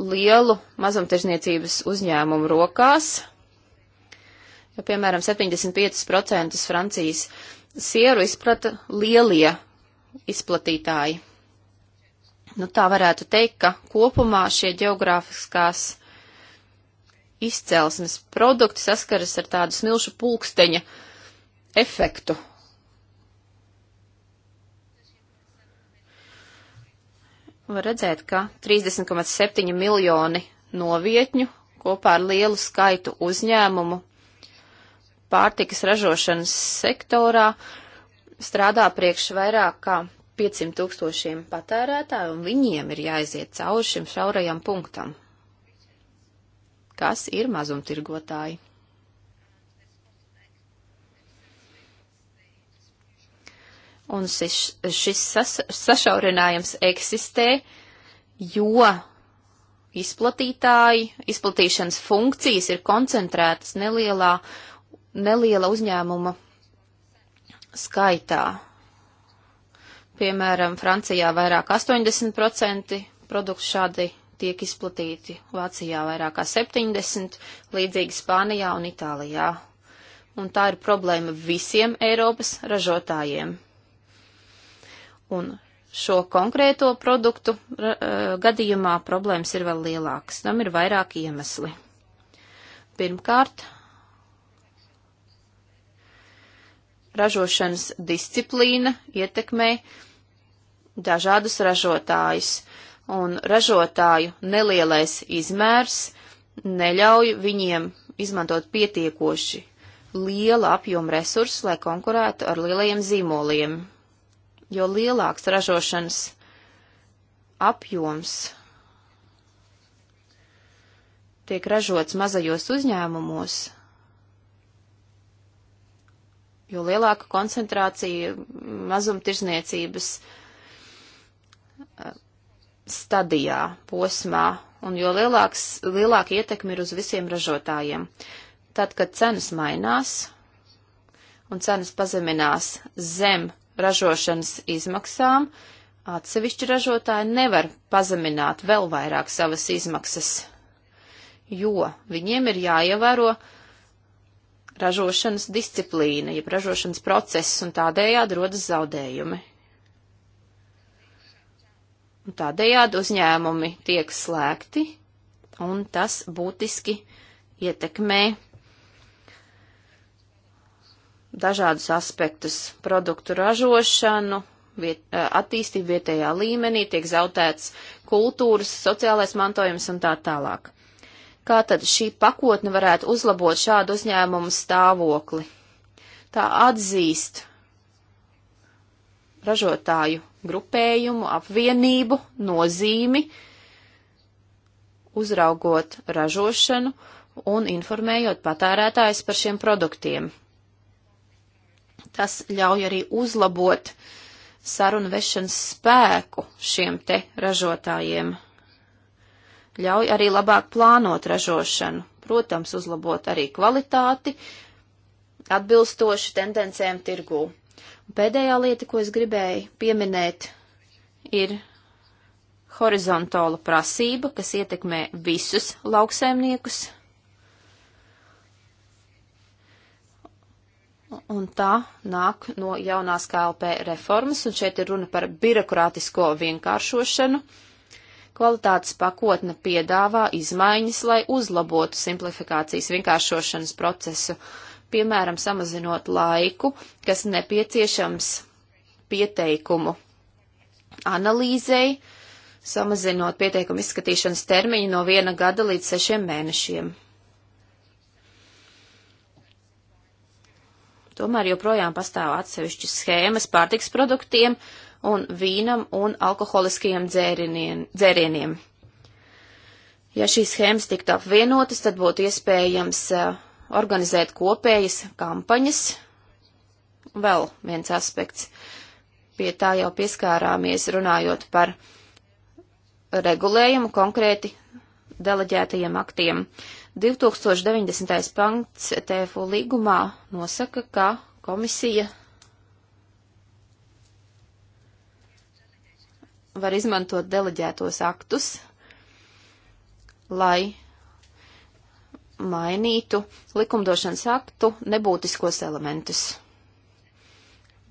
lielu mazumtirzniecības uzņēmumu rokās, jo, piemēram, 75% Francijas sieru izplata lielie izplatītāji. Nu, tā varētu teikt, ka kopumā šie geogrāfiskās izcelsmes produkti saskaras ar tādu smilšu pulksteņa efektu. var redzēt, ka 30,7 miljoni novietņu kopā ar lielu skaitu uzņēmumu pārtikas ražošanas sektorā strādā priekš vairāk kā 500 tūkstošiem patērētāju, un viņiem ir jāiziet cauri šim šaurajam punktam, kas ir mazumtirgotāji. un šis, šis sas, sašaurinājums eksistē, jo izplatītāji, izplatīšanas funkcijas ir koncentrētas nelielā, neliela uzņēmuma skaitā. Piemēram, Francijā vairāk 80% produktu šādi tiek izplatīti, Vācijā vairāk kā 70, līdzīgi Spānijā un Itālijā. Un tā ir problēma visiem Eiropas ražotājiem. Un šo konkrēto produktu eh, gadījumā problēmas ir vēl lielākas. Tam ir vairāki iemesli. Pirmkārt, ražošanas disciplīna ietekmē dažādus ražotājus, un ražotāju nelielais izmērs neļauj viņiem izmantot pietiekoši liela apjoma resursus, lai konkurētu ar lielajiem zīmoliem jo lielāks ražošanas apjoms tiek ražots mazajos uzņēmumos, jo lielāka koncentrācija mazumtirzniecības eh, stadijā, posmā, un jo lielāks, lielāka ietekme ir uz visiem ražotājiem. Tad, kad cenas mainās un cenas pazeminās zem ražošanas izmaksām, atsevišķi ražotāji nevar pazemināt vēl vairāk savas izmaksas, jo viņiem ir jāievēro ražošanas disciplīna, jeb ražošanas process, un tādējādi rodas zaudējumi. Un tādējādi uzņēmumi tiek slēgti, un tas būtiski ietekmē dažādus aspektus - produktu ražošanu, viet, eh, attīstību vietējā līmenī, tiek zautēts kultūras, sociālais mantojums un tā tālāk. Kā tad šī pakotne varētu uzlabot šādu uzņēmumu stāvokli? Tā atzīst ražotāju grupējumu, apvienību, nozīmi, uzraugot ražošanu un informējot patērētājs par šiem produktiem. Tas ļauj arī uzlabot sarunu vešanas spēku šiem te ražotājiem. Ļauj arī labāk plānot ražošanu, protams, uzlabot arī kvalitāti, atbilstoši tendencēm tirgū. Pēdējā lieta, ko es gribēju pieminēt, ir horizontāla prasība, kas ietekmē visus lauksēmniekus Un tā nāk no jaunās KLP reformas, un šeit ir runa par birokrātisko vienkāršošanu. Kvalitātes pakotne piedāvā izmaiņas, lai uzlabotu simplifikācijas vienkāršošanas procesu, piemēram, samazinot laiku, kas nepieciešams pieteikumu analīzei, samazinot pieteikumu izskatīšanas termiņu no viena gada līdz sešiem mēnešiem. Tomēr joprojām pastāv atsevišķas schēmas pārtiks produktiem un vīnam un alkoholiskajiem dzērieniem. Ja šīs schēmas tiktu apvienotas, tad būtu iespējams eh, organizēt kopējas kampaņas. Vēl viens aspekts. Pie tā jau pieskārāmies runājot par regulējumu konkrēti deleģētajiem aktiem. Uh, 2090. punkts TFU līgumā nosaka, ka komisija var izmantot deleģētos aktus, lai mainītu likumdošanas aktu nebūtiskos elementus.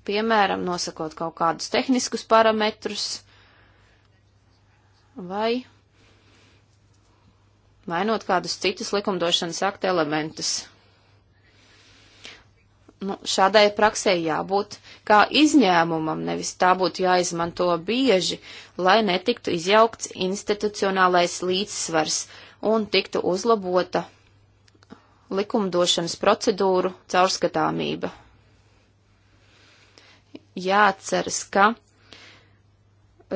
Piemēram, nosakot kaut kādus tehniskus parametrus vai mainot kādus citus likumdošanas akta elementus. Nu, šādai praksē jābūt kā izņēmumam, nevis tā būtu jāizmanto bieži, lai netiktu izjaukts institucionālais līdzsvars un tiktu uzlabota likumdošanas procedūru caurskatāmība. Jāatceras, ka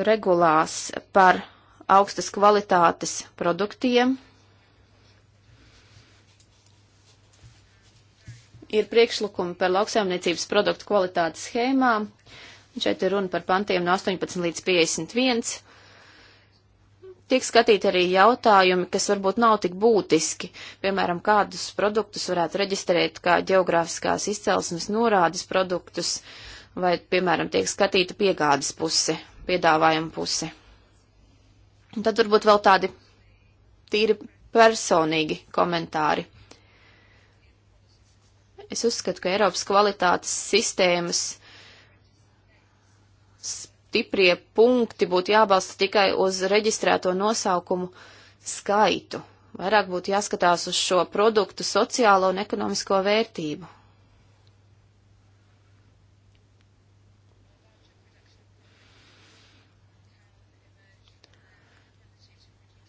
regulās par augstas kvalitātes produktiem ir priekšlikumi par lauksaimniecības produktu kvalitātes schēmām. Šeit ir runa par pantiem no 18 līdz 51. Tiek skatīti arī jautājumi, kas varbūt nav tik būtiski, piemēram, kādus produktus varētu reģistrēt kā geogrāfiskās izcelsmes norādes produktus, vai, piemēram, tiek skatīta piegādes puse, piedāvājuma puse. Un tad varbūt vēl tādi tīri personīgi komentāri. Es uzskatu, ka Eiropas kvalitātes sistēmas stiprie punkti būtu jābalsta tikai uz reģistrēto nosaukumu skaitu. Vairāk būtu jāskatās uz šo produktu sociālo un ekonomisko vērtību.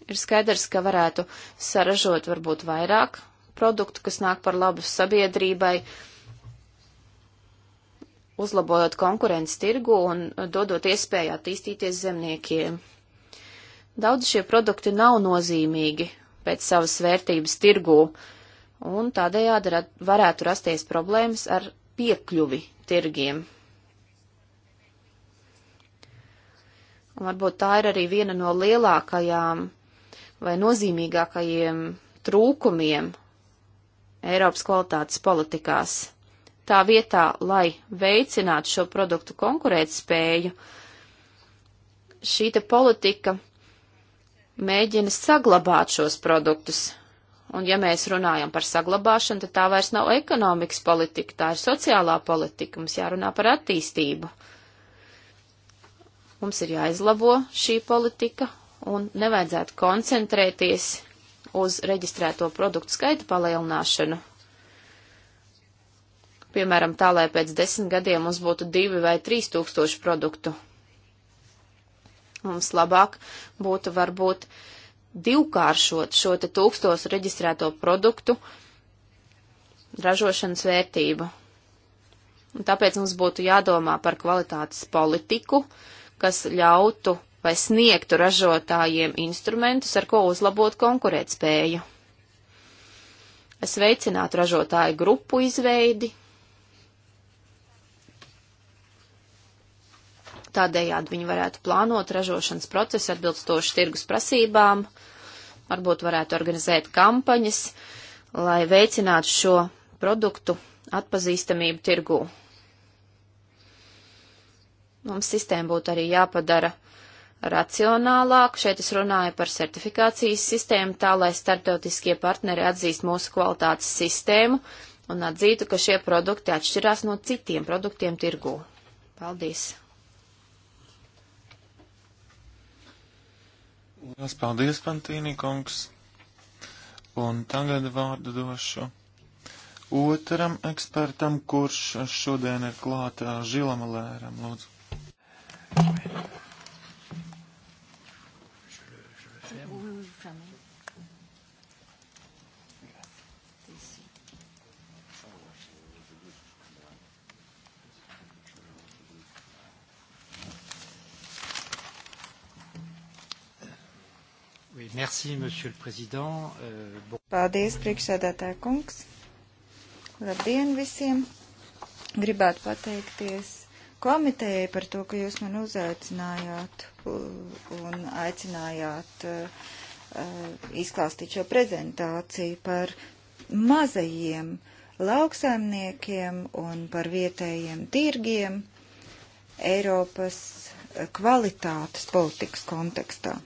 Ir skaidrs, ka varētu saražot varbūt vairāk, produktu, kas nāk par labu sabiedrībai, uzlabojot konkurences tirgu un dodot iespēju attīstīties zemniekiem. Daudz šie produkti nav nozīmīgi pēc savas vērtības tirgū, un tādējādi varētu rasties problēmas ar piekļuvi tirgiem. Un varbūt tā ir arī viena no lielākajām vai nozīmīgākajiem trūkumiem Eiropas kvalitātes politikās. Tā vietā, lai veicinātu šo produktu konkurētspēju, šī te politika mēģina saglabāt šos produktus. Un ja mēs runājam par saglabāšanu, tad tā vairs nav ekonomikas politika, tā ir sociālā politika, mums jārunā par attīstību. Mums ir jāizlabo šī politika un nevajadzētu koncentrēties uz reģistrēto produktu skaita palielināšanu. Piemēram, tā, lai pēc desmit gadiem mums būtu divi vai trīs tūkstoši produktu. Mums labāk būtu varbūt divkāršot šo te tūkstos reģistrēto produktu ražošanas vērtību. Un tāpēc mums būtu jādomā par kvalitātes politiku, kas ļautu lai sniegtu ražotājiem instrumentus, ar ko uzlabot konkurētspēju. Es veicinātu ražotāju grupu izveidi. Tādējādi viņi varētu plānot ražošanas procesu atbilstoši tirgus prasībām, varbūt varētu organizēt kampaņas, lai veicinātu šo produktu atpazīstamību tirgū. Mums sistēma būtu arī jāpadara uh, racionālāk. Šeit es runāju par certifikācijas sistēmu, tā lai starptautiskie partneri atzīst mūsu kvalitātes sistēmu un atzītu, ka šie produkti atšķirās no citiem produktiem tirgū. Paldies! Lielas paldies, Pantīnī kungs! Un tagad vārdu došu otram ekspertam, kurš šodien ir klāta Žilam Lēram, lūdzu. Merci, monsieur le président. Euh, bon. Paldies, priekšsēdētāja kungs. Labdien visiem. Gribētu pateikties komitejai par to, ka jūs man uzaicinājāt un aicinājāt uh, uh, izklāstīt šo prezentāciju par mazajiem lauksaimniekiem un par vietējiem tirgiem Eiropas kvalitātes politikas kontekstā.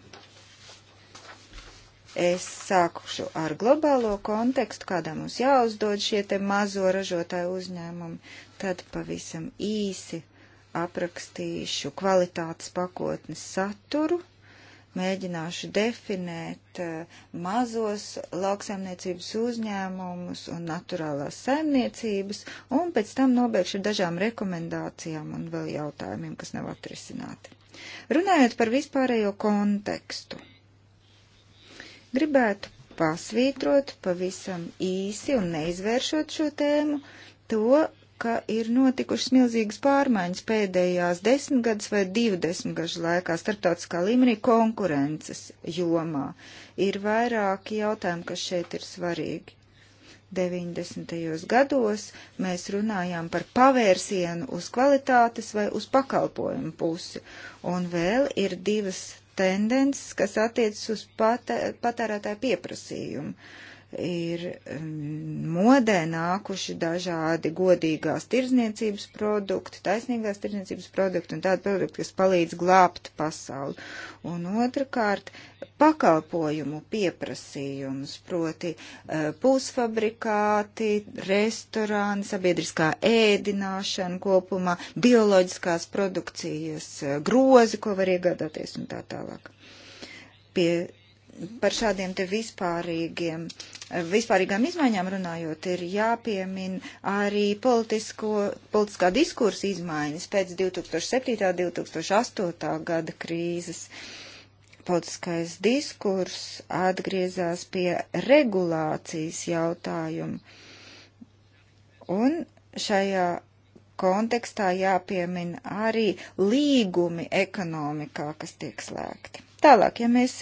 Es sākušu ar globālo kontekstu, kādā mums jāuzdod šie te mazo ražotāju uzņēmumi, tad pavisam īsi aprakstīšu kvalitātes pakotnes saturu, mēģināšu definēt eh, mazos lauksaimniecības uzņēmumus un naturālās saimniecības, un pēc tam nobeigšu ar dažām rekomendācijām un vēl jautājumiem, kas nav atrisināti. Runājot par vispārējo kontekstu Gribētu pasvītrot pavisam īsi un neizvēršot šo tēmu to, ka ir notikušas milzīgas pārmaiņas pēdējās desmitgades vai divdesmit gažu laikā starptautiskā līmenī konkurences jomā. Ir vairāki jautājumi, kas šeit ir svarīgi. 90. gados mēs runājām par pavērsienu uz kvalitātes vai uz pakalpojumu pusi, un vēl ir divas tendences, kas attiecas uz patērētāju pieprasījumu. Uh, ir mm, modē nākuši dažādi godīgās tirdzniecības produkti, taisnīgās tirdzniecības produkti un tādi produkti, kas palīdz glābt pasauli. Un otrkārt, pakalpojumu pieprasījums, proti e, pusfabrikāti, restorāni, sabiedriskā ēdināšana kopumā, bioloģiskās produkcijas e, grozi, ko var iegādāties un tā tālāk. Pie par šādiem te vispārīgiem, vispārīgām izmaiņām runājot, ir jāpiemin arī politisko, politiskā diskursa izmaiņas pēc 2007. 2008. gada krīzes. Politiskais diskurs atgriezās pie regulācijas jautājumu. Un šajā kontekstā jāpiemina arī līgumi ekonomikā, kas tiek slēgti. Tālāk, ja mēs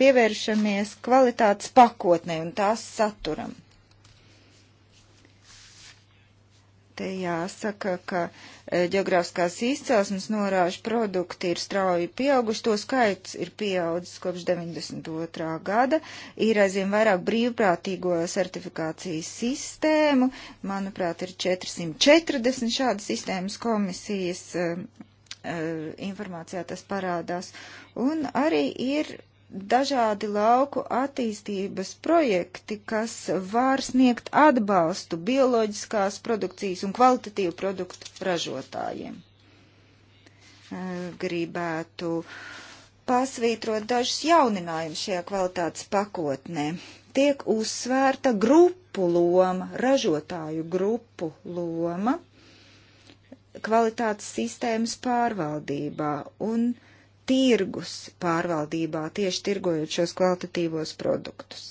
pievēršamies kvalitātes pakotnē un tās saturam, te jāsaka, ka ģeogrāfiskās e, izcelsmes norāžu produkti ir strauji pieauguši, to skaits ir pieaudzis kopš 92. gada, ir aizvien vairāk brīvprātīgo certifikācijas sistēmu, manuprāt, ir 440 šādas sistēmas komisijas e, E, informācijā tas parādās. Un arī ir dažādi lauku attīstības projekti, kas var sniegt atbalstu bioloģiskās produkcijas un kvalitatīvu produktu ražotājiem. E, gribētu pasvītrot dažus jauninājumus šajā kvalitātes pakotnē. Tiek uzsvērta grupu loma, ražotāju grupu loma kvalitātes sistēmas pārvaldībā un tirgus pārvaldībā, tieši tirgojot šos kvalitatīvos produktus.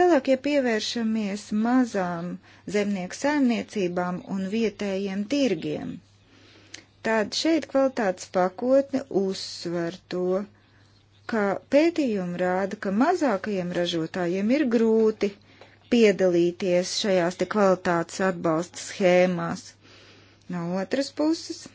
Tālāk, ja pievēršamies mazām zemnieku saimniecībām un vietējiem tirgiem, tad šeit kvalitātes pakotne uzsver to, ka pētījumi rāda, ka mazākajiem ražotājiem ir grūti piedalīties šajās te kvalitātes atbalsta schēmās, No otras puses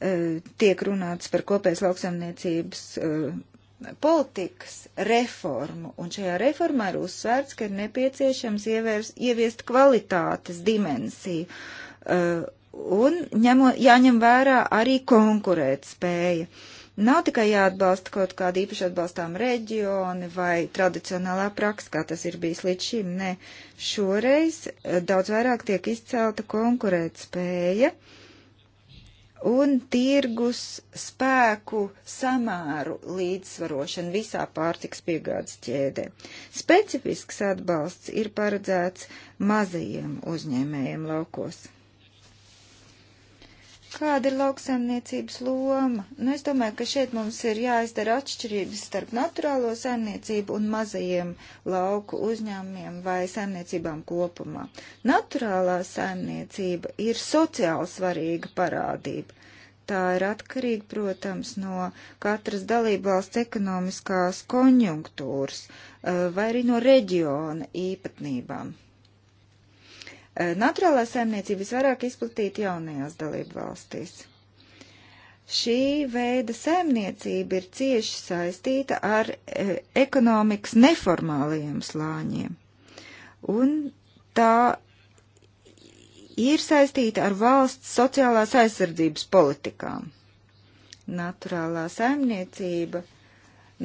eh, tiek runāts par kopējas lauksaimniecības eh, politikas reformu, un šajā reformā ir uzsvērts, ka ir nepieciešams ievērs, ieviest kvalitātes dimensiju, eh, un ņemo, jāņem vērā arī konkurēt spēja. Nav tikai jāatbalsta kaut kāda īpaši atbalstām reģioni vai tradicionālā praksa, kā tas ir bijis līdz šim. Nē, šoreiz eh, daudz vairāk tiek izcelta konkurētspēja un tirgus spēku samāru līdzsvarošana visā pārtiks piegādes ķēdē. Specifisks atbalsts ir paredzēts mazajiem uzņēmējiem laukos. Kāda ir lauksaimniecības loma? Nu, es domāju, ka šeit mums ir jāizdara atšķirības starp naturālo saimniecību un mazajiem lauku uzņēmumiem vai saimniecībām kopumā. Naturālā saimniecība ir sociāli svarīga parādība. Tā ir atkarīga, protams, no katras dalībvalsts ekonomiskās konjunktūras eh, vai arī no reģiona īpatnībām. Eh, naturālā saimniecība visvairāk izplatīta jaunajās dalību valstīs. Šī veida saimniecība ir cieši saistīta ar e, ekonomikas neformālajiem slāņiem, un tā ir saistīta ar valsts sociālās aizsardzības politikām. Naturālā saimniecība e,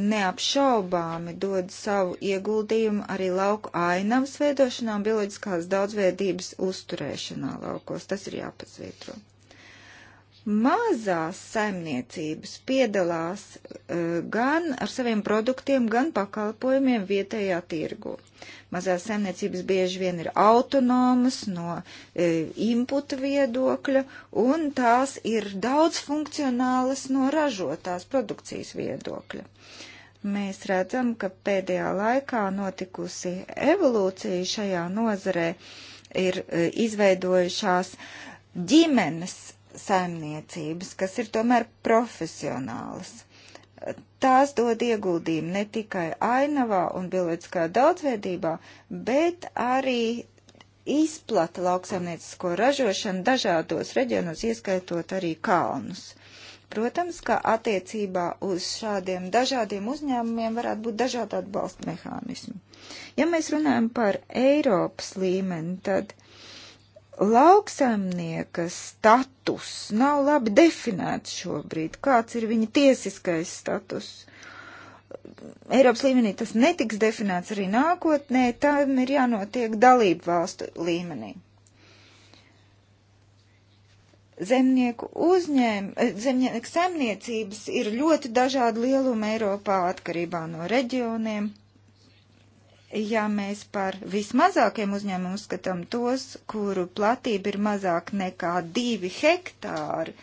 neapšaubāmi dod savu ieguldījumu arī lauku ainavas veidošanā un bioloģiskās daudzveidības uzturēšanā laukos. Tas ir jāpasvītro. Mazās saimniecības piedalās uh, gan ar saviem produktiem, gan pakalpojumiem vietējā tirgu. Mazās saimniecības bieži vien ir autonomas no uh, eh, inputa viedokļa, un tās ir daudz funkcionālas no ražotās produkcijas viedokļa. Mēs redzam, ka pēdējā laikā notikusi evolūcija šajā nozarē ir uh, izveidojušās ģimenes saimniecības, kas ir tomēr profesionālas. Tās dod ieguldījumu ne tikai ainavā un bioloģiskā daudzveidībā, bet arī izplata lauksaimniecisko ražošanu dažādos reģionos, ieskaitot arī kalnus. Protams, ka attiecībā uz šādiem dažādiem uzņēmumiem varētu būt dažādi atbalsta mehānismi. Ja mēs runājam par Eiropas līmeni, tad Lauksaimnieka status nav labi definēts šobrīd, kāds ir viņa tiesiskais status. Eiropas līmenī tas netiks definēts arī nākotnē, tam ir jānotiek dalību valstu līmenī. Zemnieku uzņēm, zemnieku saimniecības ir ļoti dažādi lielumi Eiropā atkarībā no reģioniem ja mēs par vismazākiem uzņēmumiem uzskatām tos, kuru platība ir mazāk nekā divi hektāri,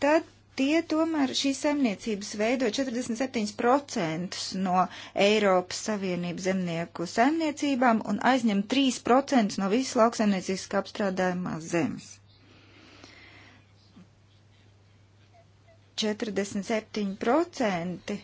tad tie tomēr šīs saimniecības veido 47% no Eiropas Savienības zemnieku saimniecībām un aizņem 3% no visas lauksaimnieciskā apstrādājumās zemes. 47%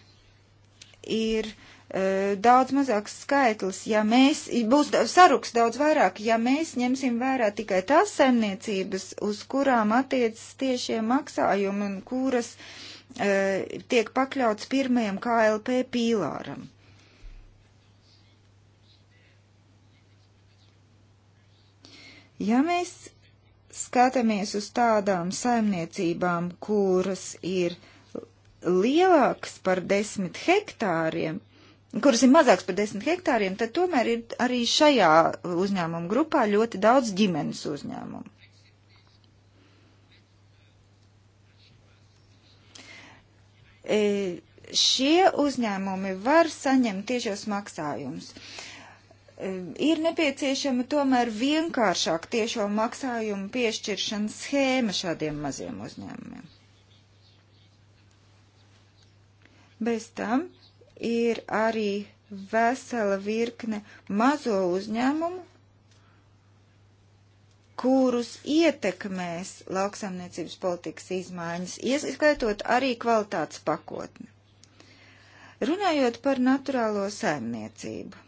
ir uh, E, daudz mazāks skaitlis, ja mēs, būs saruks daudz vairāk, ja mēs ņemsim vērā tikai tās saimniecības, uz kurām attiecas tiešie maksājumi un kuras e, tiek pakļauts pirmajam KLP pīlāram. Ja mēs skatāmies uz tādām saimniecībām, kuras ir lielākas par desmit hektāriem, kuras ir mazāks par 10 hektāriem, tad tomēr ir arī šajā uzņēmuma grupā ļoti daudz ģimenes uzņēmumu. E, šie uzņēmumi var saņemt tiešos maksājumus. E, ir nepieciešama tomēr vienkāršāk tiešo maksājumu piešķiršanas schēma šādiem maziem uzņēmumiem. Bez tam ir arī vesela virkne mazo uzņēmumu, kurus ietekmēs lauksaimniecības politikas izmaiņas, ieskaitot arī kvalitātes pakotni. Runājot par naturālo saimniecību,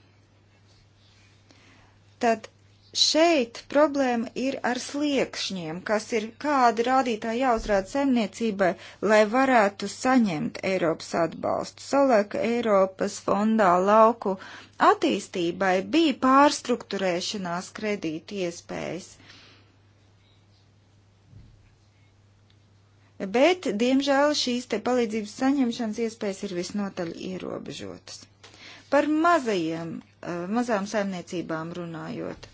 tad Šeit problēma ir ar sliekšņiem, kas ir kādi rādītāji jāuzrāda saimniecībai, lai varētu saņemt Eiropas atbalstu. Savulaik Eiropas fondā lauku attīstībai bija pārstruktūrēšanās kredīti iespējas. Bet, diemžēl, šīs te palīdzības saņemšanas iespējas ir visnotaļ ierobežotas. Par mazajiem, eh, mazām saimniecībām runājot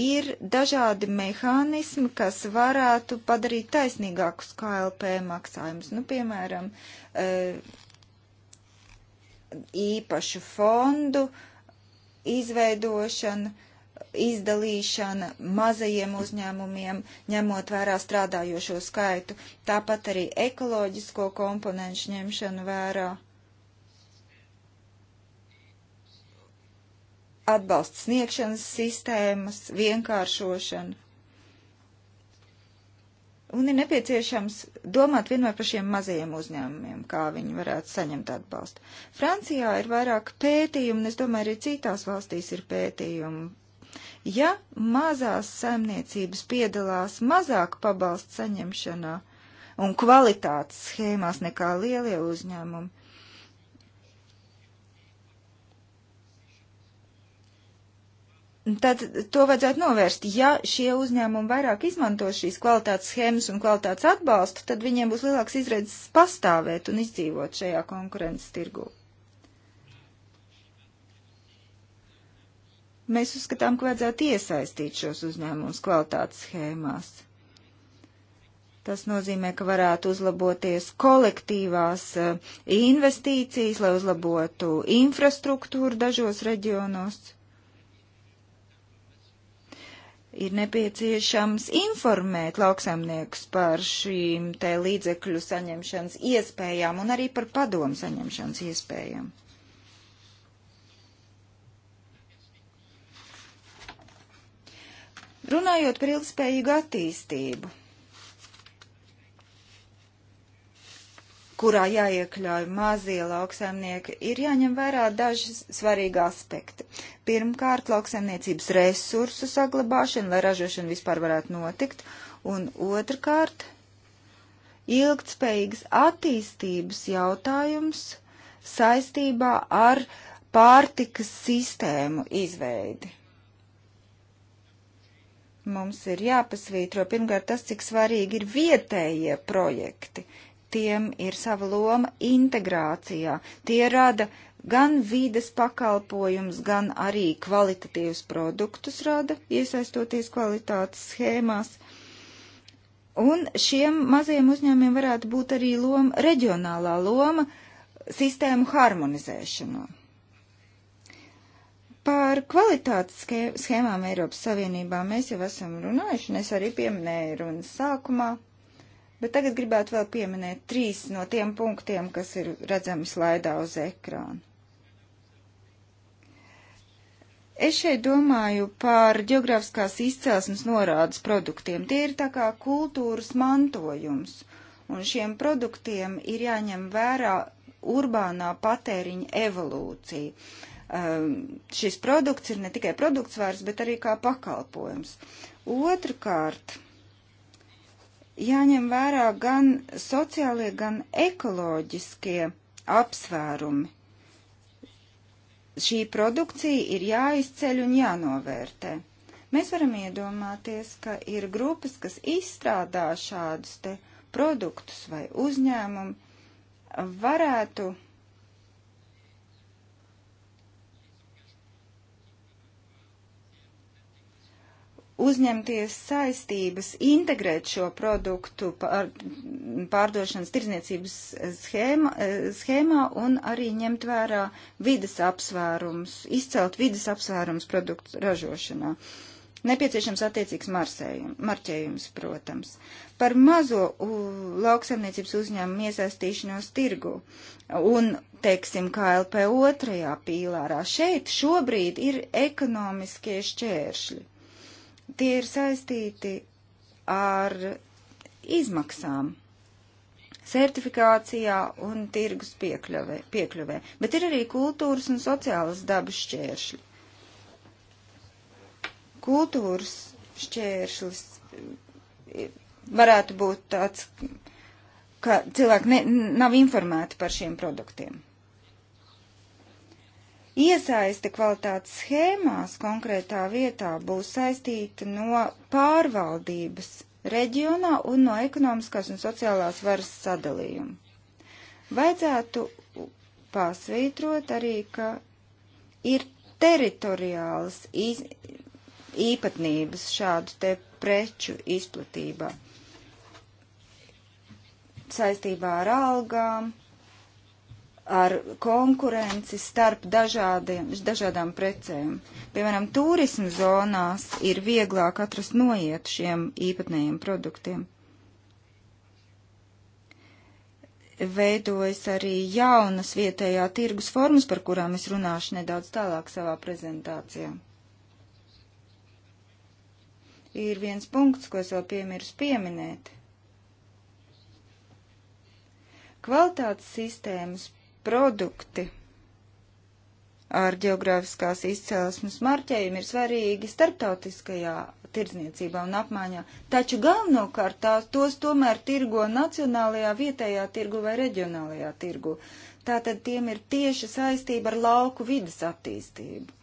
ir dažādi mehānismi, kas varētu padarīt taisnīgākus KLP maksājumus. Nu, piemēram, e, īpašu fondu izveidošana, izdalīšana mazajiem uzņēmumiem, ņemot vērā strādājošo skaitu, tāpat arī ekoloģisko komponentu ņemšanu vērā. Uh, atbalsts sniegšanas sistēmas vienkāršošanu. Un ir nepieciešams domāt vienmēr par šiem mazajiem uzņēmumiem, kā viņi varētu saņemt atbalstu. Francijā ir vairāk pētījumu, un es domāju, arī citās valstīs ir pētījumu. Ja mazās saimniecības piedalās mazāk pabalstu saņemšanā un kvalitātes schēmās nekā lielie uzņēmumi, Tad to vajadzētu novērst. Ja šie uzņēmumi vairāk izmanto šīs kvalitātes schēmas un kvalitātes atbalstu, tad viņiem būs lielāks izredzes pastāvēt un izdzīvot šajā konkurences tirgu. Mēs uzskatām, ka vajadzētu iesaistīt šos uzņēmumus kvalitātes schēmās. Tas nozīmē, ka varētu uzlaboties kolektīvās eh, investīcijas, lai uzlabotu infrastruktūru dažos reģionos ir nepieciešams informēt lauksaimniekus par šīm te līdzekļu saņemšanas iespējām un arī par padomu saņemšanas iespējām. Runājot par ilgspējīgu attīstību, kurā jāiekļauj mazie lauksaimnieki, ir jāņem vērā daži svarīgi aspekti. Pirmkārt, lauksaimniecības resursu saglabāšana, lai ražošana vispār varētu notikt, un otrkārt, ilgtspējīgas attīstības jautājums saistībā ar pārtikas sistēmu izveidi. Mums ir jāpasvītro pirmkārt tas, cik svarīgi ir vietējie projekti, tiem ir sava loma integrācijā. Tie rada gan vīdes pakalpojums, gan arī kvalitatīvus produktus rada, iesaistoties kvalitātes schēmās. Un šiem maziem uzņēmiem varētu būt arī loma, reģionālā loma sistēmu harmonizēšanā. Par kvalitātes schēmām Eiropas Savienībā mēs jau esam runājuši, un es arī pieminēju runas sākumā. Bet tagad gribētu vēl pieminēt trīs no tiem punktiem, kas ir redzami slaidā uz ekrāna. Es šeit domāju par geogrāfiskās izcelsmes norādes produktiem. Tie ir tā kā kultūras mantojums, un šiem produktiem ir jāņem vērā urbānā patēriņa evolūcija. Um, šis produkts ir ne tikai produkts vairs, bet arī kā pakalpojums. Otrakārt, jāņem vērā gan sociālie, gan ekoloģiskie apsvērumi. Šī produkcija ir jāizceļ un jānovērtē. Mēs varam iedomāties, ka ir grupas, kas izstrādā šādus te produktus vai uzņēmumu, varētu uzņemties saistības, integrēt šo produktu pār, pārdošanas tirzniecības schēma, e, schēmā un arī ņemt vērā vidas apsvērums, izcelt vidas apsvērums produktu ražošanā. Nepieciešams attiecīgs marķējums, protams. Par mazo lauksaimniecības uzņēmumu iesaistīšanos tirgu un, teiksim, KLP otrajā pīlārā. Šeit šobrīd ir ekonomiskie šķēršļi Tie ir saistīti ar izmaksām sertifikācijā un tirgus piekļuvē, piekļuvē, bet ir arī kultūras un sociālas dabas šķēršļi. Kultūras šķēršlis eh, varētu būt tāds, ka cilvēki ne, nav informēti par šiem produktiem. Iesaiste kvalitātes schēmās konkrētā vietā būs saistīta no pārvaldības reģionā un no ekonomiskās un sociālās varas sadalījuma. Vajadzētu pasvītrot arī, ka ir teritoriāls īpatnības šādu te preču izplatībā saistībā ar algām, ar konkurenci starp dažādiem, dažādām precēm. Piemēram, turismu zonās ir vieglāk atrast noiet šiem īpatnējiem produktiem. Veidojas arī jaunas vietējā tirgus formas, par kurām es runāšu nedaudz tālāk savā prezentācijā. Ir viens punkts, ko es vēl piemirstu pieminēt. Kvalitātes sistēmas Produkti ar geogrāfiskās izcelsmes marķējumu ir svarīgi starptautiskajā tirdzniecībā un apmaiņā, taču galvenokārt tās, tos tomēr tirgo nacionālajā, vietējā tirgu vai reģionālajā tirgu. Tātad tiem ir tieši saistība ar lauku vidas attīstību.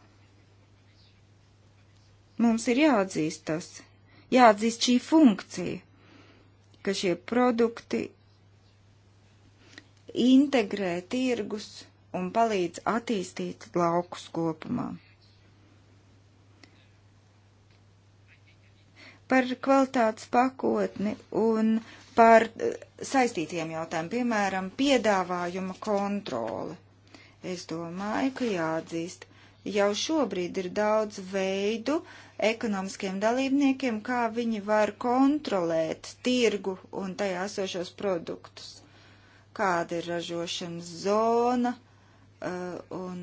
Mums ir jāatzīst tas, jāatzīst šī funkcija, ka šie produkti integrē tirgus un palīdz attīstīt laukus kopumā. Par kvalitātes pakotni un par eh, saistītiem jautājumiem, piemēram, piedāvājuma kontroli. Es domāju, ka jāatzīst, jau šobrīd ir daudz veidu ekonomiskiem dalībniekiem, kā viņi var kontrolēt tirgu un tajā esošos produktus kāda ir ražošanas zona eh, un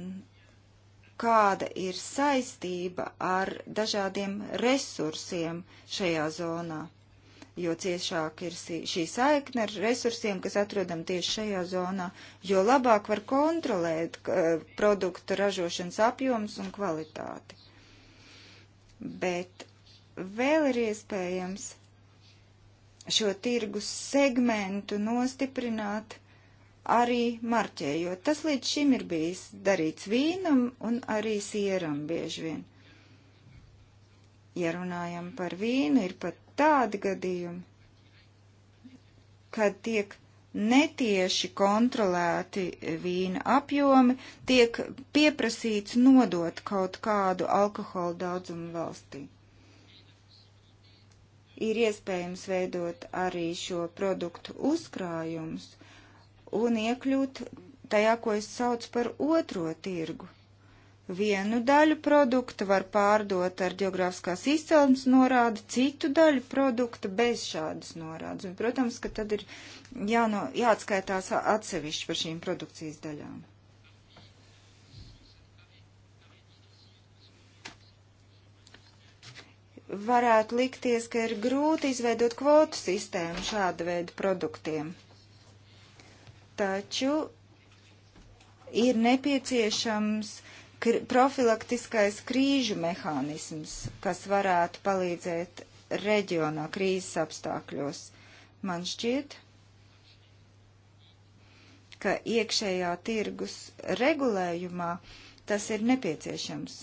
kāda ir saistība ar dažādiem resursiem šajā zonā, jo ciešāk ir šī saikne ar resursiem, kas atrodam tieši šajā zonā, jo labāk var kontrolēt eh, produktu ražošanas apjoms un kvalitāti. Bet vēl ir iespējams šo tirgus segmentu nostiprināt arī marķējot. Tas līdz šim ir bijis darīts vīnam un arī sieram bieži vien. Ja runājam par vīnu, ir pat tādi gadījumi, kad tiek netieši kontrolēti vīna apjomi, tiek pieprasīts nodot kaut kādu alkohola daudzumu valstī ir iespējams veidot arī šo produktu uzkrājumus un iekļūt tajā, ko es saucu par otro tirgu. Vienu daļu produkta var pārdot ar geogrāfiskās izcelsmes norādi, citu daļu produkta bez šādas norādes. Un, protams, ka tad ir jāno, jāatskaitās atsevišķi par šīm produkcijas daļām. varētu likties, ka ir grūti izveidot kvotu sistēmu šāda veida produktiem. Taču ir nepieciešams kr profilaktiskais krīžu mehānisms, kas varētu palīdzēt reģionā krīzes apstākļos. Man šķiet, ka iekšējā tirgus regulējumā tas ir nepieciešams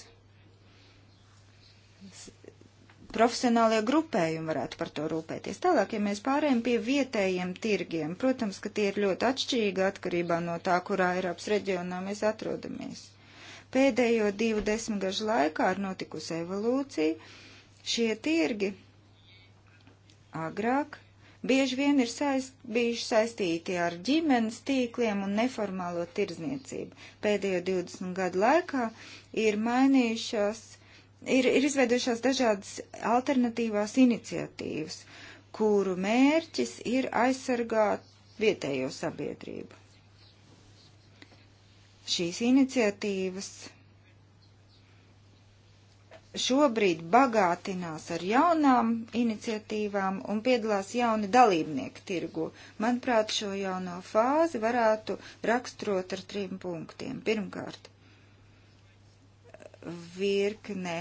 profesionālie grupējumi varētu par to rūpēties. Tālāk, ja mēs pārējām pie vietējiem tirgiem, protams, ka tie ir ļoti atšķirīgi atkarībā no tā, kurā Eiropas reģionā mēs atrodamies. Pēdējo divu desmitgažu laikā ir notikusi evolūcija. Šie tirgi agrāk bieži vien ir saist, bijuši saistīti ar ģimenes tīkliem un neformālo tirzniecību. Pēdējo 20 gadu laikā ir mainījušās ir, ir izveidojušās dažādas alternatīvās iniciatīvas, kuru mērķis ir aizsargāt vietējo sabiedrību. Šīs iniciatīvas šobrīd bagātinās ar jaunām iniciatīvām un piedalās jauni dalībnieki tirgu. Manuprāt, šo jauno fāzi varētu raksturot ar trim punktiem. Pirmkārt, virkne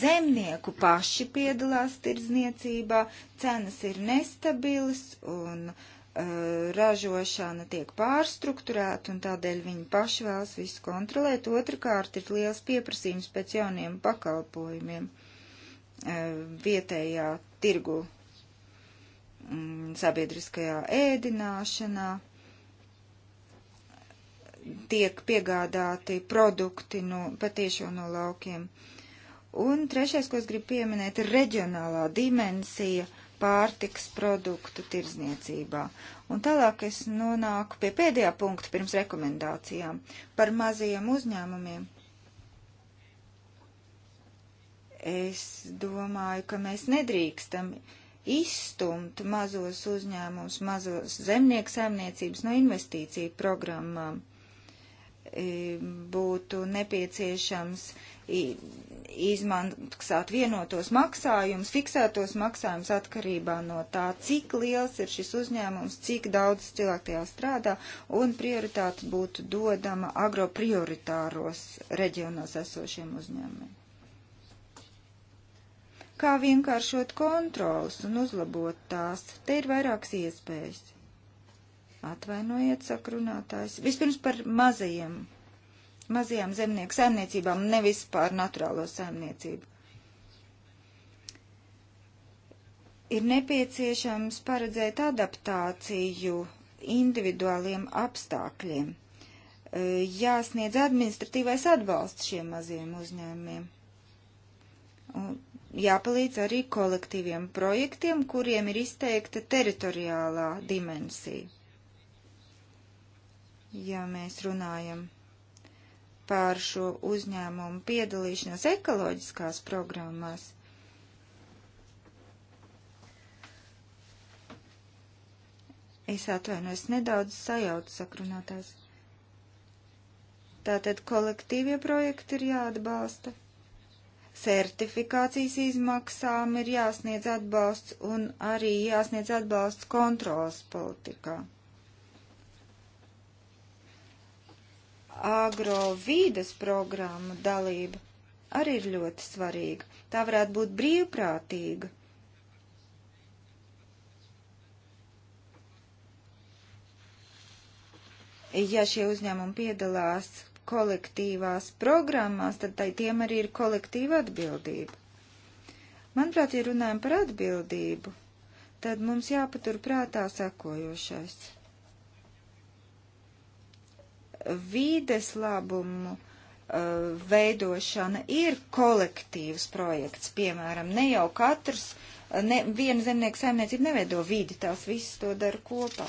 zemnieku paši piedalās tirdzniecībā, cenas ir nestabilas un uh, ražošana tiek pārstruktūrēta un tādēļ viņi paši vēlas visu kontrolēt. Otrakārt ir liels pieprasījums pēc jauniem pakalpojumiem uh, vietējā tirgu um, sabiedriskajā ēdināšanā. Uh, tiek piegādāti produkti no, patiešo no laukiem. Un trešais, ko es gribu pieminēt, ir reģionālā dimensija pārtiks produktu tirzniecībā. Un tālāk es nonāku pie pēdējā punkta pirms rekomendācijām par mazajiem uzņēmumiem. Es domāju, ka mēs nedrīkstam izstumt mazos uzņēmumus, mazos zemnieku saimniecības no investīciju programmām. E, būtu nepieciešams izmaksāt vienotos maksājumus, fiksētos maksājumus atkarībā no tā, cik liels ir šis uzņēmums, cik daudz cilvēku tajā strādā, un prioritāte būtu dodama agroprioritāros reģionos esošiem uzņēmumiem. Kā vienkāršot kontrols un uzlabot tās, te ir vairākas iespējas. Atvainojiet, saka runātājs. Vispirms par mazajiem, mazajām zemnieku saimniecībām, nevis par naturālo saimniecību. Ir nepieciešams paredzēt adaptāciju individuāliem apstākļiem. E, jāsniedz administratīvais atbalsts šiem maziem uzņēmumiem. Un jāpalīdz arī kolektīviem projektiem, kuriem ir izteikta teritoriālā dimensija ja mēs runājam par šo uzņēmumu piedalīšanos ekoloģiskās programmās. Es atvainojos nedaudz sajautu sakrunātājs. Tātad kolektīvie projekti ir jāatbalsta. Certifikācijas izmaksām ir jāsniedz atbalsts un arī jāsniedz atbalsts kontrolas politikā. agrovīdes programmu dalība arī ir ļoti svarīga. Tā varētu būt brīvprātīga. Ja šie uzņēmumi piedalās kolektīvās programmās, tad tai tiem arī ir kolektīva atbildība. Manuprāt, ja runājam par atbildību, tad mums jāpatur prātā sekojošais vīdes labumu eh, veidošana ir kolektīvs projekts, piemēram, ne jau katrs, eh, ne, viena zemnieka saimniecība neveido vidi, tās visas to dara kopā.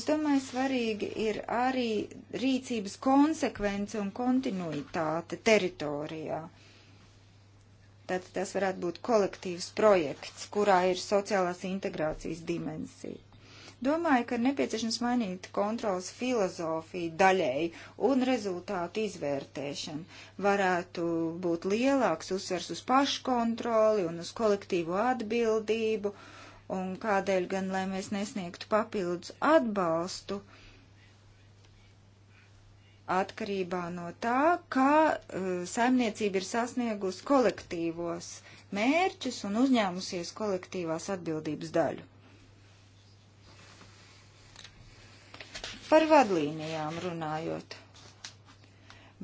Es domāju, svarīgi ir arī rīcības konsekvence un kontinuitāte teritorijā. Tātad tas varētu būt kolektīvs projekts, kurā ir sociālās integrācijas dimensija. Domāju, ka ir nepieciešams mainīt kontrolas filozofiju daļēji un rezultātu izvērtēšanu. Varētu būt lielāks uzsvers uz paškontroli un uz kolektīvo atbildību, un kādēļ gan, lai mēs nesniegtu papildus atbalstu atkarībā no tā, kā uh, saimniecība ir sasniegusi kolektīvos mērķus un uzņēmusies kolektīvās atbildības daļu. Par vadlīnijām runājot.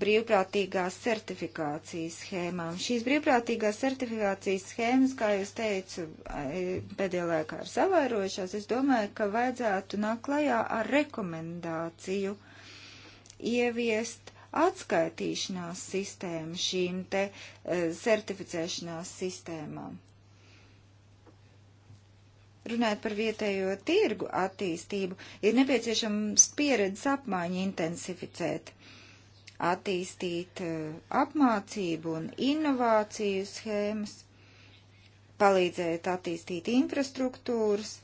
Brīvprātīgās certifikācijas schēmām. Šīs brīvprātīgās certifikācijas schēmas, kā jūs teicu, e, pēdējā laikā ir savairojušās. Es domāju, ka vajadzētu nākt klajā ar rekomendāciju ieviest atskaitīšanās sistēmu šīm te e, certificēšanās sistēmām Runājot par vietējo tirgu attīstību, ir nepieciešams pieredzes apmaiņu intensificēt, attīstīt eh, apmācību un inovāciju schēmas, palīdzēt attīstīt infrastruktūras,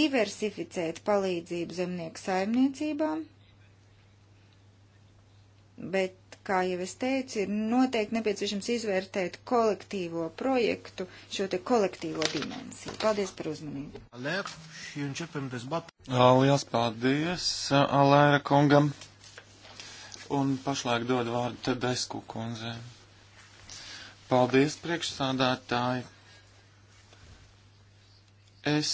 diversificēt palīdzību zemnieku saimniecībām, bet kā jau es teicu, ir noteikti nepieciešams izvērtēt kolektīvo projektu, šo te kolektīvo dimensiju. Paldies par uzmanību. Lielas paldies Alēra kungam. Un pašlaik dod vārdu Tedesku kundzei. Paldies, priekšsādātāji. Es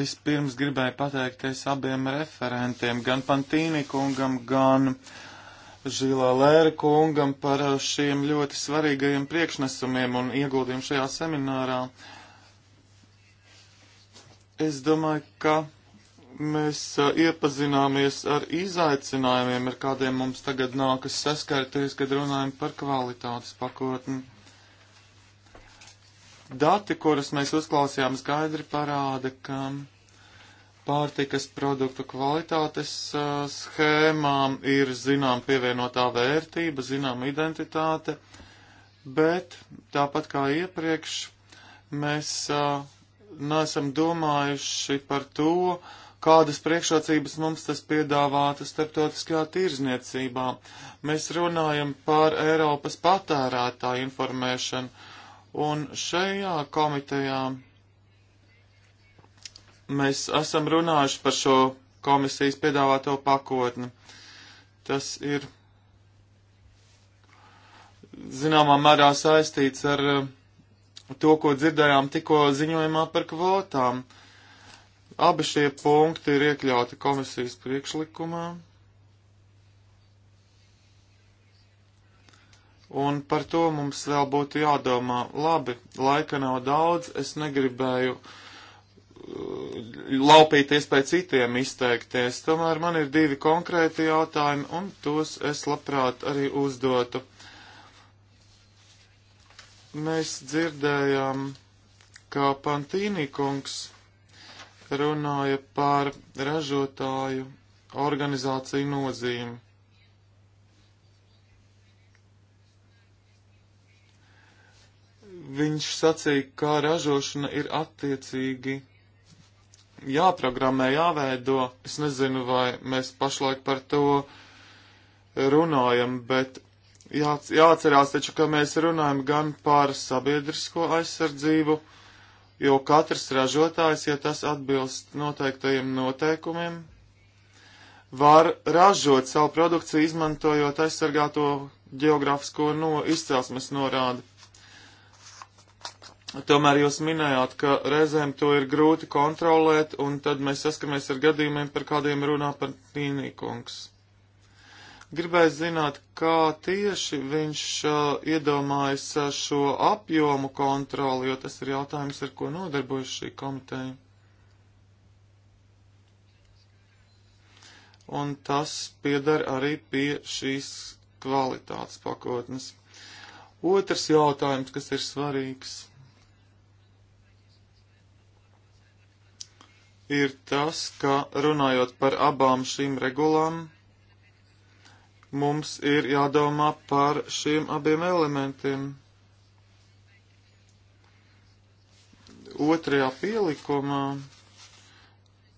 vispirms gribēju pateikties abiem referentiem, gan Pantīni kungam, gan. Uh, Žīlā Lēra kungam par šiem ļoti svarīgajiem priekšnesumiem un ieguldījumu šajā seminārā. Es domāju, ka mēs uh, iepazināmies ar izaicinājumiem, ar kādiem mums tagad nākas saskarties, kad runājam par kvalitātes pakotni. Dati, kurus mēs uzklausījām, skaidri parāda, ka pārtikas produktu kvalitātes uh, schēmām ir zinām pievienotā vērtība, zinām identitāte, bet tāpat kā iepriekš mēs uh, neesam domājuši par to, kādas priekšrocības mums tas piedāvātu starptautiskajā tirzniecībā. Mēs runājam par Eiropas patērētāju informēšanu, un šajā komitejā mēs esam runājuši par šo komisijas piedāvāto pakotni. Tas ir zināmā mērā saistīts ar eh, to, ko dzirdējām tikko ziņojumā par kvotām. Abi šie punkti ir iekļauti komisijas priekšlikumā. Un par to mums vēl būtu jādomā. Labi, laika nav daudz, es negribēju uh, Uh, laupīties pēc citiem izteikties. Tomēr man ir divi konkrēti jautājumi, un tos es labprāt arī uzdotu. Mēs dzirdējām, kā Pantīnī kungs runāja par ražotāju organizāciju nozīmi. Viņš sacīja, kā ražošana ir attiecīgi jāprogrammē, jāveido. Es nezinu, vai mēs pašlaik par to runājam, bet jā, jāatcerās taču, ka mēs runājam gan par sabiedrisko aizsardzību, jo katrs ražotājs, ja tas atbilst noteiktajiem noteikumiem, var ražot savu produkciju, izmantojot aizsargāto geogrāfisko no izcelsmes norādi. Tomēr jūs minējāt, ka reizēm to ir grūti kontrolēt, un tad mēs saskaramies ar gadījumiem, par kādiem runā par tīnīkungs. Gribēju zināt, kā tieši viņš uh, iedomājas šo apjomu kontroli, jo tas ir jautājums, ar ko nodarbojas šī komiteja. Un tas piedar arī pie šīs kvalitātes pakotnes. Otrs jautājums, kas ir svarīgs ir tas, ka runājot par abām šīm regulām, mums ir jādomā par šiem abiem elementiem. Otrajā pielikumā,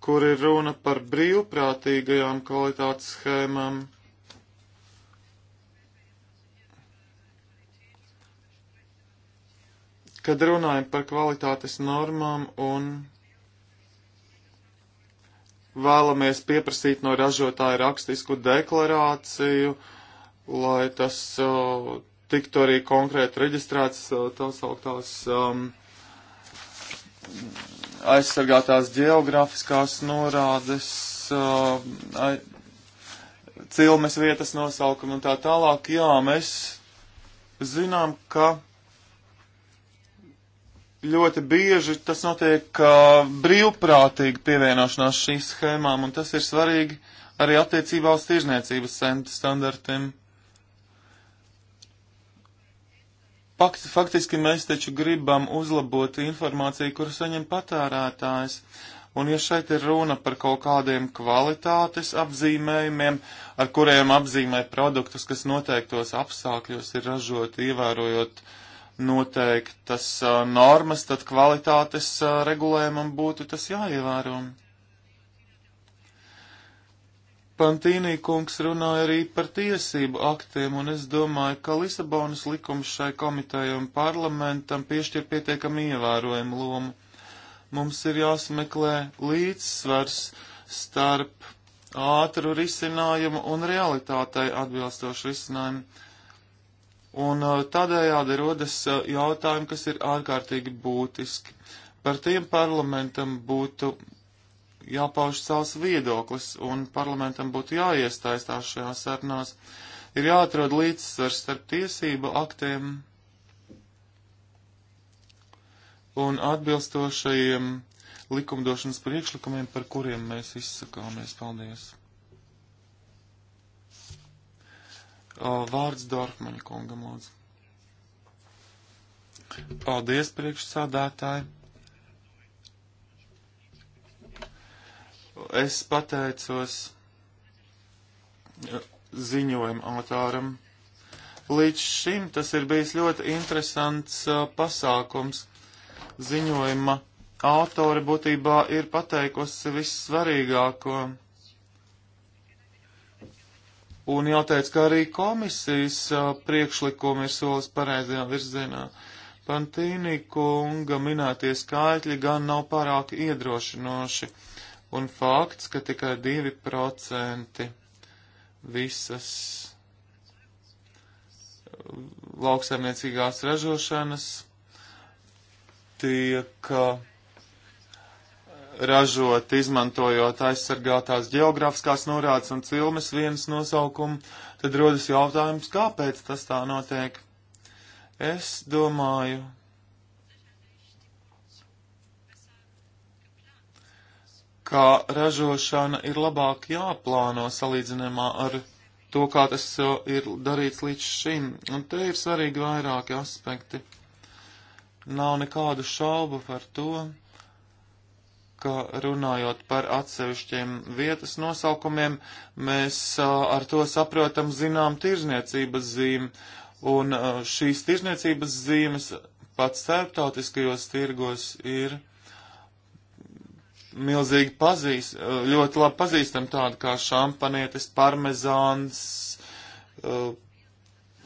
kur ir runa par brīvprātīgajām kvalitātes schēmām, kad runājam par kvalitātes normām un vēlamies pieprasīt no ražotāja rakstisku deklarāciju, lai tas uh, tiktu arī konkrēti reģistrēts uh, tā sauktās um, aizsargātās geogrāfiskās norādes, uh, ai, cilmes vietas nosaukumi un tā tālāk. Jā, mēs zinām, ka ļoti bieži tas notiek uh, brīvprātīgi pievienošanās šīm schēmām, un tas ir svarīgi arī attiecībā uz tirzniecības standartiem. Pakti, faktiski mēs taču gribam uzlabot informāciju, kuru saņem patērētājs. Un ja šeit ir runa par kaut kādiem kvalitātes apzīmējumiem, ar kuriem apzīmē produktus, kas noteiktos apstākļos ir ražoti, ievērojot uh, noteiktas uh, normas, tad kvalitātes uh, regulējumam būtu tas jāievēro. Pantīnī kungs runāja arī par tiesību aktiem, un es domāju, ka Lisabonas likums šai komitejai un parlamentam piešķir pietiekami ievērojumu lomu. Mums ir jāsmeklē līdzsvars starp ātru risinājumu un realitātei atbilstošu risinājumu. Un uh, tādējādi rodas uh, jautājumi, kas ir ārkārtīgi būtiski. Par tiem parlamentam būtu jāpauž savs viedoklis, un parlamentam būtu jāiestaistās šajā sarunās. Ir jāatrod līdzsvars starp tiesību aktiem un atbilstošajiem likumdošanas priekšlikumiem, par kuriem mēs izsakāmies. Paldies! Vārds Dorfmaņa kungam lūdzu. Paldies, priekšsādātāji. Es pateicos ziņojuma autāram. Līdz šim tas ir bijis ļoti interesants uh, pasākums. Ziņojuma autori būtībā ir pateikusi vissvarīgāko Un jāteic, ka arī komisijas priekšlikumi ir solis pareizajā virzienā. Pantīnī kunga minētie skaitļi gan nav pārāk iedrošinoši, un fakts, ka tikai 2% visas lauksaimniecīgās ražošanas tiek uh, ražot, izmantojot aizsargātās geogrāfiskās norādes un cilmes vienas nosaukumu, tad rodas jautājums, kāpēc tas tā notiek. Es domāju, ka ražošana ir labāk jāplāno salīdzinājumā ar to, kā tas uh, ir darīts līdz šim, un te ir svarīgi vairāki aspekti. Nav nekādu šaubu par to, ka runājot par atsevišķiem vietas nosaukumiem, mēs ar to saprotam zinām tirzniecības zīmi, un šīs tirzniecības zīmes pat starptautiskajos tirgos ir milzīgi pazīst, ļoti labi pazīstam tādu kā šampanietis, parmezāns,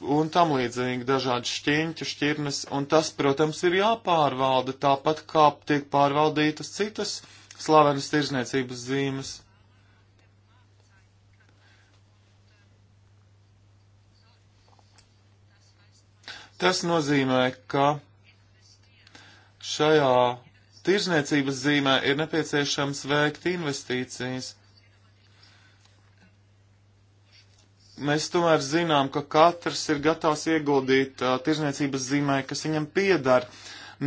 un tam līdzīgi dažādi šķiņķi, šķirnes, un tas, protams, ir jāpārvalda tāpat kā tiek pārvaldītas citas slavenas tirzniecības zīmes. Tas nozīmē, ka šajā tirzniecības zīmē ir nepieciešams veikt investīcijas. Mēs tomēr zinām, ka katrs ir gatavs ieguldīt uh, tirzniecības zīmē, kas viņam piedara,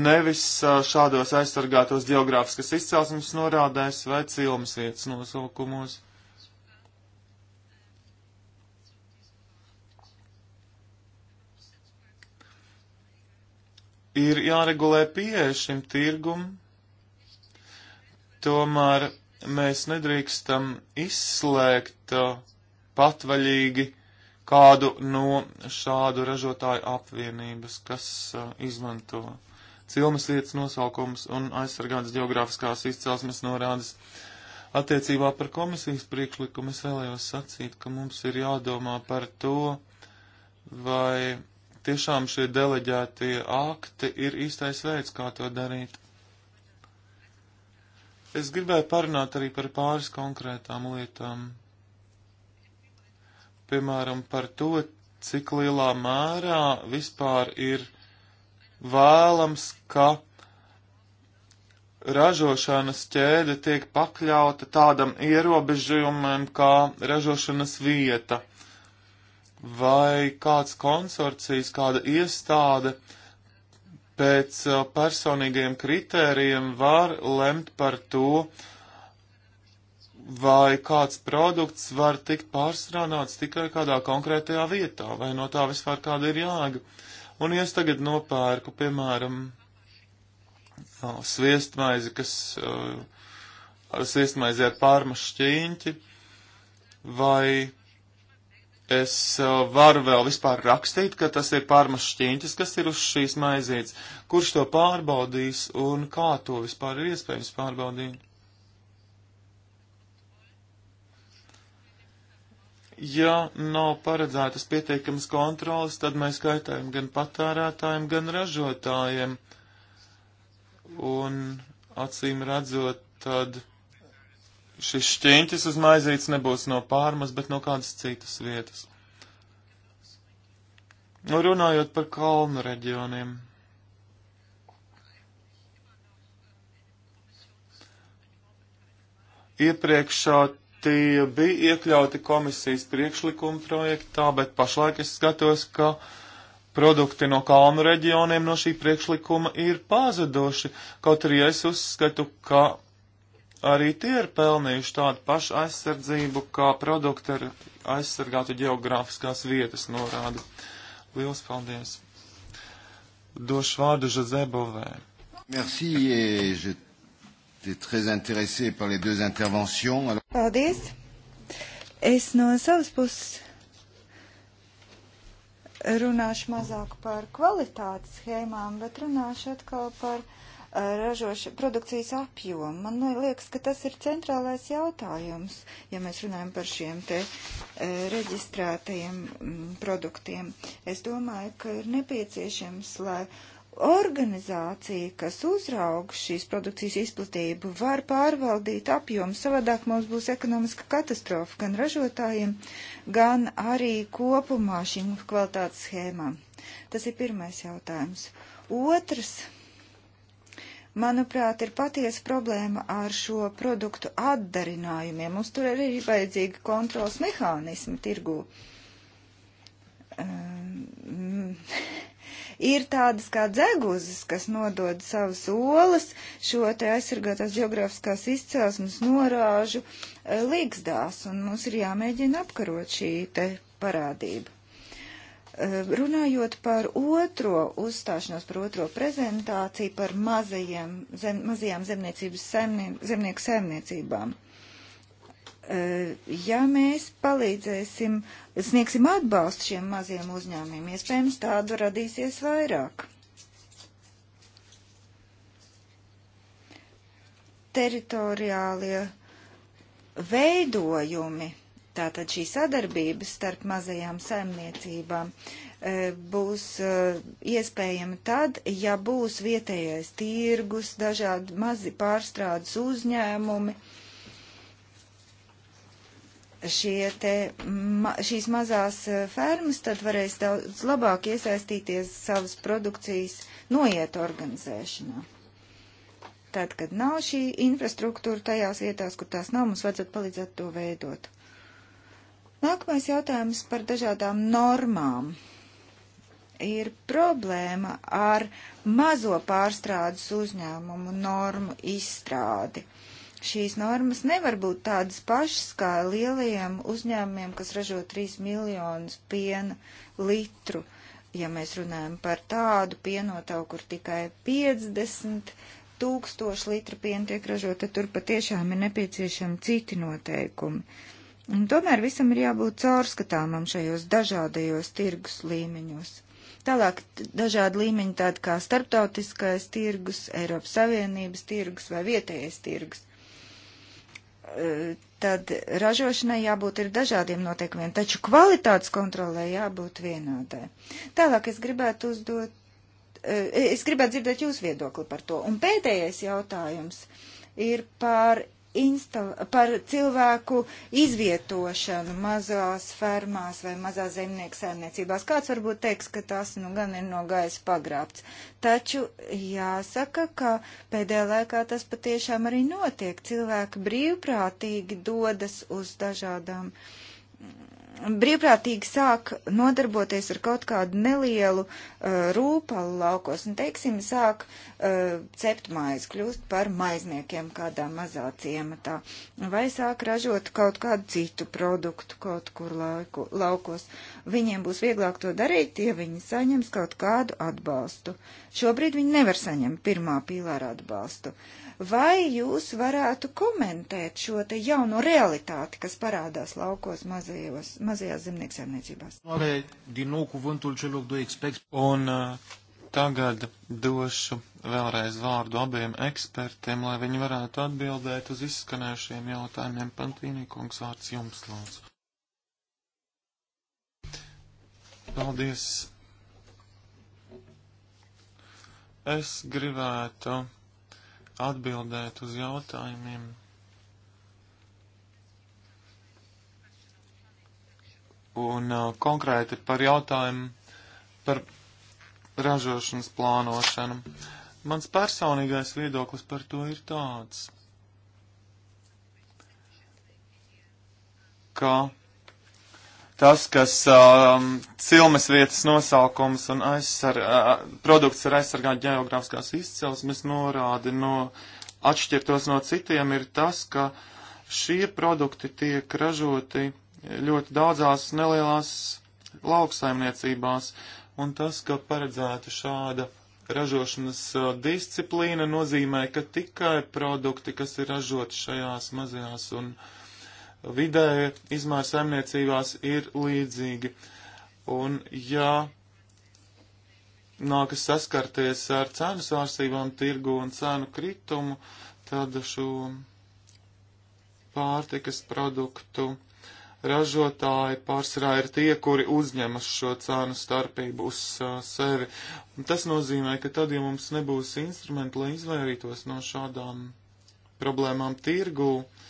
nevis uh, šādos aizsargātos geogrāfiskas izcelsmes norādēs vai cilmes vietas nosaukumos. ir jāregulē pieeja šim tirgum, tomēr mēs nedrīkstam izslēgt uh, patvaļīgi kādu no šādu ražotāju apvienības, kas uh, izmanto cilmes vietas nosaukums un aizsargātas geogrāfiskās izcelsmes norādes. Attiecībā par komisijas priekšlikumu es vēlējos sacīt, ka mums ir jādomā par to, vai tiešām šie deleģētie akti ir īstais veids, kā to darīt. Es gribēju parunāt arī par pāris konkrētām lietām piemēram, par to, cik lielā mērā vispār ir vēlams, ka ražošanas ķēde tiek pakļauta tādam ierobežojumam kā ražošanas vieta, vai kāds konsorcijs, kāda iestāde pēc uh, personīgiem kritērijiem var lemt par to, uh, vai kāds produkts var tikt pārstrādāts tikai kādā konkrētajā vietā, vai no tā vispār kāda ir jāga. Un ja es tagad nopērku, piemēram, sviestmaizi, kas ar sviestmaizi ar pārmas šķīņķi, vai es varu vēl vispār rakstīt, ka tas ir pārmas šķīņķis, kas ir uz šīs maizītes, kurš to pārbaudīs un kā to vispār ir iespējams pārbaudīt. ja nav paredzētas pietiekamas kontrolas, tad mēs kaitējam gan patērētājiem, gan ražotājiem. Un acīm redzot, tad šis šķiņķis uz maizītes nebūs no pārmas, bet no kādas citas vietas. Nu, runājot par kalnu reģioniem. Iepriekšā Tie bija iekļauti komisijas priekšlikuma projektā, bet pašlaik es skatos, ka produkti no kalnu reģioniem no šī priekšlikuma ir pazuduši, kaut arī es uzskatu, ka arī tie ir pelnījuši tādu pašu aizsardzību, kā produkti ar aizsargātu geogrāfiskās vietas norādu. Lielas paldies! Došu vārdu Žazebovē. Merci, et je Paldies! Es no savas puses runāšu mazāk par kvalitātes schēmām, bet runāšu atkal par eh, ražošu produkcijas apjomu. Man liekas, ka tas ir centrālais jautājums, ja mēs runājam par šiem te eh, reģistrētajiem mm, produktiem. Es domāju, ka ir nepieciešams, lai organizācija, kas uzrauga šīs produkcijas izplatību, var pārvaldīt apjomu. Savādāk mums būs ekonomiska katastrofa gan ražotājiem, gan arī kopumā šīm kvalitātes schēmām. Tas ir pirmais jautājums. Otrs, manuprāt, ir patiesa problēma ar šo produktu atdarinājumiem. Mums tur arī ir vajadzīgi kontrols mehānismi tirgū. Um, Ir tādas kā dzeguzes, kas nodod savas olas šo te aizsargātās geogrāfiskās izcelsmes norāžu e, līgzdās, un mums ir jāmēģina apkarot šī te parādība. E, runājot par otro uzstāšanos, par otro prezentāciju, par mazajiem, zem, mazajām zemniecības saimnie, zemnieku saimniecībām. Uh, Eh, ja mēs palīdzēsim, sniegsim atbalstu šiem maziem uzņēmumiem, iespējams tādu radīsies vairāk. Teritoriālie veidojumi, tātad šī sadarbība starp mazajām saimniecībām eh, būs eh, iespējama tad, ja būs vietējais tirgus, dažādi mazi pārstrādes uzņēmumi te, ma, šīs mazās e, fermas tad varēs daudz labāk iesaistīties savas produkcijas noietu organizēšanā. Tad, kad nav šī infrastruktūra tajās vietās, kur tās nav, mums vajadzētu palīdzēt to veidot. Nākamais jautājums par dažādām normām ir problēma ar mazo pārstrādes uzņēmumu normu izstrādi. Šīs normas nevar būt tādas pašas kā lielajiem uzņēmumiem, kas ražo 3 miljonus piena litru. Ja mēs runājam par tādu pienotavu, kur tikai 50 tūkstoši litru piena tiek ražota, tur patiešām ir nepieciešami citi noteikumi. Un tomēr visam ir jābūt caurskatāmam šajos dažādajos tirgus līmeņos. Tālāk dažādi līmeņi tādi kā starptautiskais tirgus, Eiropas Savienības tirgus vai vietējais tirgus tad ražošanai jābūt ir dažādiem noteikumiem, taču kvalitātes kontrolē jābūt vienādai. Tālāk es gribētu uzdot, e, es gribētu dzirdēt jūsu viedokli par to. Un pēdējais jautājums ir par instal, par cilvēku izvietošanu mazās fermās vai mazā zemnieku saimniecībās. Kāds varbūt teiks, ka tas nu gan ir no gaisa pagrābts. Taču jāsaka, ka pēdējā laikā tas patiešām arī notiek. Cilvēki brīvprātīgi dodas uz dažādām brīvprātīgi sāk nodarboties ar kaut kādu nelielu uh, rūpalu laukos un, teiksim, sāk uh, cept maizi, kļūst par maizniekiem kādā mazā ciematā, vai sāk ražot kaut kādu citu produktu kaut kur laiku, laukos. Viņiem būs vieglāk to darīt, ja viņi saņems kaut kādu atbalstu. Šobrīd viņi nevar saņemt pirmā pīlāra atbalstu. Uh, Vai jūs varētu komentēt šo te jauno realitāti, kas parādās laukos mazajos, mazajās zemnieksaimniecībās? Un uh, tagad došu vēlreiz vārdu abiem ekspertiem, lai viņi varētu atbildēt uz izskanējušiem jautājumiem. Pantīnī kungs vārds jums lūdzu. Paldies. Es gribētu atbildēt uz jautājumiem. Un uh, konkrēti par jautājumu par ražošanas plānošanu. Mans personīgais viedoklis par to ir tāds, ka tas, kas um, cilmes vietas nosaukums un aizsar, uh, produkts ar aizsargāt geogrāfiskās izcelsmes norādi no atšķirtos no citiem, ir tas, ka šie produkti tiek ražoti ļoti daudzās nelielās lauksaimniecībās, un tas, ka paredzēta šāda ražošanas uh, disciplīna, nozīmē, ka tikai produkti, kas ir ražoti šajās mazajās un uh, vidē izmēra saimniecībās ir līdzīgi. Un ja nākas saskarties ar cenu svārstībām tirgu un cenu kritumu, tad šo pārtikas produktu ražotāji pārsvarā ir tie, kuri uzņemas šo cēnu starpību uz uh, sevi. Un tas nozīmē, ka tad, ja mums nebūs instrumenti, lai izvairītos no šādām problēmām tirgū, uh,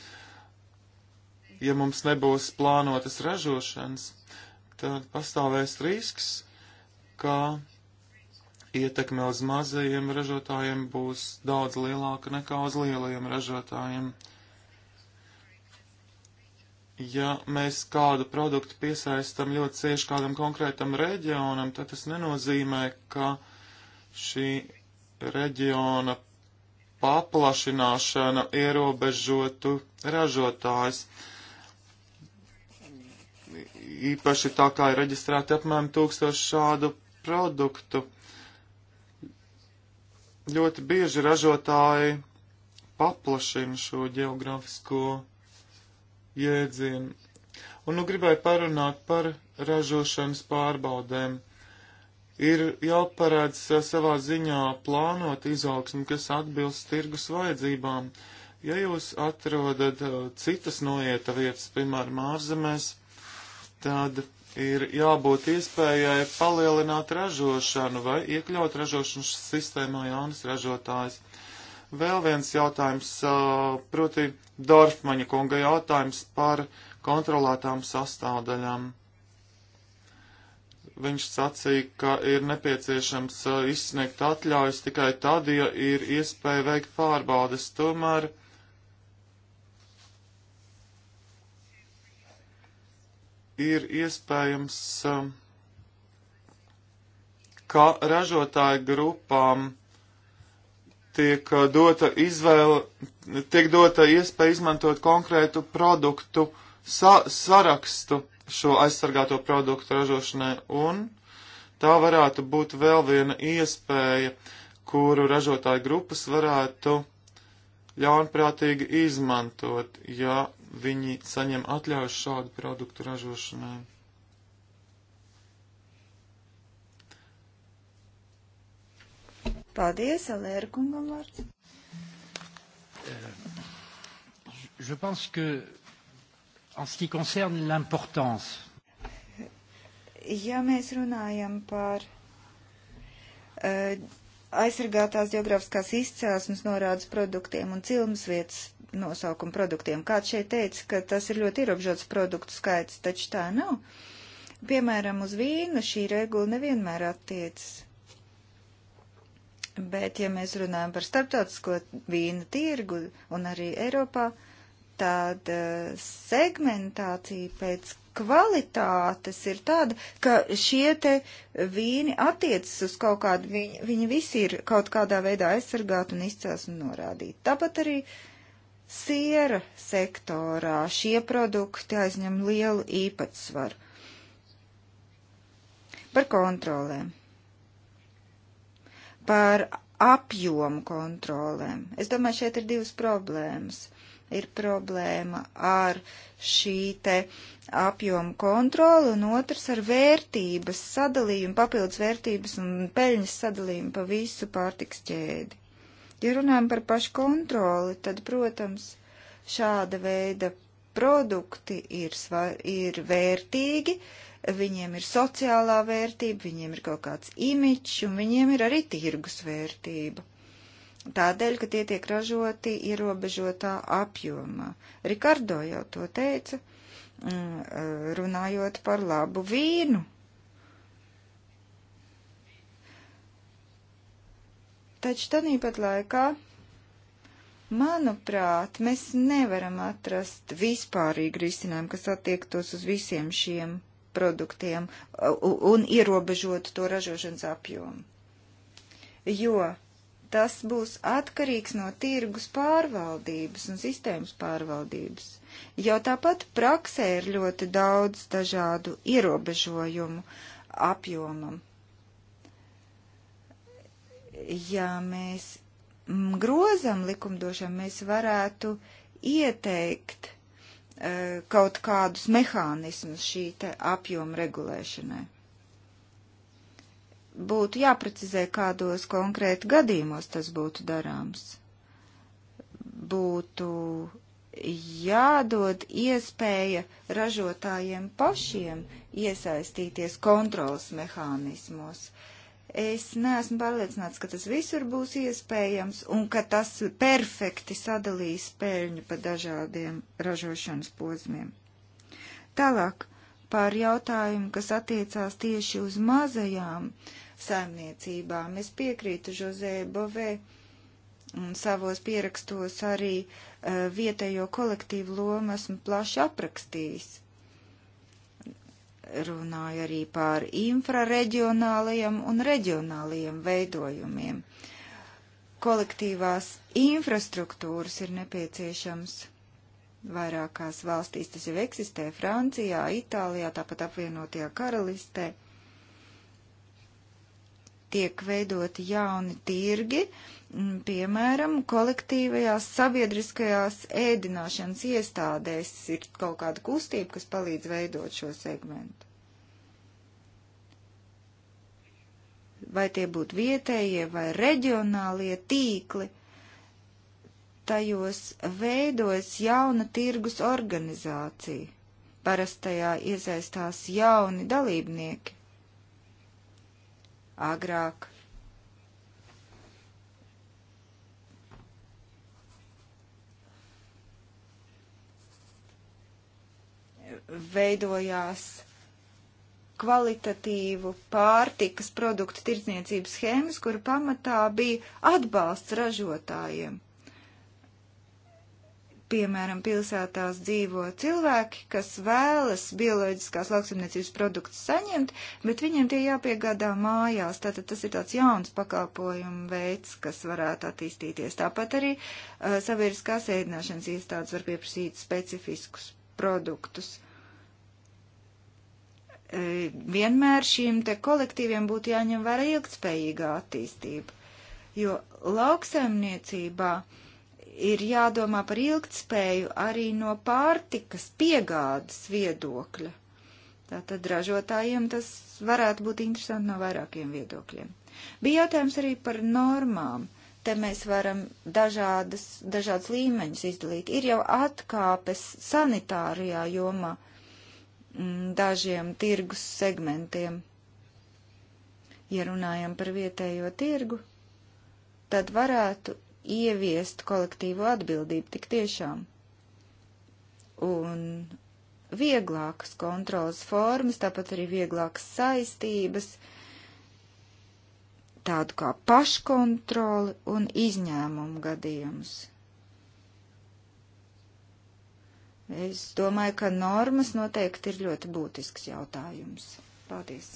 ja mums nebūs plānotas ražošanas, tad pastāvēs risks, ka ietekme uz mazajiem ražotājiem būs daudz lielāka nekā uz lielajiem ražotājiem. Ja mēs kādu produktu piesaistam ļoti cieši kādam konkrētam reģionam, tad tas nenozīmē, ka šī reģiona paplašināšana ierobežotu ražotājs. Uh, īpaši tā kā ir reģistrēti apmēram tūkstoši šādu produktu. Ļoti bieži ražotāji paplašina šo geogrāfisko jēdzienu. Un nu gribēju parunāt par ražošanas pārbaudēm. Ir jāparādz savā ziņā plānot izaugsmu, kas atbilst tirgus vajadzībām. Ja jūs atrodat uh, citas noieta vietas, piemēram, ārzemēs, tad ir jābūt iespējai palielināt ražošanu vai iekļaut ražošanas sistēmā jaunas ražotājas. Vēl viens jautājums, proti Dorfmaņa kunga jautājums par kontrolētām sastāvdaļām. Viņš sacīja, ka ir nepieciešams izsniegt atļaujas tikai tad, ja ir iespēja veikt pārbaudes. Tomēr ir iespējams, um, ka ražotāju grupām tiek uh, dota izvēle, tiek dota iespēja izmantot konkrētu produktu sa sarakstu šo aizsargāto produktu ražošanai, un tā varētu būt vēl viena iespēja, kuru ražotāju grupas varētu ļaunprātīgi izmantot, ja viņi saņem atļauju šādu produktu ražošanai. Paldies, Alēra kungam vārds. Euh, je pense que en ce qui concerne l'importance. Ja mēs runājam par uh, aizsargātās geogrāfiskās izcelsmes norādes produktiem un cilmes vietas nosaukumu produktiem. Kāds šeit teica, ka tas ir ļoti ierobežots produktu skaits, taču tā nav. Piemēram, uz vīnu šī regula nevienmēr attiecas. Bet, ja mēs runājam par starptautisko vīnu tirgu un arī Eiropā, tad eh, segmentācija pēc kvalitātes ir tāda, ka šie te vīni attiecas uz kaut kādu, viņi, viņi visi ir kaut kādā veidā aizsargāti un izcelsmi norādīti. Tāpat arī uh, Siera sektorā šie produkti aizņem lielu īpatsvaru. Par kontrolēm. Par apjomu kontrolēm. Es domāju, šeit ir divas problēmas. Ir problēma ar šī te apjomu kontroli un otrs ar vērtības sadalījumu, papildus vērtības un peļņas sadalījumu pa visu pārtiks ķēdi. Ja runājam par pašu kontroli, tad, protams, šāda veida produkti ir, svar, ir vērtīgi, viņiem ir sociālā vērtība, viņiem ir kaut kāds imičs un viņiem ir arī tirgus vērtība. Tādēļ, ka tie tiek ražoti ierobežotā apjomā. Rikardo jau to teica, mm, runājot par labu vīnu Taču tanīpat laikā, manuprāt, mēs nevaram atrast vispārīgu risinājumu, kas attiektos uz visiem šiem produktiem un ierobežot to ražošanas apjomu. Jo tas būs atkarīgs no tirgus pārvaldības un sistēmas pārvaldības. Jau tāpat praksē ir ļoti daudz dažādu ierobežojumu apjomam ja mēs grozam likumdošanu, mēs varētu ieteikt uh, kaut kādus mehānismus šī te apjoma regulēšanai. Būtu jāprecizē, kādos konkrēti gadījumos tas būtu darāms. Būtu jādod iespēja ražotājiem pašiem iesaistīties kontrolas mehānismos. Uh, Es neesmu pārliecināts, ka tas visur būs iespējams un ka tas perfekti sadalīs spēļņu pa dažādiem ražošanas posmiem. Tālāk par jautājumu, kas attiecās tieši uz mazajām saimniecībām. Es piekrītu Žozē Bovē un savos pierakstos arī uh, vietējo kolektīvu lomu esmu plaši aprakstījis runāja arī par infrareģionālajiem un reģionālajiem veidojumiem. Kolektīvās infrastruktūras ir nepieciešams vairākās valstīs. Tas jau eksistē Francijā, Itālijā, tāpat apvienotajā karalistē tiek veidoti jauni tirgi, piemēram, kolektīvajās sabiedriskajās ēdināšanas iestādēs ir kaut kāda kustība, kas palīdz veidot šo segmentu. Vai tie būtu vietējie vai reģionālie tīkli, tajos veidojas jauna tirgus organizācija. Parastajā iesaistās jauni dalībnieki agrāk. veidojās kvalitatīvu pārtikas produktu tirdzniecības schēmas, kura pamatā bija atbalsts ražotājiem – Piemēram, pilsētās dzīvo cilvēki, kas vēlas bioloģiskās lauksimniecības produktus saņemt, bet viņiem tie jāpiegādā mājās. Tātad tas ir tāds jauns pakalpojumu veids, kas varētu attīstīties. Tāpat arī uh, sabiedriskās ēdināšanas iestādes var pieprasīt specifiskus produktus. Uh, vienmēr šiem te kolektīviem būtu jāņem vērā ilgtspējīgā attīstība, jo lauksaimniecībā uh, ir jādomā par ilgtspēju arī no pārtikas piegādes viedokļa. Tātad ražotājiem tas varētu būt interesanti no vairākiem viedokļiem. Bija jautājums arī par normām. Te mēs varam dažādas, dažādas līmeņus izdalīt. Ir jau atkāpes sanitārijā jomā mm, dažiem tirgus segmentiem. Ja runājam par vietējo tirgu, tad varētu ieviest kolektīvo atbildību tik tiešām. Un vieglākas kontrolas formas, tāpat arī vieglākas saistības, tādu kā paškontroli un izņēmumu gadījumus. Es domāju, ka normas noteikti ir ļoti būtisks jautājums. Paldies!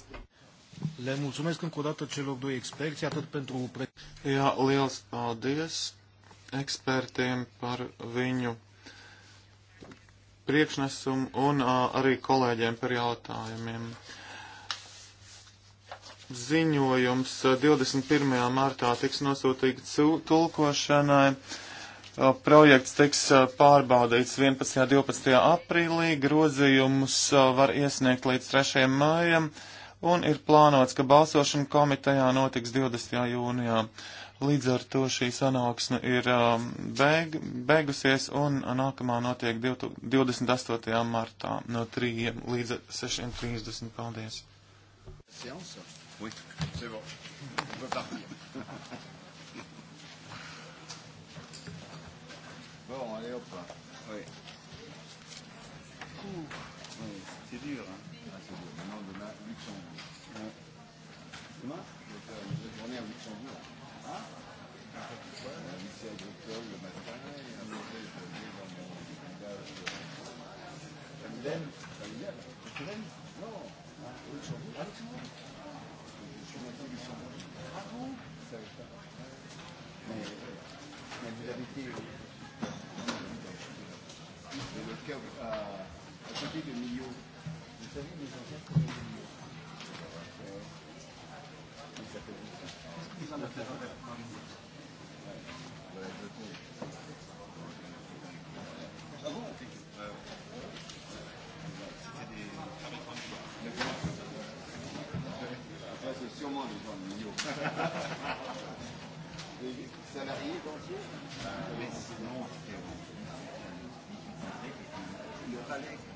Le mulțumesc încă o dată celor doi experți, atât pentru... Jā, liels paldies ekspertiem par viņu priekšnesumu un uh, arī kolēģiem par jautājumiem. Ziņojums 21. martā tiks nosūtīts tulkošanai. Uh, projekts tiks uh, pārbaudīts 11. un 12. aprīlī. Grozījumus uh, var iesniegt līdz 3. mājam. Uh, un ir plānots, ka balsošana komitejā notiks 20. jūnijā. Līdz ar to šī sanāksme ir um, beig, beigusies un nākamā notiek 28. martā no 3 līdz 6.30. Paldies! Séance Oui, c'est bon. On peut partir. bon, allez hop. Oui. Ouh, oui, c'est dur. Hein. demain. Je vais faire une vraie journée à Luxembourg. Hein Un lycée agricole le matin, et un collège de dans mon village familial. Familial Culturel Non. Hein, au Luxembourg À Luxembourg Je suis monté au Luxembourg. Ah bon Je ne savais pas. Mais, mais vous habitez où Mais le cas à, à côté de Millau. Vous savez, mes ancêtres, sûrement des gens de millions. Des salariés entiers Mais sinon, le palais.